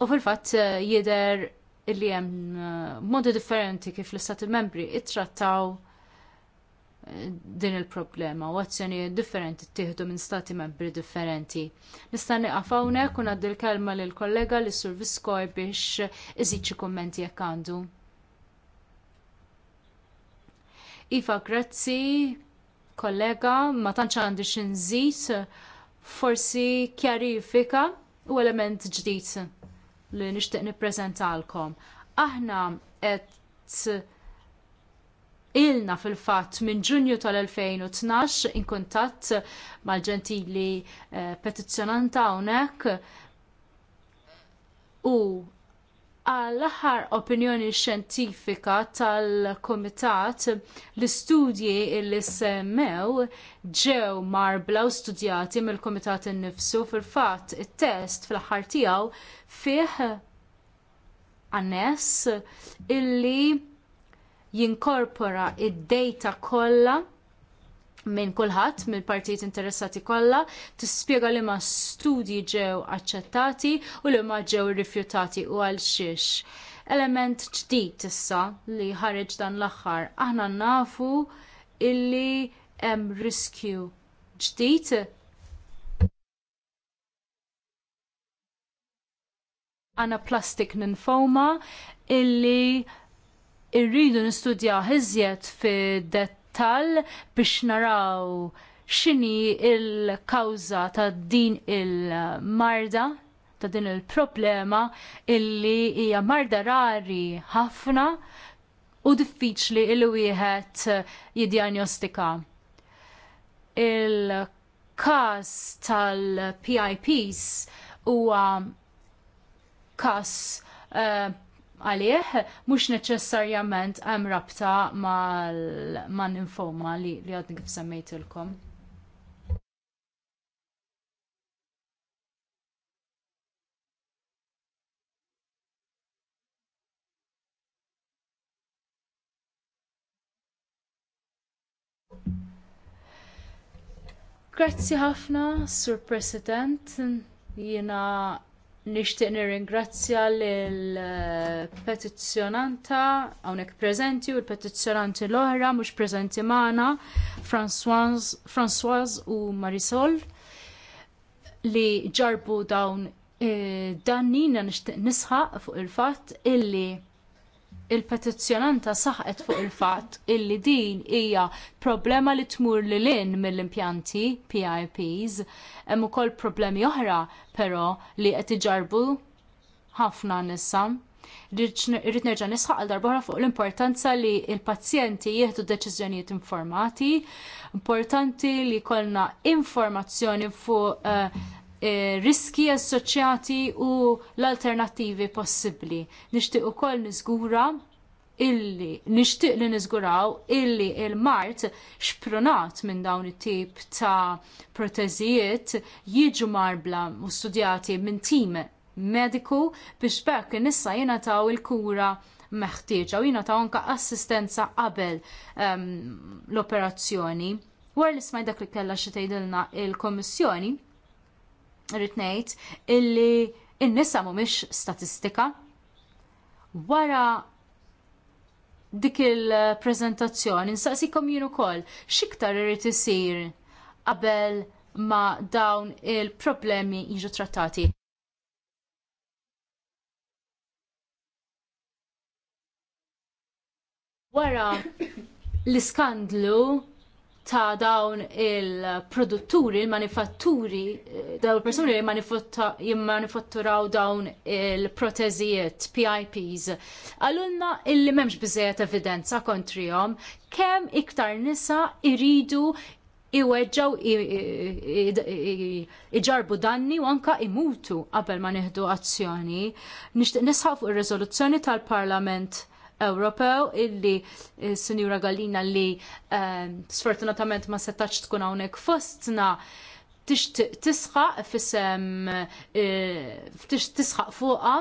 U fil-fatt eh, jidher li hemm eh, modi differenti kif l-istati membri ittrattaw din il-problema u azzjonijiet differenti ttieħdu minn stati membri differenti. Nista' nieqaf hawnhekk u ngħaddi l-kelma lill kollega li sur Viskoj biex iżid xi kummenti jekk għandu. Iva, grazzi, kollega, ma tantx għandi xi nżid, forsi kjarifika u element ġdid li nixtieq nippreżentalkom. Aħna qed ilna fil fatt minn ġunju tal-2012 in kuntatt mal-ġentili eh, petizzjonanta hawnhekk u għall-aħħar opinjoni xjentifika tal-Komitat l-istudji li semmew ġew marbla u studjati mill-Komitat innifsu fil-fatt it-test fl-aħħar tiegħu fih għannes illi jinkorpora id-data kollha minn kulħadd mill-partijiet interessati kollha, tispjega li ma studji ġew aċċettati u li ma ġew rifjutati u għal xiex. Element ġdid issa li ħareġ dan l-aħħar. Aħna nafu illi hemm riskju ġdid għana plastic ninfoma illi irridu nistudja iżjed fid-dettall biex naraw x'inhi l kawża ta' din il-marda ta' din il-problema illi hija marda rari ħafna u diffiċli il wieħed jiddiagnostika. il każ tal-PIPs huwa każ uh, għalih mhux neċessarjament hemm rabta mal-infoma li li għadni kif semmejtilkom. Grazzi ħafna, Sur President, jiena Nixtieq nirringrazzja lill-petizzjonanta eh, hawnhekk preżenti u l-petizzjonanti l-oħra mhux preżenti magħna Françoise u Marisol li ġarbu dawn e, danni nixtieq nisħaq fuq il-fatt illi il-petizzjonanta saħqet fuq il-fatt illi din hija problema li tmur li lin mill-impjanti PIPs, hemm ukoll problemi oħra però li qed iġarbu ħafna nissa. Irrid nerġa' nisħaq għal darba fuq l-importanza li l-pazjenti jieħdu deċiżjonijiet informati, importanti li jkollna informazzjoni fuq uh, Eh, riski assoċjati u l-alternattivi possibbli. Nixtieq ukoll niżgura illi nixtieq li niżguraw illi il-mart xpronat minn dawn it-tip ta' proteżijiet jiġu marbla u studjati minn tim mediku biex bekk nissa jingħataw il-kura meħtieġa u jingħataw anke assistenza qabel um, l-operazzjoni. war li smaj dak li kellha xi tgħidilna il-Kommissjoni, rrid ngħid illi innisa nisa mhumiex statistika. Wara dik il-preżentazzjoni nsaqsikom jien ukoll x'iktar irid isir qabel ma dawn il-problemi jiġu trattati. Wara l-iskandlu ta' dawn il-produtturi, il-manifatturi, eh, daw il-persuni li jimmanifatturaw dawn il-protezijiet, PIPs, għallunna illi memx bizzejet evidenza kontrihom kem iktar nisa iridu iweġġaw iġarbu danni u anka imutu qabel ma neħdu azzjoni. Nisħaw fuq ir-riżoluzzjoni tal-Parlament Ewropew illi eh, Sinjura Gallina li ehm, sfortunatament ma setax tkun hawnhekk fostna tixtieq tisħaq fisem eh, tisħaq fuqha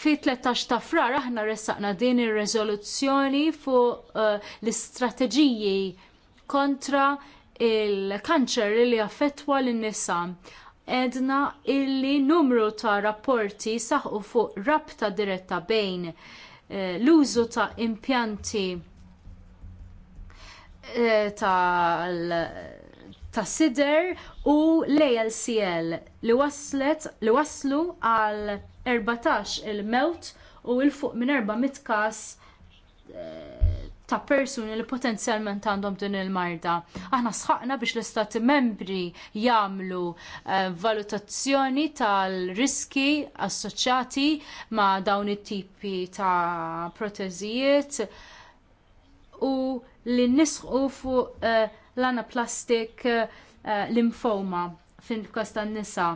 fi 13 ta' frar aħna ressaqna din ir-reżoluzzjoni fuq eh, l-istrateġiji kontra il-kanċer li affettwa lin nisa edna illi numru ta' rapporti saħu fuq rabta diretta bejn eh, l-użu ta' impjanti eh, ta' ta' sider u l-ALCL li waslet li waslu għal 14 il-mewt u il-fuq minn 400 kas ta' persuni li potenzjalment għandhom din il-marda. Aħna sħaqna biex l-istati membri jagħmlu uh, valutazzjoni tal-riski assoċjati ma' dawn it-tipi ta' proteżijiet u li nisħu fuq uh, eh, l-anaplastic uh, eh, linfoma fin-kosta n-nisa.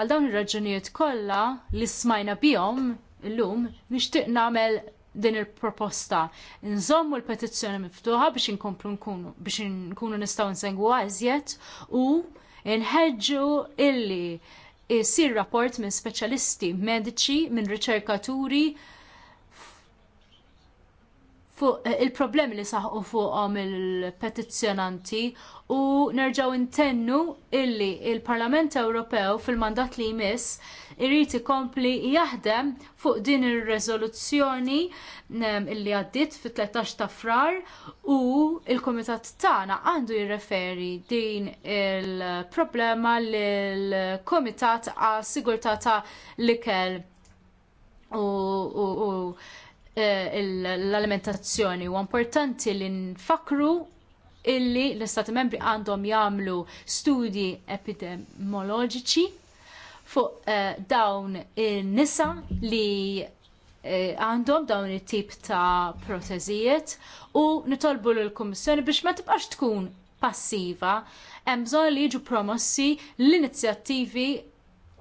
Għal dawn ir-raġunijiet kollha li smajna bihom illum nixtieq nagħmel din il-proposta. Nżommu l-petizzjoni miftuħa biex inkomplu nkunu biex nkunu nistgħu nsegwu għażjed u nħeġġu illi jsir rapport minn speċjalisti mediċi, minn riċerkaturi, fuq eh, il-problemi li saħqu fuqhom il-petizzjonanti u nerġaw intennu illi il-Parlament Ewropew fil-mandat li jmiss irriti ikompli jaħdem fuq din ir-reżoluzzjoni ehm, illi għaddit fit-13 ta' frar u il-Kumitat tagħna għandu jirreferi din il-problema lill kumitat għas-Sigurtà ta' l-Ikel u, u, u Eh, l-alimentazzjoni u importanti li nfakru illi l-Istati membri għandhom jagħmlu studji epidemioloġiċi fuq eh, dawn in-nisa li eh, għandhom dawn it-tip ta' protezijiet u nitolbu l-Kummissjoni biex ma tibqax tkun passiva, hemm bżonn li jiġu promossi l-inizjattivi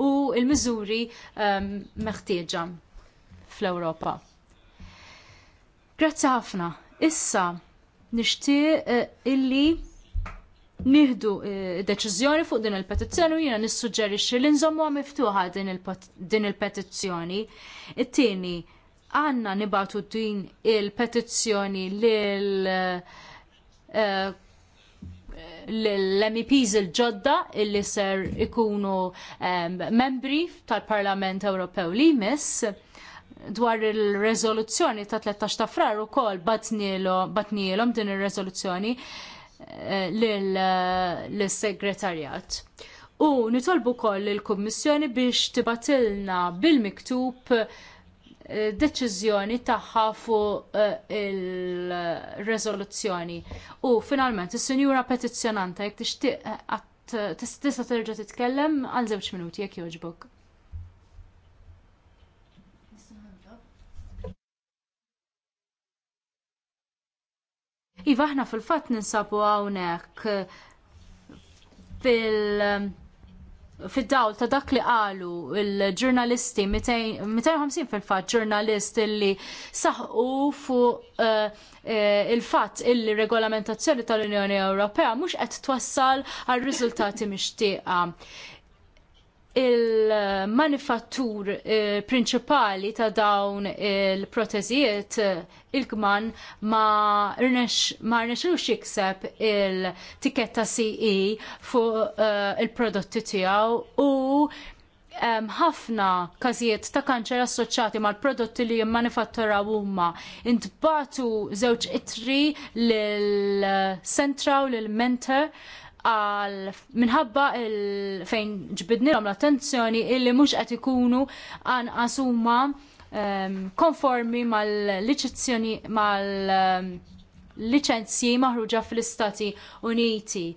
u l-miżuri ehm, meħtieġa fl-Ewropa. Grazzi ħafna. Issa nixtieq eh, illi nieħdu eh, deċiżjoni fuq din il-petizzjoni u jiena nissuġġerixxi li nżommuha miftuħa din il-petizzjoni. It-tieni għandna nibatu din il-petizzjoni lil eh, l-MEPs il-ġodda illi ser ikunu membri tal-Parlament Ewropew li jmiss dwar il-rezoluzzjoni ta' 13 ta' frar u kol batnilom din il-rezoluzzjoni eh, l-segretarjat. U nitolbu kol il-Kommissjoni biex tibatilna bil-miktub eh, deċiżjoni tagħha fuq eh, il-rezoluzzjoni. U finalment, is-sinjura petizzjonanta jekk tixtieq tista' terġa' titkellem għal żewġ minuti jekk jogħġbok. Iva aħna fil-fatt ninsabu hawnhekk fil- fid-dawl ta' dak li qalu il-ġurnalisti 250 fil-fatt ġurnalist illi saħqu fuq eh, eh, il-fatt illi regolamentazzjoni tal-Unjoni Ewropea mhux qed twassal għal riżultati mixtieqa il-manifattur eh, prinċipali ta' dawn il-protezijiet eh, il-gman ma rnexux jikseb il-tiketta CE fuq eh, il-prodotti tijaw u ħafna każijiet ta' kanċer assoċjati mal-prodotti li jimmanifattura huma intbatu żewġ itri lil-Centra u lil-Mentor għal minħabba fejn ġbidni l-attenzjoni illi mhux qed ikunu anqas huma ehm, konformi mal-liċenzji ehm, maħruġa fl-Istati Uniti.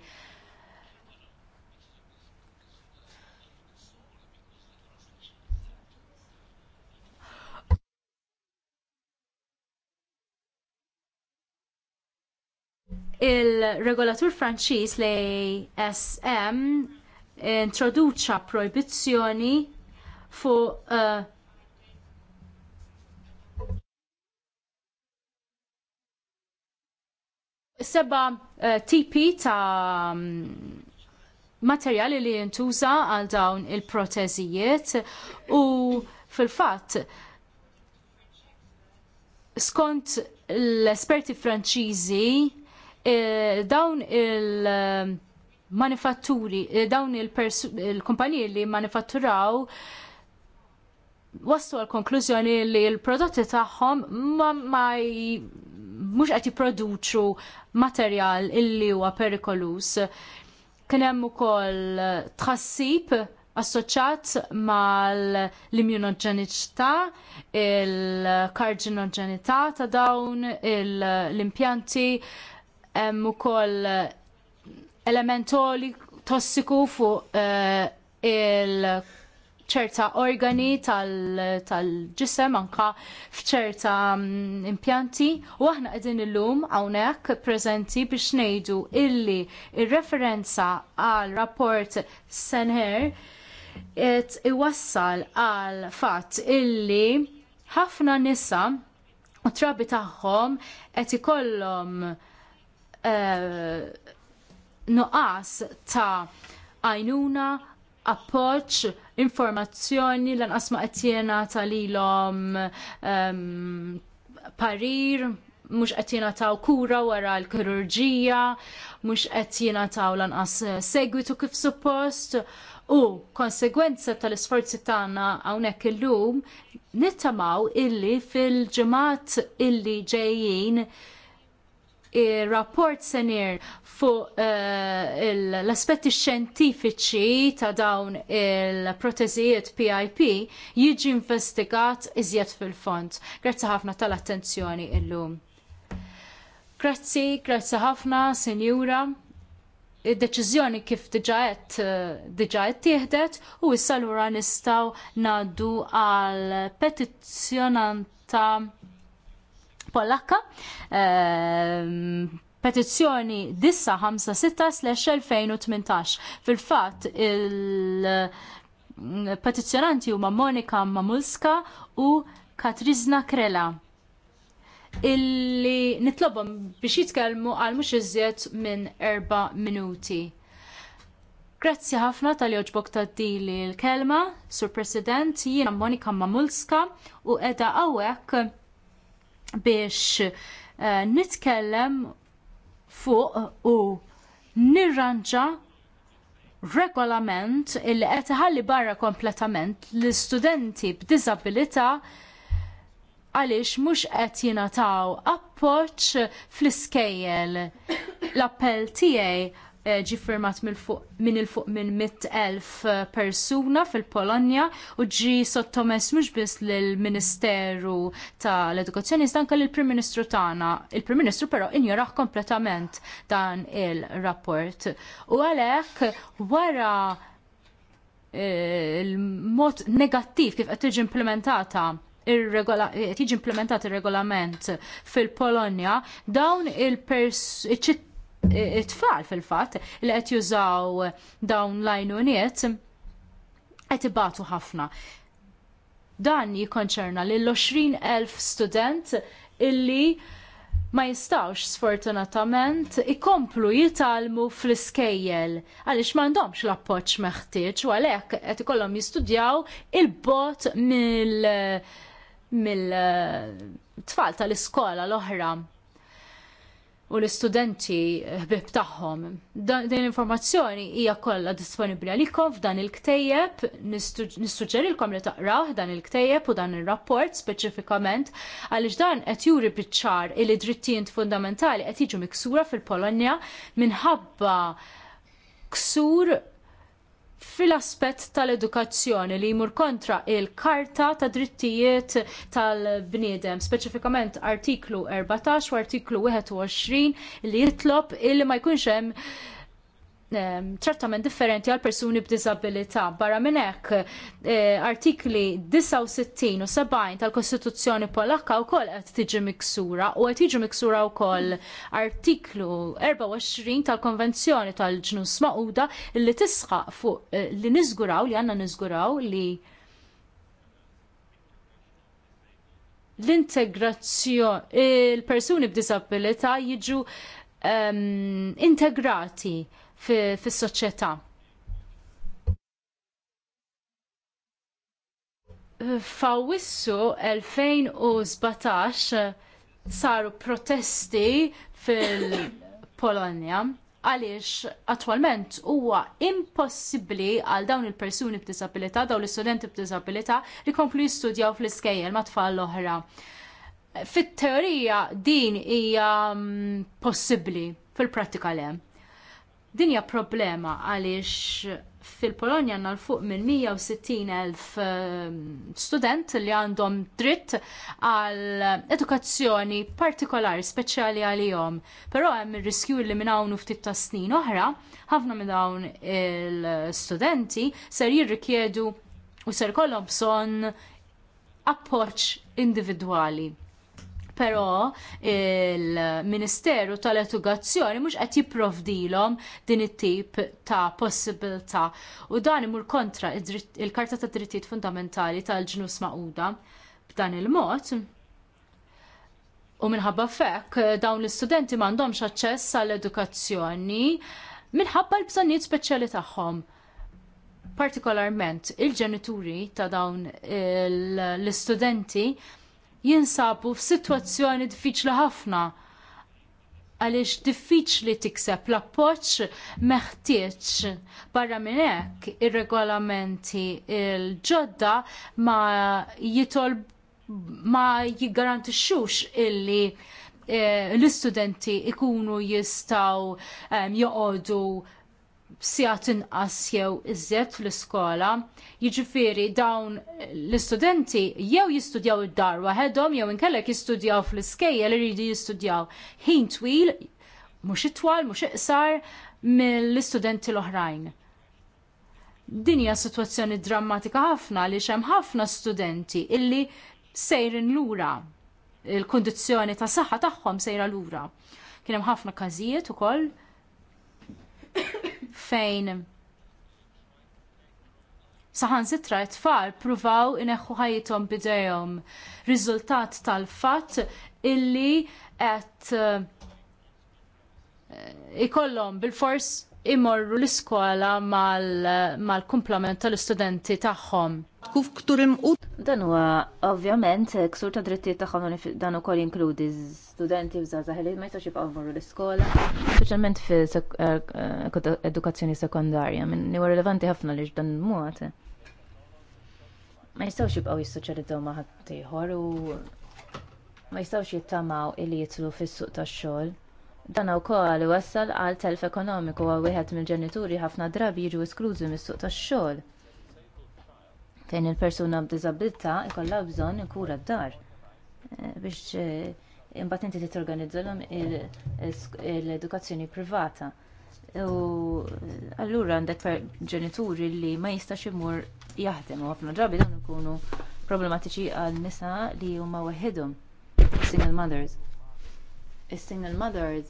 Il-regolatur Franċiż l-ASM introduċa proibizzjoni fuq uh, seba uh, tipi ta' um, materjali li jintuża għal dawn il-protezijiet u fil-fatt skont l-esperti franċiżi Eh, dawn il- eh, manifatturi, eh, dawn il-kumpaniji li manifatturaw waslu għal konklużjoni li l-prodotti tagħhom ma, ma mhux qed jipproduċu materjal illi huwa perikolus. Kien hemm ukoll tħassib assoċjat mal immunoġenità il-karġinoġenità ta' dawn l-impjanti, il hemm ukoll eh, elementoli tossiku fuq uh, eh, il ċerta organi tal-ġisem tal anka fċerta mm, impjanti u aħna qegħdin illum hawnhekk preżenti biex ngħidu illi r referenza għal rapport Senher qed iwassal għal fatt illi ħafna nisa u trabi tagħhom qed ikollhom Eh, nuqqas ta' għajnuna, appoċ, informazzjoni lanqas ma qed jingħata lilhom um, parir, mhux qed jingħataw kura wara l-kirurġija, mhux qed jingħataw lanqas segwitu kif suppost. U konsegwenza tal-isforzi tagħna hawnhekk illum nittamaw illi fil ġemat illi ġejjin il-rapport senir fuq uh, l-aspetti xjentifiċi ta' dawn il-protezijiet PIP jiġi investigat iżjed fil-fond. Grazzi ħafna tal-attenzjoni illum. Grazzi, grazzi ħafna, senjura. Id-deċiżjoni kif diġaħet eh, diġaħet tieħdet u issa l-ura nistaw naddu għal petizzjonanta Polakka, ehm, petizzjoni dissa 56-2018. Fil-fat il petizzjonanti huma Monika Mamulska u Katrizna Krela illi nitlobhom biex jitkellmu għal mhux iżjed minn erba' minuti. Grazzi ħafna tal-joġbok ta' dili l-kelma, Sur President, jiena Monika Mamulska u edha għawek biex eh, nitkellem fuq u nirranġa regolament illi qed iħalli barra kompletament l-istudenti b'diżabilità għaliex mhux qed jingħataw appoġġ fl-iskejjel. L-appell tiegħi Eh, ġi firmat minn il-fuq minn 100.000 eh, persuna fil-Polonja u ġi sottomess mhux biss lill-Ministeru tal-Edukazzjoni iżda anke lill-Prim Ministru tagħna. Il-Prim Ministru però injoraħ kompletament dan il-rapport. U għalhekk wara eh, il-mod negattiv kif qed tiġi implementata tiġi implementat ir regolament fil-Polonja, dawn il-ċittadini it-tfal fil-fatt li qed jużaw dawn l-għajnuniet qed ibatu ħafna. Dan jikkonċerna lill-20,000 student illi ma jistawx sfortunatament ikomplu jitalmu fl-iskejjel għaliex m'għandhomx l-appoġġ meħtieġ u għalhekk qed ikollhom jistudjaw il-bot mill mill tfal tal-iskola l-oħra u l-istudenti eh, ħbib tagħhom. Din l-informazzjoni hija kollha disponibbli għalikom f'dan il-ktejjeb, lkom li taqraħ dan il-ktejjeb u dan ir-rapport speċifikament għaliex dan qed juri biċċar ċar li drittijiet fundamentali qed jiġu miksura fil-Polonja minħabba ksur fil-aspett tal-edukazzjoni li jmur kontra il-karta ta' drittijiet tal-bniedem, speċifikament artiklu 14 u artiklu 21 li jitlob illi ma jkunx hemm trattament differenti għal persuni b'disabilità. Barra minn hekk eh, artikli 69 u 70 tal-Kostituzzjoni Polakka wkoll qed tiġi miksura u qed tiġi miksura wkoll artiklu 24 tal-Konvenzjoni tal-Ġnus Maquda li tisħaq fuq eh, li niżguraw li għandna niżguraw li l-integrazzjoni il-persuni b'diżabilità jiġu um, integrati fis-soċjetà. Fawissu 2017 saru protesti fil-Polonja għaliex attwalment huwa impossibbli għal dawn il-persuni b'disabilità, dawn l-istudenti b'disabilità li komplu jistudjaw fl-iskejjel ma' tfal l-oħra. Fit-teorija din hija mm, possibbli, fil-prattika le. Dinja problema għaliex fil-Polonja għanna l-fuq minn 160.000 ehm, student li għandhom dritt għal edukazzjoni partikolari speċjali għalihom. Però hemm ir-riskju li minn hawn ftit ta' snin oħra, ħafna minn dawn il-studenti ser jirrikjedu u ser kollhom bżonn appoġġ individwali. Però il-Ministeru tal-Edukazzjoni mhux qed jipprovdilhom din it-tip ta' possibilità u dan imur kontra il-Karta tad Drittijiet Fundamentali tal-Ġnus Magħquda b'dan il-mod u minħabba fekk dawn l-istudenti m'għandhomx aċċess għall edukazzjoni minħabba l-bżonnijiet speċjali tagħhom. Partikolarment il-ġenituri ta' dawn l-istudenti il jinsabu f'sitwazzjoni diffiċli ħafna għaliex diffiċli tikseb l-appoċ meħtieġ barra minn hekk ir-regolamenti l ġodda ma jitolb ma jiggarantixxux illi eh, l-istudenti ikunu jistaw um, joqogħdu b'sijat inqas jew iżjed fl-iskola, jiġifieri dawn l-istudenti jew jistudjaw id-dar waħedhom jew inkellek jistudjaw fl-iskejjel iridu jistudjaw ħin twil mhux itwal mhux iqsar mill-istudenti l-oħrajn. Din hija sitwazzjoni drammatika ħafna li hemm ħafna studenti illi sejrin lura il kundizzjoni ta' saħħa tagħhom sejra lura. Kien hemm ħafna każijiet ukoll fejn saħan sitra tfal pruvaw ineħħu ħajjithom bidejhom. Riżultat tal-fatt illi qed eh, ikollhom bil-fors imorru l-iskola mal-komplement tal-istudenti tagħhom. Kuf kturim u? Dan huwa ovvjament ksur ta' drittijiet tagħhom dan ukoll jinkludi studenti u li ma jistgħux jibqgħu jmorru l-iskola, speċjalment fil-edukazzjoni eh, eh, sekondarja minn huwa rilevanti ħafna li dan mod. Ma jistgħux jibqgħu jissoċjalizzaw ma' ħadd u ma jistgħux jittamaw illi jitlu fis-suq tax-xogħol Dan wkoll iwassal għal telf ekonomiku għal wieħed mill-ġenituri ħafna drabi jiġu esklużi mis-suq tax-xogħol. Fejn il-persuna b'diżabilità jkollha bżonn ikura d-dar eh, biex eh, imbagħad inti titorganizzalhom l-edukazzjoni privata. U eh, allura għandek ġenituri li ma jistax imur jaħdem u ħafna drabi dawn ikunu problematiċi għal nisa li huma weħidhom single mothers single mothers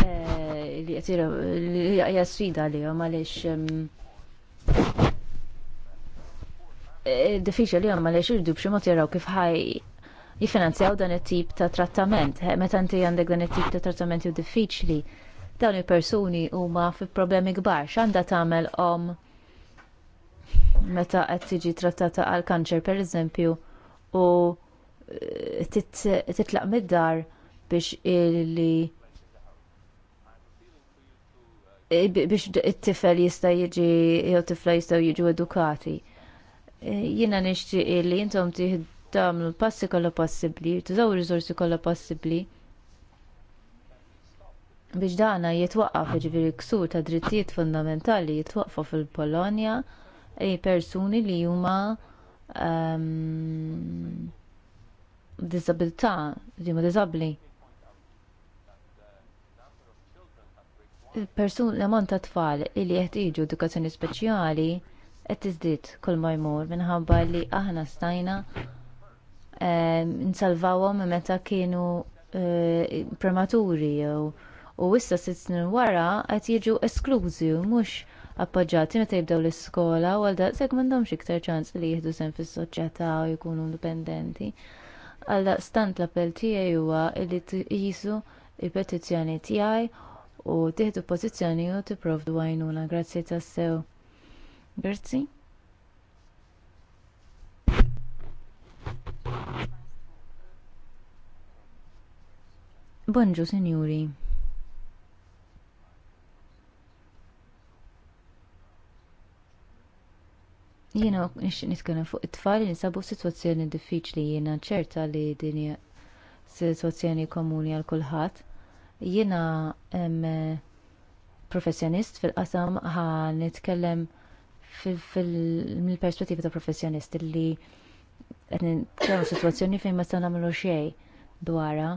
eh, li għatira li hija sfida li hom għaliex eh, diffiċli li għom għalix irdu bċi mod jaraw kif ħaj jifinanzjaw dan it-tip ta' trattament. Meta inti għandek dan it-tip ta' trattament jew diffiċli, dawn il-persuni huma fi problemi kbar. X'għandha tagħmel għom meta qed tiġi trattata għal kanċer pereżempju u titlaq mid-dar biex illi biex it-tifel jista' jiġi jew tifla jistgħu jiġu edukati. E, jiena nixtieq li intom l passi kollha possibbli, tużaw ir kolla kollha possibbli biex dana jitwaqqaf jiġifieri ksur ta' drittijiet fundamentali jitwaqqfu fil-Polonja ej persuni li huma um, disabilità li ma Il-persun l-amont ta' tfal li qed jiġu edukazzjoni speċjali qed tiżdied kull ma jmur minħabba li aħna stajna ehm, nsalvawhom meta kienu eh, prematuri u issa sitt snin wara qed jiġu esklużi u mhux appoġġati meta jibdew l-iskola u għal daqshekk m'għandhomx iktar ċans li jieħdu sehem fis-soċjetà u jkunu indipendenti. Għalla stant l-appell tiegħi huwa li tqisu il-petizzjoni tiegħi u tieħdu pożizzjoni u tipprovdu għajnuna. Grazzi tassew. Grazzi. Bonġu, sinjuri. Jiena nixtieq nitkellem fuq it-tfal li nsabu f'sitwazzjoni diffiċli jiena ċerta li din hija sitwazzjoni komuni għal kulħadd. Jiena hemm eh, professjonist fil-qasam ħa nitkellem mill-perspettiva ta' professjonist li qed nitkellmu sitwazzjoni fejn ma se nagħmlu xejn dwarha.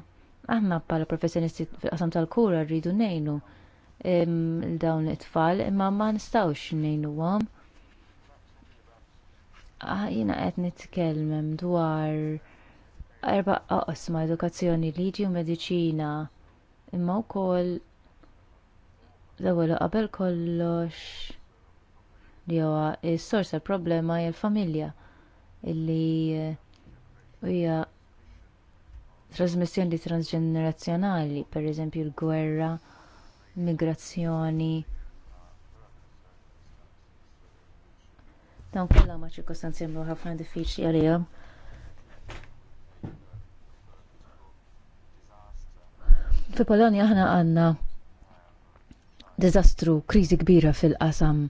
Aħna bħala professjonisti fil-qasam tal-kura rridu ngħinu ehm, dawn it-tfal imma ma nistgħux ngħinuhom Ah, jina qed nitkellmem dwar erba' qasma' edukazzjoni liġi u mediċina imma wkoll l-ewwel qabel kollox li huwa s-sors tal-problema hija l-familja illi eh, hija trasmissjoni transġenerazzjonali, pereżempju l-gwerra, migrazzjoni Dawn kollha ma' ċirkostanzi jagħmlu ħafna diffiċli għalihom. Fi Polonja aħna għandna diżastru, kriżi kbira fil-qasam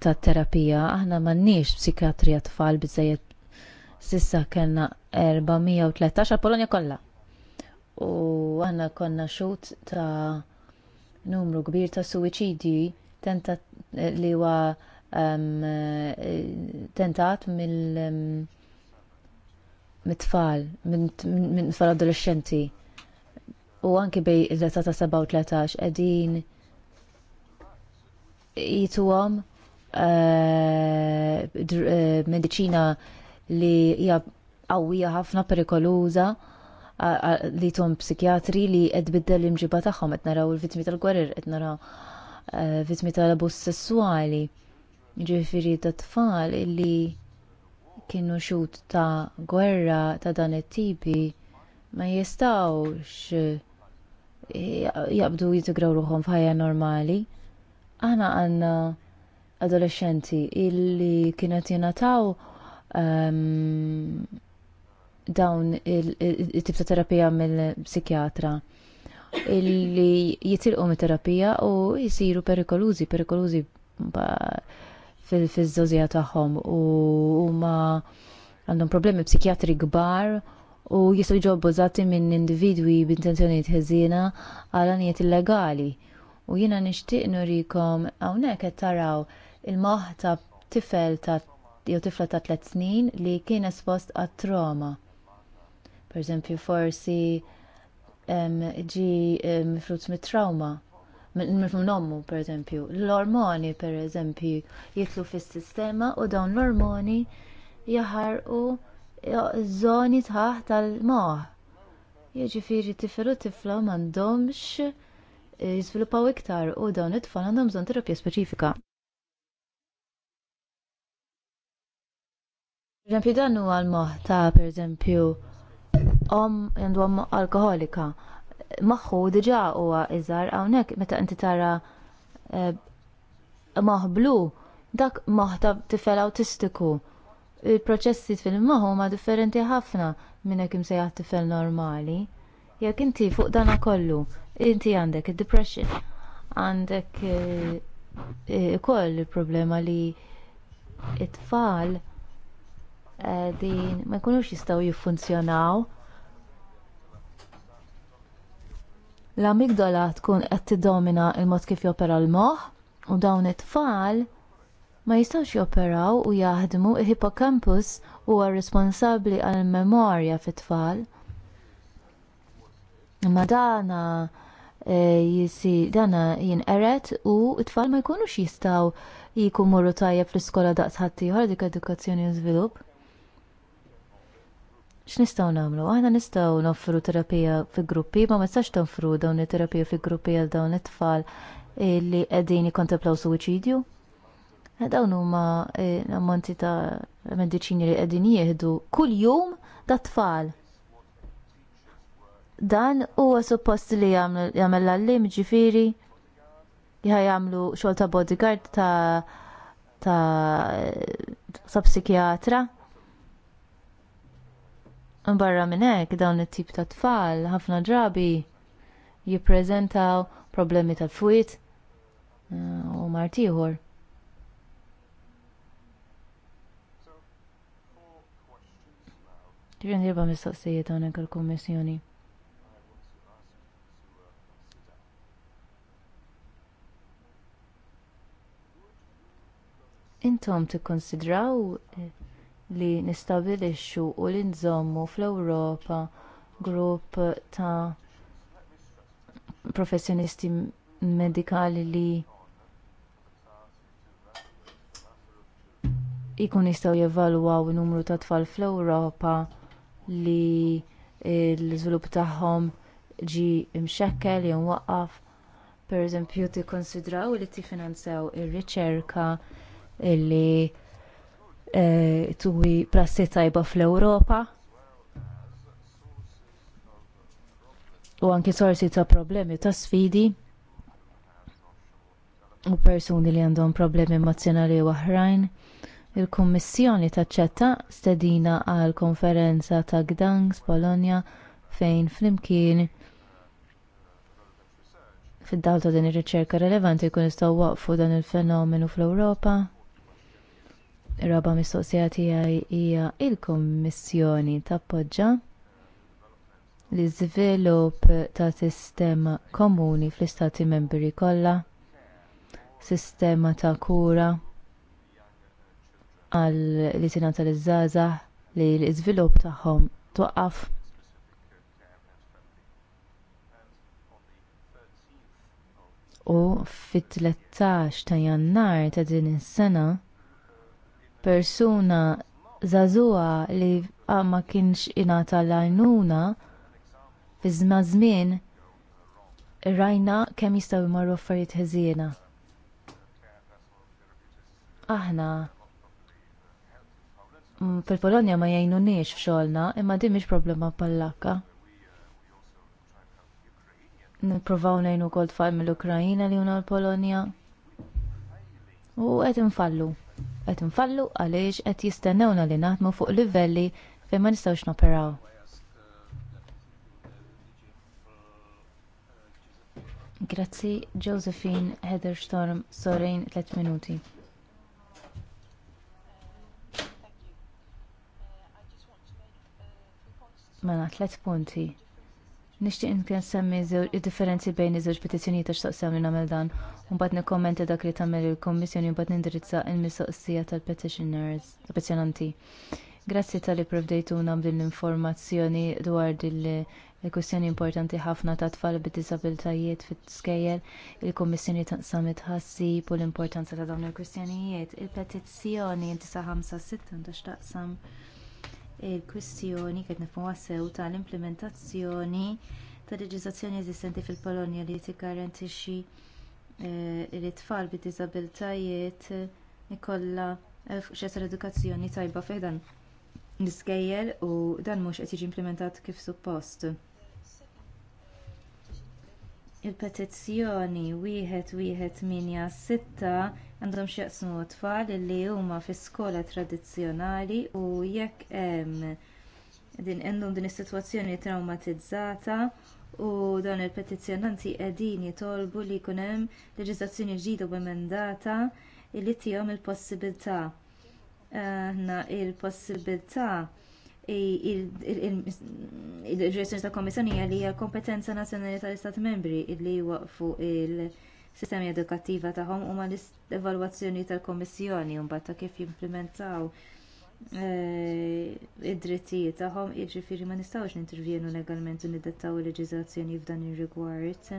ta' terapija. Aħna m'għandniex psikjatri tfal biżejjed sissa kellna 413 għal Polonja kollha. U aħna konna xut ta' numru kbir ta' suwiċidji tenta li huwa Um, tentat mill um, mit-tfal, minn tfal adolescenti. U anki bej il ta' 37 qegħdin uh, medicina li hija qawwija ħafna perikoluża li tom psikjatri li qed biddel l-imġiba tagħhom qed naraw il-vittmi tal-gwerer qed naraw eh, vittmi tal abuż sessuali ġifiri ta' tfal illi kienu xut ta' gwerra ta' dan it-tipi ma jistawx eh, jabdu jitigraw ruħom f'ħajja normali. Aħna għanna adolescenti illi kienet jenataw um, ehm, dawn il-tip ta' terapija mill-psikjatra illi jitilqu mit-terapija u jisiru perikolużi, perikolużi fil-żożija tagħhom u huma għandhom problemi psikjatri kbar u jistgħu jiġu abbużati minn individwi b'intenzjonijiet ħeżiena għal anijiet illegali. U jiena nixtieq nurikom hawnhekk qed taraw il-moħħ ta' tifel ta' jew tifla ta' tliet snin li kien espost għat trauma. Per forsi ġi mifrut mit-trauma minn nommu per eżempju. L-ormoni per eżempju jitlu fis-sistema u dawn l-ormoni jaħarqu żoni taħt tal-moħ. Jiġifieri tifel u tifla m'għandhomx eh, jiżviluppaw iktar u dawn it-tfal għandhom bżonn terapija speċifika. Ġempju dan huwa l-moħ ta' pereżempju om għandu alkoholika Maħħu diġà huwa iżgħar hawnhekk meta inti tara eh, maħblu dak maħta tifel awtistiku. Il-proċessi fil-maħ huma differenti ħafna minn hekk imsejjaħ tifel normali. Jekk inti fuq dana kollu, inti għandek id-depression, għandek eh, eh, ukoll il-problema li it-tfal din ma jkunux jistgħu jiffunzjonaw l-amigdala tkun qed tiddomina l mod kif jopera l-moħħ u dawn it-tfal ma jistgħux joperaw u jaħdmu il-hippocampus huwa responsabbli għall memorja fit-tfal. Imma dana e, eh, jisi dana jinqeret u t-tfal ma jkunux jistgħu jiku tajjeb fl-iskola daqs ħaddieħor dik edukazzjoni u żvilupp x'nistgħu nagħmlu? Aħna nistgħu noffru terapija fi gruppi, ma ma nistax tonfru dawn it-terapija fi gruppi għal dawn it-tfal li qegħdin jikkontemplaw suwiċidju. E, dawn huma e, ammonti ta' mediċini li qegħdin jieħdu kuljum ta' tfal dan huwa suppost li jagħmel l-allim jgħaj jagħmlu xogħol ta' bodyguard ta' ta' e, psikjatra Barra minn hekk dawn it-tip ta' tfal ħafna drabi jippreżentaw problemi tal fwit eh, u martiħor. Ġirin dirba mistoqsijiet għonek għal-kommissjoni. Intom tikkonsidraw li nistabilixxu u li nżommu fl-Ewropa grupp ta' professjonisti medikali li jkun jistgħu jevalwaw numru ta' tfal fl-Ewropa li l-żvilupp tagħhom ġie mxekkel jew waqqaf. Pereżempju tikkonsidraw li tiffinanzjaw ir-riċerka li Eh, tuwi prassi tajba fl-Ewropa. U anki sorsi ta' problemi ta' sfidi u persuni li għandhom problemi emozjonali u oħrajn. Il-Kummissjoni taċċetta stedina għal konferenza ta' Gdansk, Polonia, fejn flimkien fid-dawl ta' din ir-riċerka relevanti jkun jistgħu waqfu dan il-fenomenu fl-Ewropa Raba mistoqsija tiegħi hija il-Kummissjoni tappoġġa l iżvilupp ta' sistema komuni fl-istati membri kollha, sistema ta' kura għal li tingħata liż-żgħażagħ li l-iżvilupp tagħhom twaqqaf u fit-13 ta' jannar ta' din is-sena persuna żagħżugħa li ah, ma kienx ingħata l-għajnuna fi żmien rajna kemm jistgħu jmorru affarijiet ħżiena. Aħna mm, fil-Polonja ma jgħinuniex f'xogħolna, imma din mhix problema pallakka. Nippruvaw ngħinu wkoll tfal mill-Ukrajina li huna l-Polonja. U qed infallu qed infallu għaliex qed jistennewna li naħdmu fuq livelli fejn ma nistgħux noperaw. Grazzi Josephine Heatherstorm Sorin 3 minuti. Mela punti Nixtieq inkien semmi differenzi bejn iż-żewġ petizzjonijiet għax taqsam li nagħmel dan u mbagħad nikkommenta dak li tagħmel il-Kommissjoni u mbagħad nindirizza l-mistoqsija tal-petitioners, petizzjonanti. Grazzi tal-li provdejtuna din l-informazzjoni dwar il-kwistjoni importanti ħafna ta' tfal bid-disabilitajiet fit-skejjel, il-Kommissjoni taqsam ħassi u l-importanza ta' dawn il-kwistjonijiet. Il-petizzjoni 956 taqsam il-kwistjoni kif nifhmuha sew tal-implementazzjoni ta' leġiżlazzjoni eżistenti fil-Polonja li tiggarantixxi eh, li tfal bid-diżabilitajiet ikollha xesar eh, edukazzjoni tajba f'dan l-iskejjel u dan mhux qed jiġi implementat kif suppost. Il-petizzjoni wieħed wieħed minja sitta għandhom x'jaqsmu tfal li huma fi skola tradizzjonali u jekk hemm din għandhom din is-sitwazzjoni traumatizzata u dawn il-petizzjonanti qegħdin jitolbu li jkun hemm leġiżlazzjoni ġdida u emendata li tihom il-possibilità. Aħna il-possibilità il-ġestjoni ta' komissjoni hija li hija kompetenza nazzjonali tal-Istat membri li waqfu il-, il, il, il, il, il, il, il, il sistemi edukattiva tagħhom huma l-evalwazzjoni tal-Kommissjoni u mbagħad ta' kif jimplementaw eh, id-drittijiet tagħhom, jiġifieri ma nistgħux nintervjenu legalment u niddettaw il-leġiżlazzjoni f'dan ir-rigward.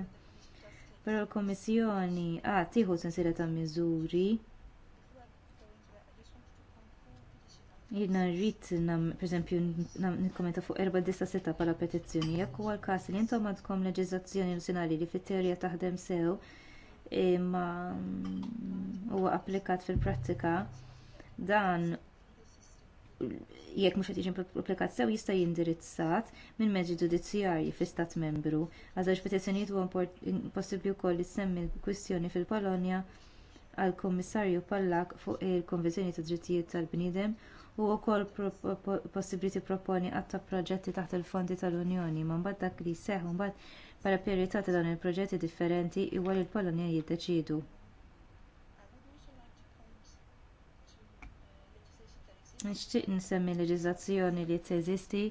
Però l-Kummissjoni qatt ah, tieħu sensiela ta' miżuri Jidna rrit, per eżempju, nikkommenta fuq 496 bħala petizzjoni, jekk huwa l-każ li intom għandkom leġiżlazzjoni nazzjonali li fit-teorija taħdem sew, imma mm, huwa applikat fil-prattika dan jekk mhux qed jiġi applikat sew jista' jindirizzat minn meġi ġudizzjarji fl-istat membru. Għażewġ petizzjonijiet huwa possibbli wkoll issemmi l-kwistjoni fil-Polonja għall kummissarju Pollak fuq il-Konvenzjoni ta' Drittijiet tal-Bniedem u wkoll possibbli tipproponi għatta proġetti taħt il-fondi tal-Unjoni ma mbagħad dak li seħħ mbagħad Para priorità ta' dawn il-proġetti differenti huwa li l-Polonja jiddeċiedu. Nixtieq nsemmi leġiżlazzjoni li teżisti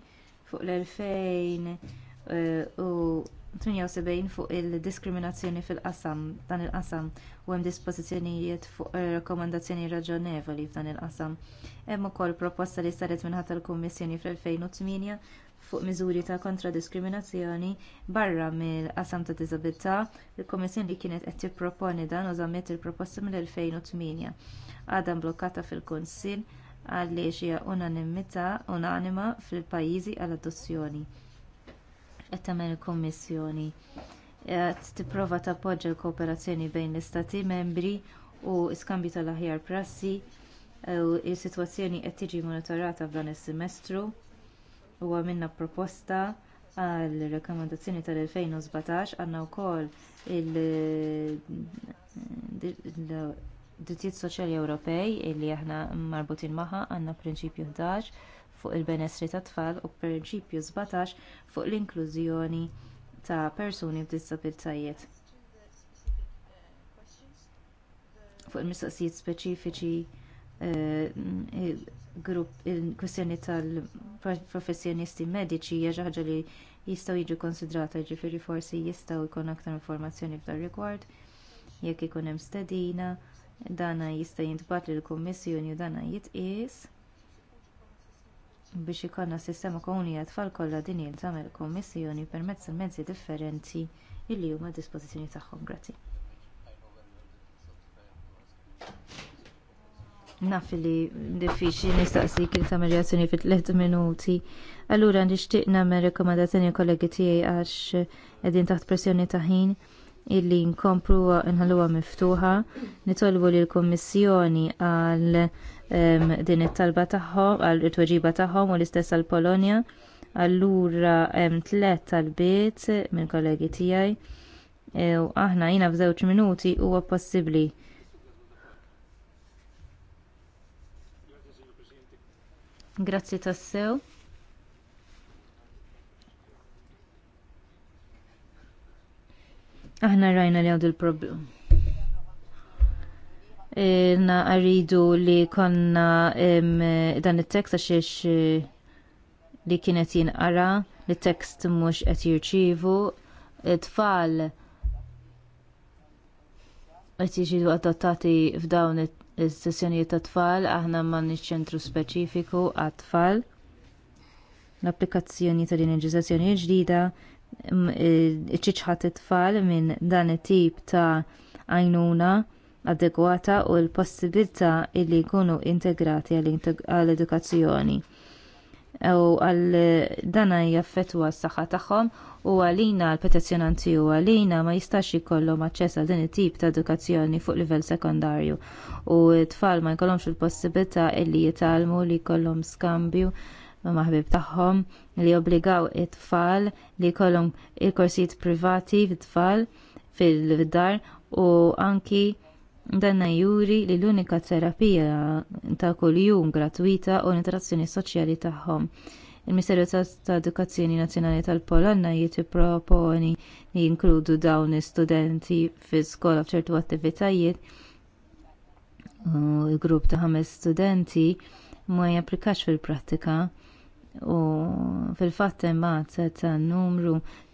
fuq l-2078 fuq il-diskriminazzjoni fil-qasam dan il-qasam u hemm dispożizzjonijiet fuq rakkomandazzjoni raġonevoli f'dan il-qasam. Hemm ukoll proposta li saret minħatta l-Kummissjoni fl-2008 fuq miżuri ta' kontra diskriminazzjoni barra mill-qasam ta' diżabilità, il-Kummissjoni li kienet qed tipproponi dan u il-proposta mill-2008. Għadha mblukkata fil-Kunsill għaliex hija unanimità unanima fil-pajjiżi għall adozzjoni Qed tagħmel il-Kummissjoni qed tipprova tappoġġja l-kooperazzjoni bejn l-istati membri u skambju tal-aħjar prassi u s-sitwazzjoni qed tiġi monitorata f'dan is-semestru u għamilna proposta għal rekomendazzjoni tal-2017 għandna wkoll il-dittijiet eh, eh, soċjali Ewropej illi aħna marbutin magħha għandna prinċipju 11 fuq il-benessri tat tfal u prinċipju 17 fuq l-inklużjoni ta' persuni b'disabilitajiet. Fuq il-mistoqsijiet speċifiċi eh, grupp il-kwestjoni tal-professjonisti mediċi hija xi ħaġa li jistgħu jiġu konsidrata jiġifieri forsi jistgħu jkun aktar informazzjoni f'dan rigward jekk ikun hemm stedina dana jista' jintbagħat lill-Kummissjoni u dana jitqies biex ikollna sistema komuni għat-tfal kollha din tagħmel kummissjoni permezz ta' mezzi differenti illi huma d-dispożizzjoni tagħhom. Grazzi. Naf li diffiċli nistaqsi kif tagħmel reazzjoni fit tliet minuti. Allura nixtieq nagħmel rekomandazzjoni kollegi tiegħi għax qegħdin taħt pressjoni ta' ħin illi nkompru nħalluha miftuħa, nitolbu lill kummissjoni għal ehm, din it-talba tagħhom għal it-tweġiba tagħhom u l-istess għall Polonja. Allura hemm tliet talbiet minn kollegi tiegħi e, u aħna jina f'żewġ minuti huwa possibbli Grazzi tassew. Aħna rajna li għadu il-problem. Na għaridu li konna dan il-tekst għaxiex eh, li kienet jinqara, li tekst mux qed jirċivu, tfal qed jiġu adottati f'dawn is-sessjonijiet ta' tfal aħna m'għandniex ċentru speċifiku għat-tfal. L-applikazzjoni ta' din il-ġizazzjoni ġdida e, iċċiċħat it-tfal minn dan it-tip ta' għajnuna adegwata u l-possibilità li jkunu integrati għall-edukazzjoni u għal dana jaffetwa s saħħa tagħhom u għalina l petizzjonanti u għalina ma jistax jkollhom aċċess għal din it-tip ta' edukazzjoni fuq livell sekondarju u t-tfal ma jkollhomx il-possibilità li jitalmu li jkollhom skambju maħbib tagħhom li obbligaw it-tfal li jkollhom il-korsijiet privati fit-tfal fil-dar u anki Danna juri li l-unika terapija ta' kuljum gratwita u l-interazzjoni soċjali tagħhom. Il-Ministeru ta' Edukazzjoni Nazzjonali tal-Polonna jipproponi li jinkludu dawn l-istudenti fi skola f'ċertu attivitajiet. U l-grupp ta' ħames studenti ma japplikax fil-prattika u fil-fatt imbagħad ta' numru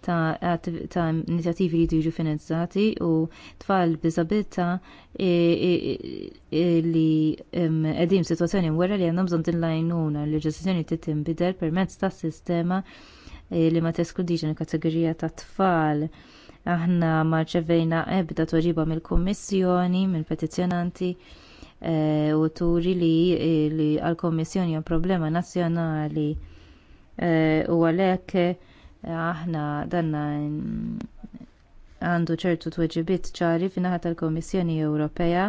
ta', ta inizjattivi li jiġu finanzjati u tfal b'diżabilità li qegħdin situazzjoni wara li għandhom bżonn tinlajnuna l-leġiżlazzjoni trid tinbidel permezz tas sistema eh, li ma teskludix il-kategorija ta' tfal aħna ma ċevejna ebda tweġiba mill-Kummissjoni, mill-petizzjonanti. mill mill mill kummissjoni mill petizzjonanti Eh, u turi li għall komissjoni hemm problema nazzjonali eh, u għalhekk aħna danna għandu ċertu tweġibiet ċari fin-naħa tal-Kommissjoni Ewropea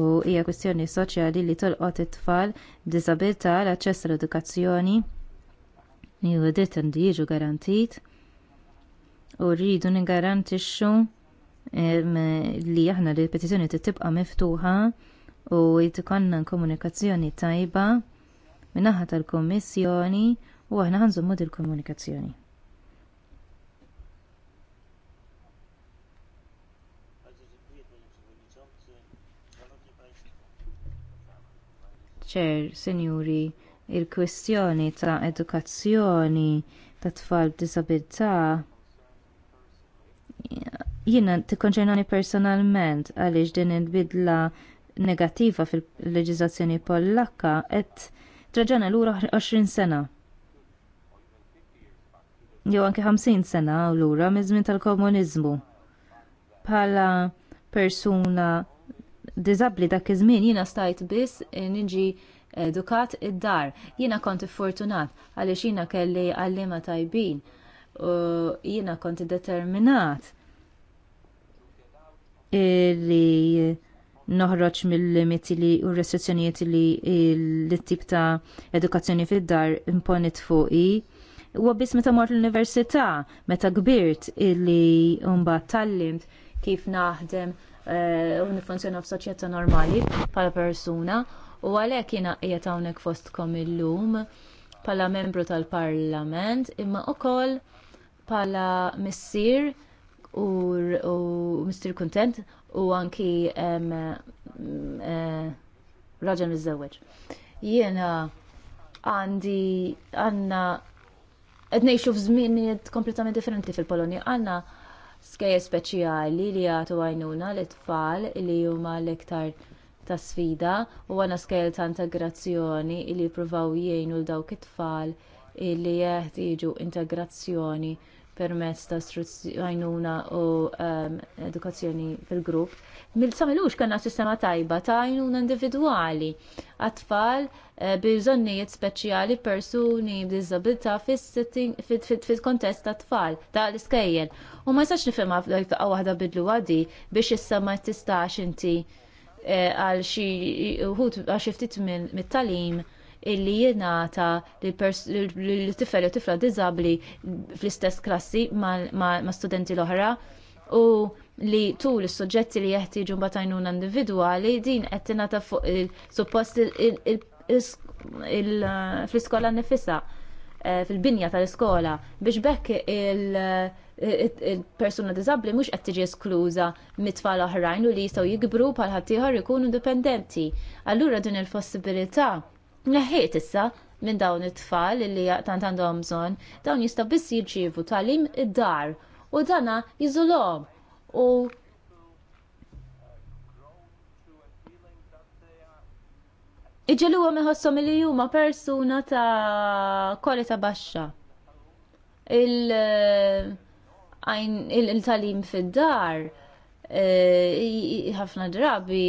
u hija kwistjoni soċjali li tolqot it-tfal b'diżabilità l-aċċess l-edukazzjoni u dit għandu jiġu garantit u rridu ningarantixxu eh, li aħna li l-petizzjoni tibqa' miftuħa u jtikonna komunikazzjoni tajba minnaħa tal-Kommissjoni u aħna ħanżommu dil-komunikazzjoni. ċer, senjuri, il-kwestjoni ta' edukazzjoni ta' tfal b'disabilità jiena tikkonċernani personalment għaliex din il-bidla negattiva fil-leġiżlazzjoni Pollakka qed traġana lura 20 sena. Jew anke 50 sena lura miż-żmien tal-komuniżmu. Bħala persuna diżabbli dak iż-żmien jiena stajt biss niġi edukat id-dar. Jiena kont fortunat għaliex jiena kelli għallima tajbin u jiena kont determinat li noħroġ mill-limiti li u restrizzjonijiet li l-tip ta' edukazzjoni fid-dar imponit fuqi. U biss meta mort l-università, meta kbirt illi mbagħad tallimt kif naħdem eh, u nifunzjona f'soċjetà normali bħala persuna u għalhekk jiena qiegħed hawnhekk fostkom illum bħala membru tal-Parlament imma wkoll bħala missier u Mr. Content u anki eh, raġel mizzawġ. Jiena għandi għanna qed ngħixu zminiet kompletament differenti fil polonia Għanna skejje speċjali li jagħtu għajnuna li tfal li huma l-iktar ta' sfida u għandna skejjel ta' integrazzjoni li jippruvaw jgħinu l dawk it-tfal li jeħtieġu integrazzjoni permezz ta' għajnuna u ehm, edukazzjoni fil-grupp. Mil-samilux kanna sistema tajba ta' għajnuna individuali, għatfall eh, bżonnijiet speċjali persuni b'dizabilta fil-kontest ta' tfal ta' l iskejjen U ma' jistax nifema għaw waħda bidlu għadi biex issa ma' tistax inti eh, għal xi uħut għaxiftit ftit mit-talim illi jingħata l-tifel u tifla diżabbli fl-istess klassi ma' studenti l-oħra u li tul is-suġġetti li jeħtieġu mbagħad għajnuna individwali din qed tingħata fuq il-suppost fl-iskola nifisha eh, fil-binja tal-iskola biex bekk il- persuna diżabbli mhux qed tiġi eskluża mit-tfal oħrajn u li jistgħu jikbru bħal ħaddieħor ikunu dipendenti. Allura din il-possibilità neħiet issa minn dawn it-tfal li tant għandhom bżonn, dawn jista' biss jirċievu tagħlim id-dar u dana jiżolhom u Iġeluwa meħossom li huma persuna ta' kolita baxxa. Eh, Il-talim fid-dar Eh, ħafna drabi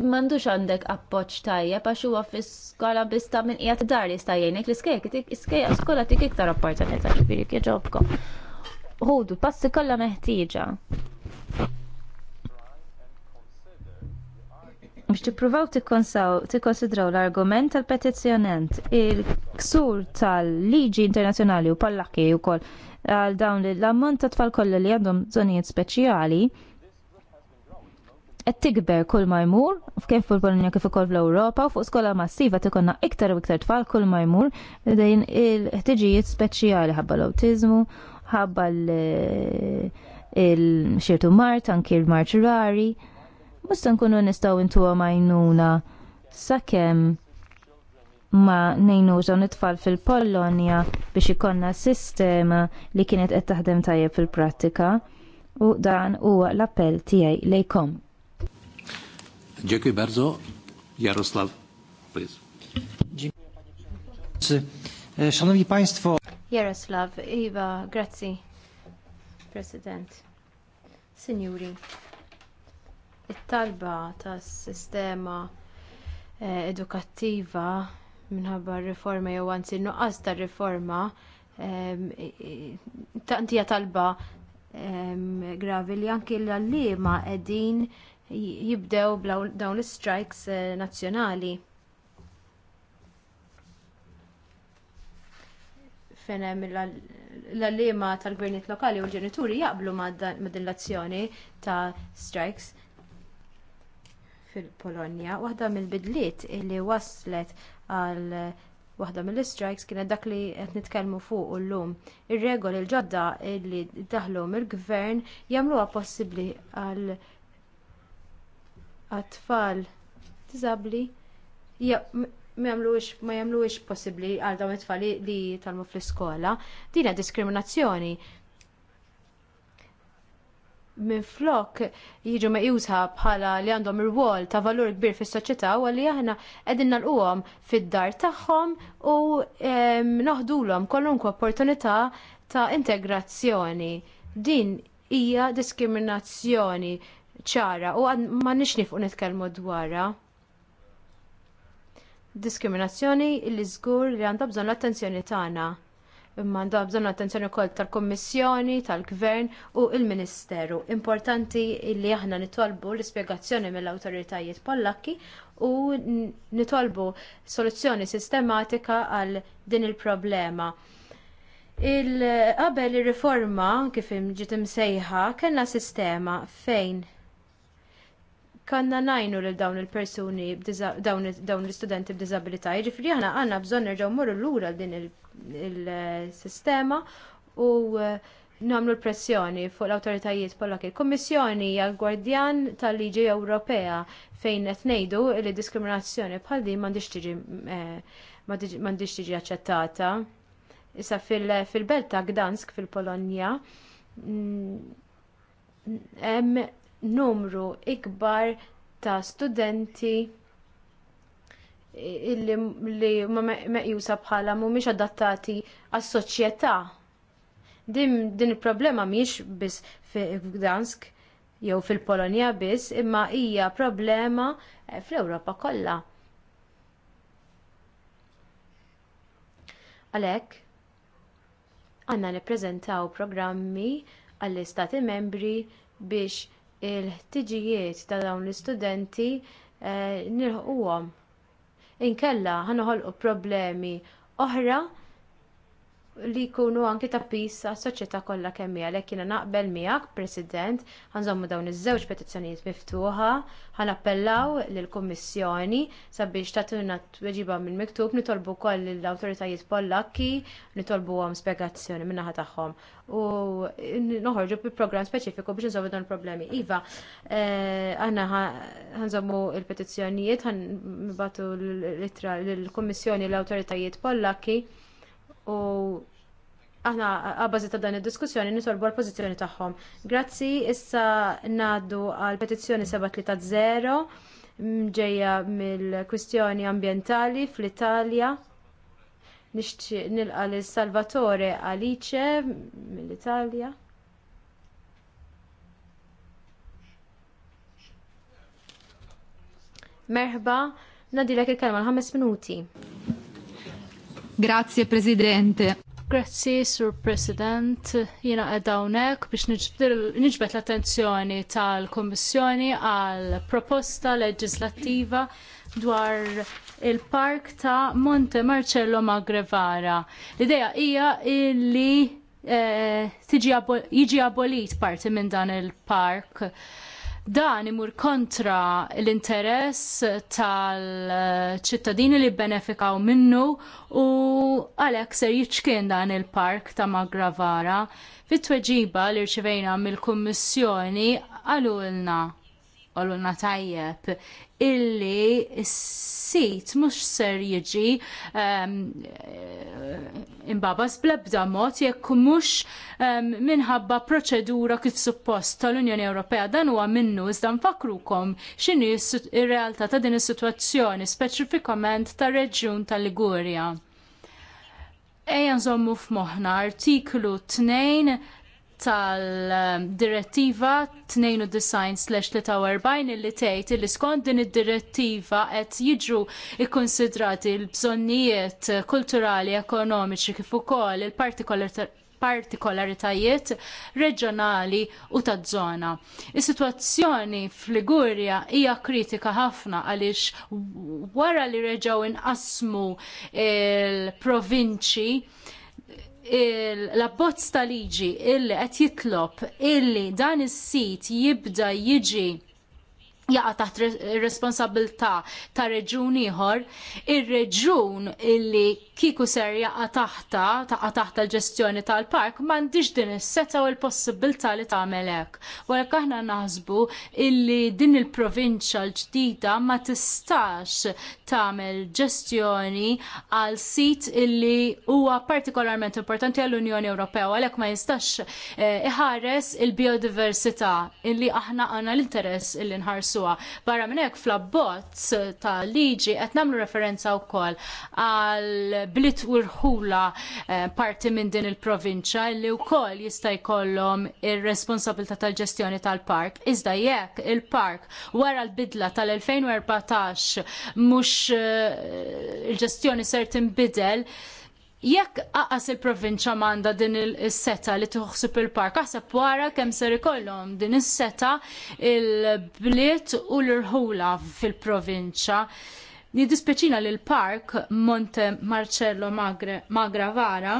m'għandux għandek appoġġ tajjeb għax huwa fi skola biss ta' minn qiegħed dar jista' jgħinek l-iskejja skola tik iktar opportunità ġifieri kieġobkom. Ħudu passi kollha meħtieġa. biex tippruvaw tikkonsidraw l-argument tal-petizzjonant il-ksur tal-liġi internazzjonali u u wkoll għal dawn l-ammont ta' tfal kollha li għandhom żonijiet speċjali qed tikber kull ma jmur, kif fil-Polonja kif ukoll fl-Ewropa, u fuq skola massiva tikonna iktar u iktar tfal kull ma jmur dejn il-ħtiġijiet speċjali ħabba l-awtiżmu, ħabba l-xirtu mart, anki l-mart rari. Musta nkunu nistgħu intuha majnuna sakemm ma nejnu dawn it-tfal fil-Polonja biex ikonna sistema li kienet qed taħdem tajjeb fil-prattika u dan huwa l-appell tiegħi lejkom. Dziękuję bardzo. Jarosław, please. Dziękuję, Szanowni państwo. Jarosław, Iwa, grazie, prezydent. Signori, it-talba tas sistema eh, edukattiva minħabba r riforma jew anzi nuqqas ta' riforma hija talba gravi li anki l-allima qegħdin jibdew dawn l-strikes eh, nazzjonali. Fejn hemm l-allima tal-gvernijiet lokali u l-ġenituri jaqblu ma' din l-azzjoni ta' strikes fil-Polonja. Waħda mill-bidliet li waslet għal waħda mill-strikes kienet dak li qed nitkellmu fuq illum. Ir-regoli l-ġodda li daħlu mill-gvern jagħmluha possibbli għal għat-tfal diżabbli ma jagħmluhiex possibbli għal dawn it-tfal li jitalmu fl-iskola. Dina diskriminazzjoni. Minflok jiġu meqjusa bħala li għandhom ir ta' valur kbir fis-soċjetà u għalli aħna qegħdin nagħlquhom fid-dar tagħhom u ehm, noħdulhom kwalunkwe opportunità ta' integrazzjoni. Din hija diskriminazzjoni ċara u ma nix nifqu nitkellmu dwarha. Diskriminazzjoni li żgur li għandha bżonn l-attenzjoni tagħna. Imma għandha bżonn l-attenzjoni wkoll tal-Kummissjoni, tal-Gvern u l ministeru Importanti li aħna nitolbu l-ispjegazzjoni mill-awtoritajiet Pollakki u nitolbu soluzzjoni sistematika għal din il-problema. Il-qabel ir riforma kif imġiet imsejħa kellna sistema fejn kanna najnu lil dawn il-persuni, dawn l-istudenti b'dizabilità. Ġifri ħana għanna bżonn nerġgħu morru l-ura din il-sistema u eh, namlu l-pressjoni fuq l-autoritajiet pollak. Il-Kommissjoni għal gwardjan tal-Liġi Ewropea fejn qed ngħidu li diskriminazzjoni bħal din m'għandix tiġi eh, m'għandix tiġi aċċettata. Issa fil-belt ta' Gdansk fil-Polonja mm, mm, numru ikbar ta' studenti li ma meqjusa bħala mhumiex adattati għas-soċjetà. Din il-problema mhijiex biss fi Gdansk jew fil-Polonja biss, imma hija problema fl-Ewropa kollha. Għalhekk, għandna nippreżentaw programmi għall-istati membri biex il-ħtiġijiet ta' dawn l-istudenti eh, nilħquhom. Inkella ħanħolqu problemi oħra li jkunu anki ta' pis għas soċjetà kollha kemm hija għalhekk jiena naqbel miegħek, President, ħanżommu dawn iż-żewġ petizzjonijiet miftuħa, ħanappellaw lill-Kummissjoni sabiex t tweġiba minn miktub nitolbu wkoll lill-awtoritajiet Pollakki nitolbuhom spjegazzjoni min-naħa tagħhom u noħorġu bi programm speċifiku biex nżommu dawn il-problemi. Iva, eh, għanna ħanżommu il-petizzjonijiet, ħanbatu l-litra lill-Kummissjoni l-awtoritajiet Pollakki u aħna għabbażi ta' dan id-diskussjoni nitolbu għal pożizzjoni tagħhom. Grazzi, issa ngħaddu għal petizzjoni 730 ġejja mill-kwistjoni ambjentali fl-Italja. Nixtieq nilqa lil Salvatore Alice mill-Italja. Merħba, nadilek il-kelma l-ħames minuti. Grazie Presidente. Grazzi, Sur President. Jena għedawnek biex nġbet l-attenzjoni tal-Kommissjoni għal proposta leġislattiva dwar il-park ta' Monte Marcello Magrevara. L-ideja hija illi eh, jiġi abolit parti minn dan il-park dan imur kontra l-interess tal-ċittadini li benefikaw minnu u għalhekk ser jiċkien dan il-park ta' Magravara fit-tweġiba li rċivejna mill-Kummissjoni għalulna għaluna tajjeb illi s-sit mux ser jiġi um, imbabas blebda mod jekk mux um, minħabba proċedura kif suppost tal-Unjoni Ewropea dan huwa minnu iżda nfakrukom x'inhi r-realtà ta' din is-sitwazzjoni speċifikament tar-reġjun tal-Ligurja. Ejja nżommu f'moħħna artiklu 2 tal-direttiva 92-43 illi tgħid li skont din id-direttiva qed jiġru kkonsidrati l-bżonnijiet kulturali, ekonomiċi kif ukoll il-partikolaritajiet reġjonali u taż-żona. Is-sitwazzjoni f'Ligurja hija kritika ħafna għaliex wara li reġgħu inqasmu l provinċi l-abbozz ta' liġi illi qed jitlob illi dan is-sit jibda jiġi jaqa taħt responsabilta ta' reġun ieħor, ir-reġun illi kieku ser jaqa taħta, taqa taħta l-ġestjoni tal-park, m'għandix din is-seta u l-possibilità li tagħmel hekk. Walek aħna naħsbu illi din il provinċa l-ġdida ma tistax tagħmel ġestjoni għal sit illi huwa partikolarment importanti għall-Unjoni Ewropea, għalhekk ma jistax eh, iħares il-biodiversità illi aħna għandna l-interess illi nħarsu nifsuha. Barra minn hekk fl-abbozz ta' liġi qed nagħmlu referenza wkoll għal blit u rħula eh, parti minn din il-provinċja li wkoll jista' jkollhom ir responsabilta tal-ġestjoni tal-park. Iżda jekk il-park wara l-bidla tal-2014 mhux eh, il-ġestjoni ser tinbidel, jekk aqas il-provinċja m'għandha din is-seta li tħossib il-park, aħseb wara kemm ser ikollhom din is-seta il-bliet u l-irħula fil-provinċja. Nidispeċina li l-park Monte Marcello Magre, Magra Vara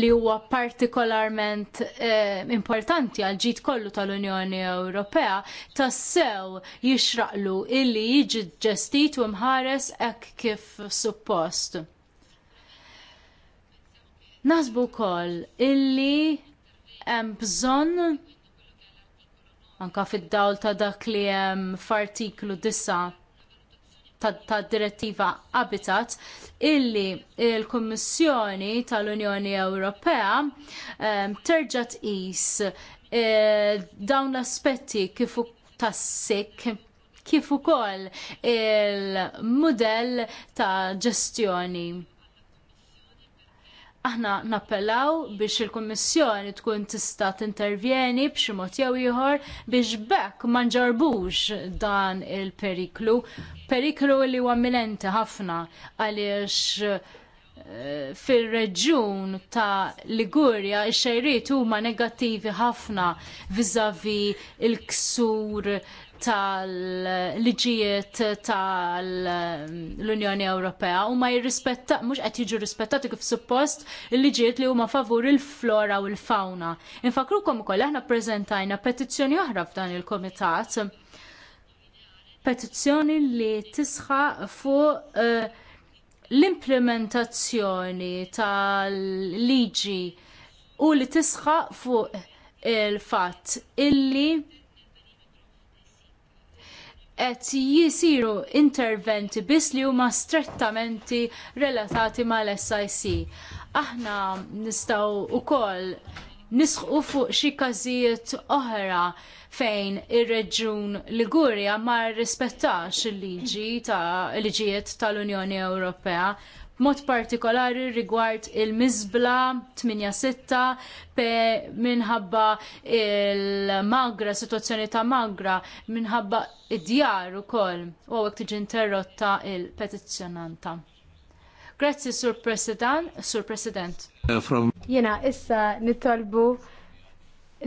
li huwa partikolarment eh, importanti għal ġid kollu tal-Unjoni Ewropea tassew jixraqlu illi jiġi ġestit u mħares hekk kif suppost. Nasbu wkoll illi hemm bżonn anke fid-dawl ta' dak li hemm f'artiklu disa' ta' direttiva Habitat illi l il kummissjoni tal-Unjoni Ewropea ehm, terġa' tqis eh, dawn l-aspetti kif tas-sik kif ukoll il-mudell ta' ġestjoni aħna nappellaw biex il-Kummissjoni tkun tista' tintervjeni b'xi mod jew ieħor biex bekk ma nġarbux dan il-periklu, periklu li huwa imminenti ħafna għaliex eh, fil-reġjun ta' Ligurja ix-xejriet huma negattivi ħafna viżavi il-ksur tal-liġijiet tal-Unjoni Ewropea u ma jirrispetta, mux qed jiġu rispettati kif suppost il-liġijiet li huma favur il-flora u l-fauna. Infakrukom ukoll aħna prezentajna petizzjoni oħra f'dan il-komitat. Petizzjoni li tisħa fuq eh, l-implementazzjoni tal-liġi u li tisħa fuq il-fatt illi qed jisiru interventi biss li huma strettamenti relatati mal-SIC. Aħna nistgħu wkoll nisħu fuq xi każijiet oħra fejn ir-reġjun Ligurja ma rrispettax il-liġi ta' liġijiet tal-Unjoni Ewropea mod partikolari rigward il-mizbla 8-6 pe minħabba il-magra, situazzjoni ta' magra, minħabba id-djar u koll, u għek tiġi interrotta il-petizzjonanta. Grazzi, Sur President. Sur President. Uh, from... Jena, issa nitolbu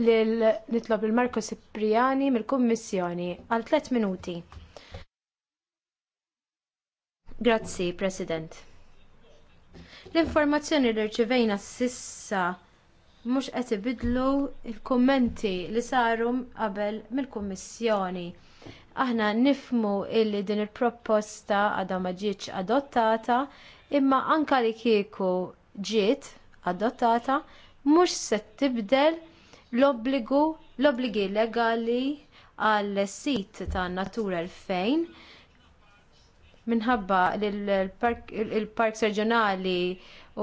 nitlob il marco Sipriani mill-Kummissjoni għal 3 minuti. Grazzi, President. L-informazzjoni li rċivejna sissa mhux qed ibidlu l-kummenti li saru qabel mill-Kummissjoni. Aħna nifmu illi din il-proposta għadha ma ġietx adottata, imma anke li kieku ġiet adottata mhux se tibdel l-obbligu l-obbligi legali għal sit ta' Natura 2000 minħabba li l-parks reġjonali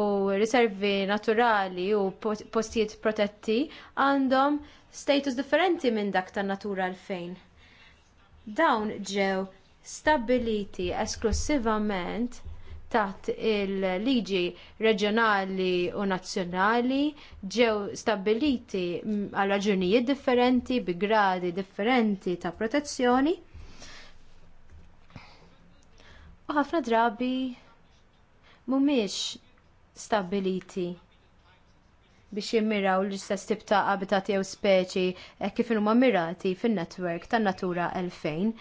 u riservi naturali u postijiet protetti għandhom status differenti minn dak tan natura għalfejn. Dawn ġew stabbiliti esklusivament taħt il-liġi reġjonali u nazzjonali ġew stabbiliti għal raġunijiet differenti bi gradi differenti ta' protezzjoni u ħafna drabi mhumiex stabbiliti biex jimmiraw l-istess tip ta' abitati jew speċi eh, kif huma mirati fin-netwerk tan-Natura 2000.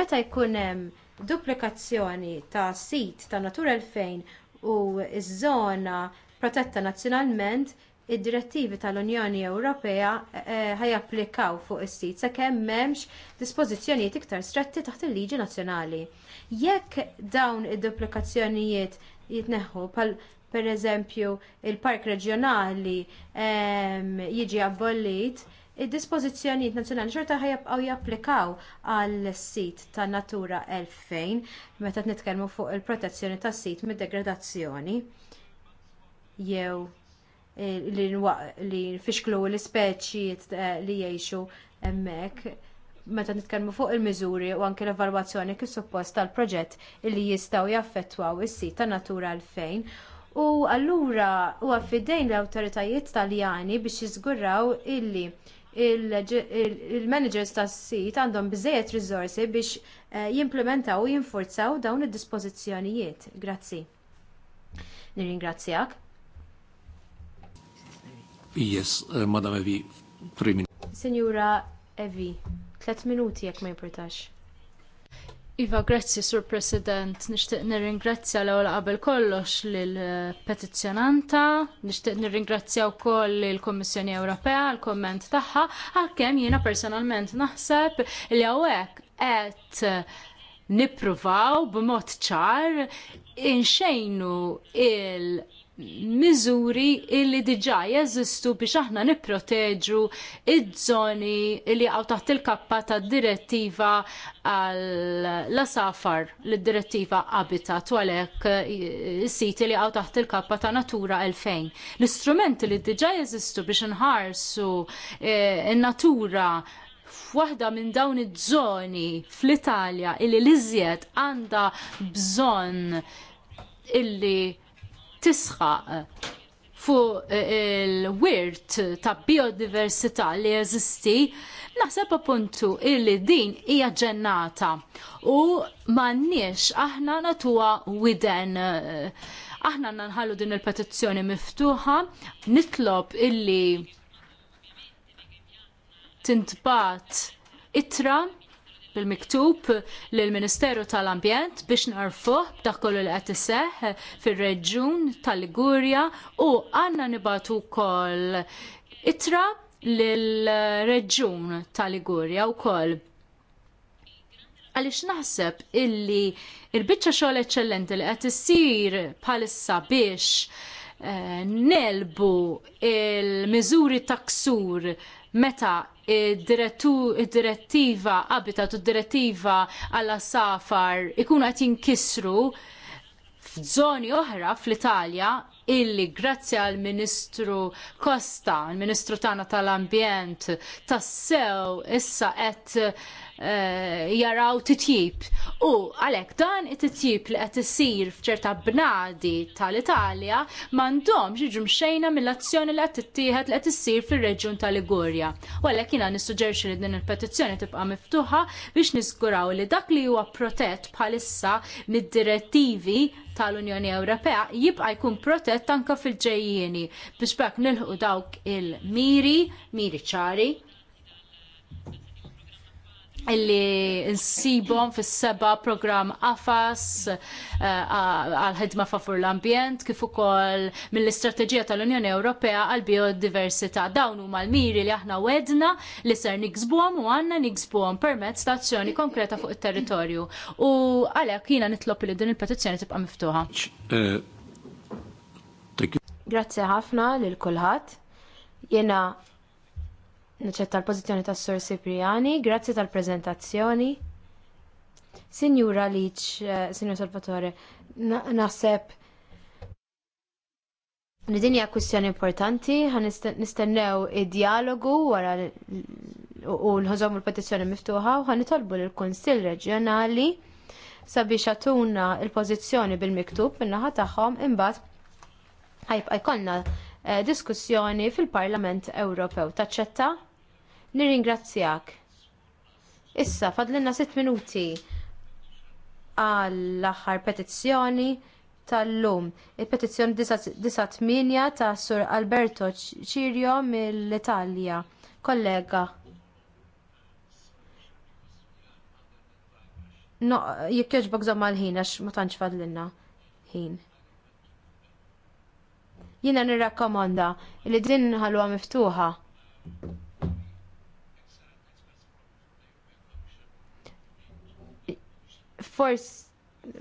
Meta jkun hemm duplikazzjoni ta' sit ta' Natura 2000 u ż-żona protetta nazzjonalment, id-direttivi tal-Unjoni Ewropea eh, eh, ħajapplikaw fuq is-sit sakemm m'hemmx dispożizzjonijiet iktar stretti taħt il-liġi nazzjonali. Jekk dawn id-duplikazzjonijiet jitneħħu pal pereżempju il park reġjonali ehm, jiġi abbollit, id-dispożizzjonijiet nazzjonali xorta ħajabqgħu japplikaw għal sit ta' Natura 2000 meta nitkellmu fuq il-protezzjoni tas-sit mid-degradazzjoni jew Eh, li fixklu l-ispeċijiet eh, li jgħixu hemmhekk. Meta nitkellmu fuq il-miżuri u anke l-evalwazzjoni kif suppost tal-proġett li jistgħu jaffettwaw is-sit ta' natura fejn. U allura huwa għaffidejn l-awtoritajiet Taljani biex jiżguraw illi il-managers tas sit għandhom biżżejjed rizorsi biex eh, jimplementaw u jinforzaw dawn id-dispożizzjonijiet. Grazzi. Nirringrazzjak. Yes, uh, Madam Evi, three minutes. Senjura Evi, tlet minuti jekk ma jimportax. Iva, grazzi, Sur President. Nixtieq nirringrazzja l ewwel qabel kollox lill-petizzjonanta, uh, nixtieq nirringrazzja wkoll lill kummissjoni Ewropea għall komment tagħha, għalkemm jiena personalment naħseb li hawnhekk qed nippruvaw b'mod ċar inxejnu il- miżuri illi diġà jeżistu biex aħna nipproteġu id-żoni illi għaw taħt il-kappa tad direttiva għal safar l-direttiva Habitat u għalhekk is-siti li għaw taħt il-kappa ta' Natura 2000. L-istrumenti li diġa' jeżistu biex nħarsu eh, in-natura f'waħda minn dawn iż-żoni fl-Italja illi l-iżjed għandha bżonn illi tisħaq fuq eh, il-wirt ta' biodiversità li jeżisti, naħseb appuntu illi din hija ġennata u m'għandniex aħna natuha widen. Eh, aħna nħallu din il-petizzjoni miftuħa, nitlob illi tintbat itra bil-miktub lill-Ministeru tal-Ambjent biex narfuh b'dak kollu li qed isseħħ fir-Reġjun tal-Ligurja u għandna nibatu wkoll itra lill-Reġjun tal-Ligurja wkoll għalix naħseb illi il-bicċa xogħol eċċellenti li qed issir bħalissa biex eh, nelbu il-miżuri taksur meta id-direttiva Abitat u d-direttiva għalla safar ikunu qed jinkisru f'żoni oħra fl-Italja illi grazzi għal Ministru Costa, il-Ministru tagħna tal-Ambjent, tassew issa qed Eh, jaraw titjib. U għalhekk dan it-titjib li qed issir f'ċerta bnadi tal-Italja m'għandhomx jiġu mxejna mill-azzjoni li qed tittieħed li qed issir fir-reġjun tal-Ligurja. U għalhekk jiena nissuġġerixxi li din il-petizzjoni tibqa' miftuħa biex niżguraw li dak li huwa protett bħalissa mid-direttivi tal-Unjoni Ewropea jibqa' jkun protett anke fil-ġejjieni biex bekk nilħu dawk il-miri, miri ċari, illi nsibhom fis-seba' programm AFAS eh, għal ħidma favur l-ambjent kif ukoll mill-istrateġija tal-Unjoni Ewropea għal biodiversità. Dawn huma l-miri li aħna wedna li ser niksbuhom u għandna niksbuhom permezz ta' azzjoni konkreta fuq it-territorju. U għalhekk jiena nitlob li din il-petizzjoni tibqa' miftuħa. Eh, Grazzi ħafna lil kulħadd. Jiena. Naċċetta l-pożizzjoni tas Sur Sipriani, grazzi tal-preżentazzjoni. Sinjura Liċ, eh, Sinjur Salvatore, naħseb li din hija kwistjoni importanti, ħan nistennew id-dialogu wara u nħozom il-petizzjoni miftuħa u għan nitolbu lill-Kunsill Reġjonali sabiex għatuna il-pożizzjoni bil-miktub min-naħa tagħhom imbagħad ħajbqa jkollna eh, diskussjoni fil-Parlament Ewropew. Taċċetta? Nirringrazzjak. Issa, fadlinna 6 minuti għall-aħħar petizzjoni tal-lum. Il-petizzjoni 98 ta' Sur Alberto Cirio mill-Italja. Kollega. No, jekk jogħġbok żomm ħin għax ma tantx fadlilna ħin. Jiena nirrakkomanda li din ħalwa miftuħa. forsi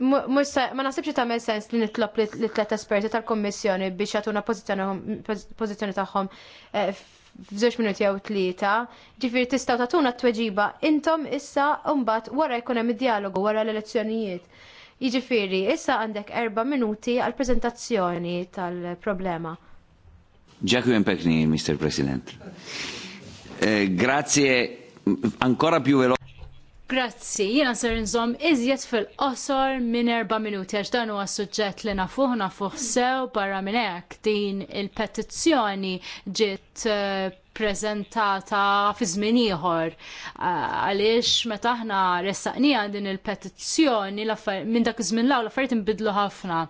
ma nasibx tagħmel sens li nitlob li tlet esperti tal-Kommissjoni biex jagħtuna pożizzjoni tagħhom eh, f'żewġ minuti jew tlieta. Ġifieri tistgħu tagħtuna t-tweġiba intom issa mbagħad wara jkun hemm id-dialogu wara l-elezzjonijiet. Jiġifieri issa għandek erba' minuti għal preżentazzjoni tal-problema. Ġakju pekni, Mr. President. E, grazie ancora più veloce. Grazzi, jina ser nżom iżjed fil-qosor minn erba' minuti għax dan huwa suġġett li nafuħ nafuħ sew barra minn hekk din il-petizzjoni ġiet eh, prezentata fi żmien ieħor. Eh, għaliex meta aħna ressaqnija din il-petizzjoni minn dak iż-żmien law l-affarijiet inbidlu ħafna.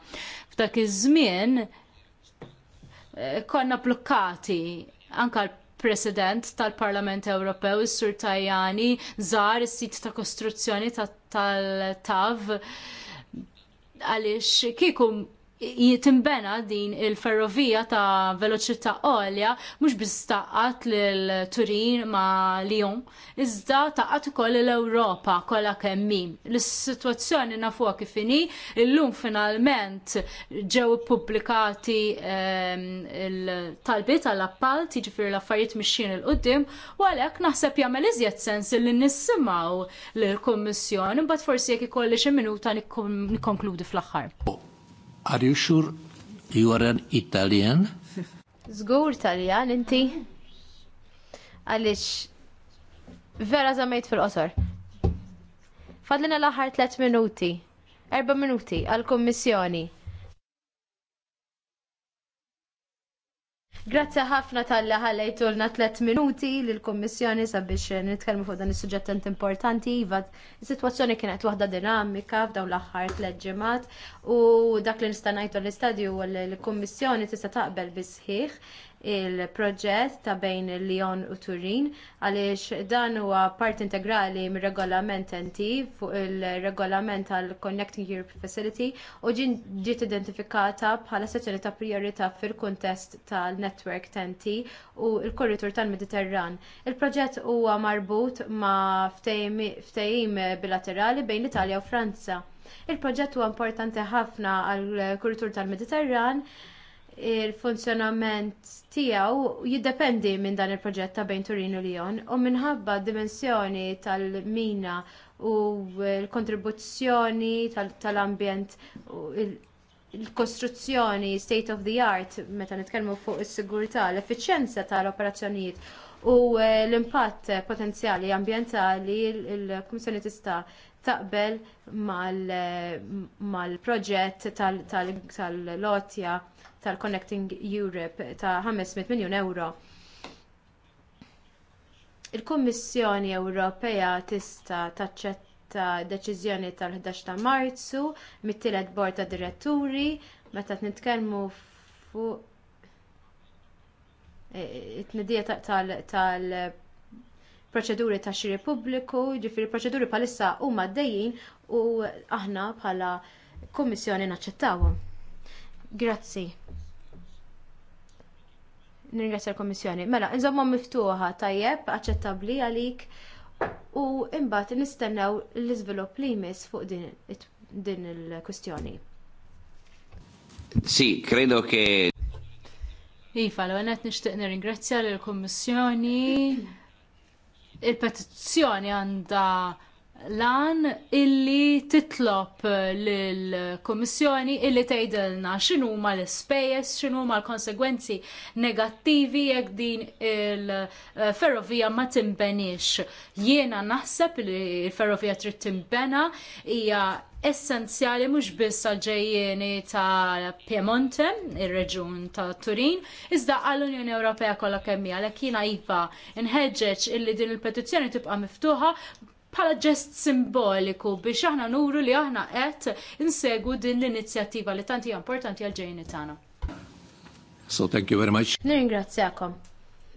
F'dak iż-żmien eh, konna blukkati anke l President tal-Parlament Ewropew, is-Sur Tajani, żar is-sit ta' kostruzzjoni tal-TAV għaliex kieku jitimbena din il-ferrovija ta' veloċità għolja mhux biss taqqat lil Turin ma' Lyon, iżda taqqat ukoll l-Ewropa kollha kemm L-sitwazzjoni nafuha kif inhi, illum finalment ġew ippubblikati ehm, il-talbiet għall-appalt, jiġifieri l-affarijiet mixjin il qudiem u għalhekk naħseb jagħmel iżjed sens li nissimgħu lill-Kummissjoni, mbagħad forsi jekk ikolli xi minuta nikkonkludi fl-aħħar. Are you sure you are an Italian? Zgur Taljan inti. Għalix, vera zamejt fil-qosor. Fadlina l-aħħar 3 minuti, 4 minuti għal-kommissjoni. Grazzi ħafna tal-li ħallejtulna tliet minuti lill kummissjoni sabiex nitkellmu fuq dan is-suġġett importanti. Iva, is-sitwazzjoni kienet waħda dinamika f'dawn l-aħħar tliet ġimgħat u dak li nista' ngħidu l-istadju l-Kummissjoni tista' taqbel bi sħiħ il-proġett ta' bejn Lyon u Turin għaliex dan huwa part integrali mir-regolament NT fuq il-regolament tal Connecting Europe Facility u ġin ġiet identifikata bħala sezzjoni ta' priorità fil-kuntest tal-network TNT u l korritur tal-Mediterran. Il-proġett huwa marbut ma' ftehim bilaterali bejn l-Italja u Franza. Il-proġett huwa importanti ħafna għall-kultur tal-Mediterran il-funzjonament tiegħu jiddependi minn dan il-proġett ta' bejn Turin u Lyon u minħabba d dimensjoni tal-mina u l-kontribuzzjoni tal-ambjent il-kostruzzjoni state of the art meta nitkellmu fuq is-sigurtà, l-effiċjenza tal-operazzjonijiet u eh, l-impatt potenzjali ambjentali il-Kummissjoni tista' taqbel mal-proġett tal-lotja tal-Connecting Europe ta' 500 miljun euro il-Kummissjoni Ewropea tista' taċċetta deċiżjoni tal-11 ta' Marzu mit-tielet bord ta' diretturi meta nitkellmu fuq it-tnedija e, e, tal-proġett proċeduri ta' xiri pubbliku, ġifiri proċeduri bħalissa huma għaddejjin u aħna bħala kummissjoni naċċettawhom. Grazzi. Nirringrazzja l-Kommissjoni. Mela, nżomma miftuħa tajjeb, aċċettabbli għalik u imbagħad nistennew l-iżvilupp li jmiss fuq din il-kwistjoni. Sì, credo che Iva, l-għanet nishtiq nirringrazzja l-Kommissjoni il-petizzjoni għanda lan illi titlob lill-Kummissjoni illi tgħidilna x'inhu l-ispejjeż, x'inhu l-konsegwenzi negattivi jekk din il-ferrovija ma timbenix. Jiena naħseb li l-ferrovija trid timbena hija essenzjali mhux biss għal-ġejjieni ta' Piemonte, ir-reġun ta' Turin, iżda għall-Unjoni Ewropea kollha kemm hija għalhekk jiena iva nħeġġeġ illi din il-petizzjoni tibqa' miftuħa bħala ġest simboliku biex aħna nuru li aħna qed insegu din l-inizjattiva li tanti importanti għal ġejni tagħna. So thank you very much. Nirringrazzjakom.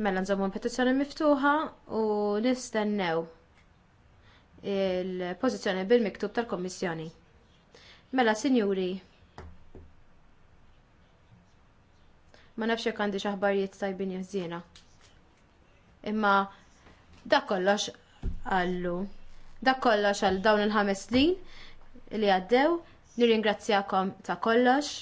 Mela nżommu petizzjoni miftuħa u nistennew il-pożizzjoni bil-miktub tal-Kommissjoni. Mela, sinjuri, ma nafx jekk għandi xaħbarijiet tajbin jeżjena. Imma dak kollox għallu. Dak kollox għal dawn il-ħames din li għaddew, nirringrazzjakom ta' kollox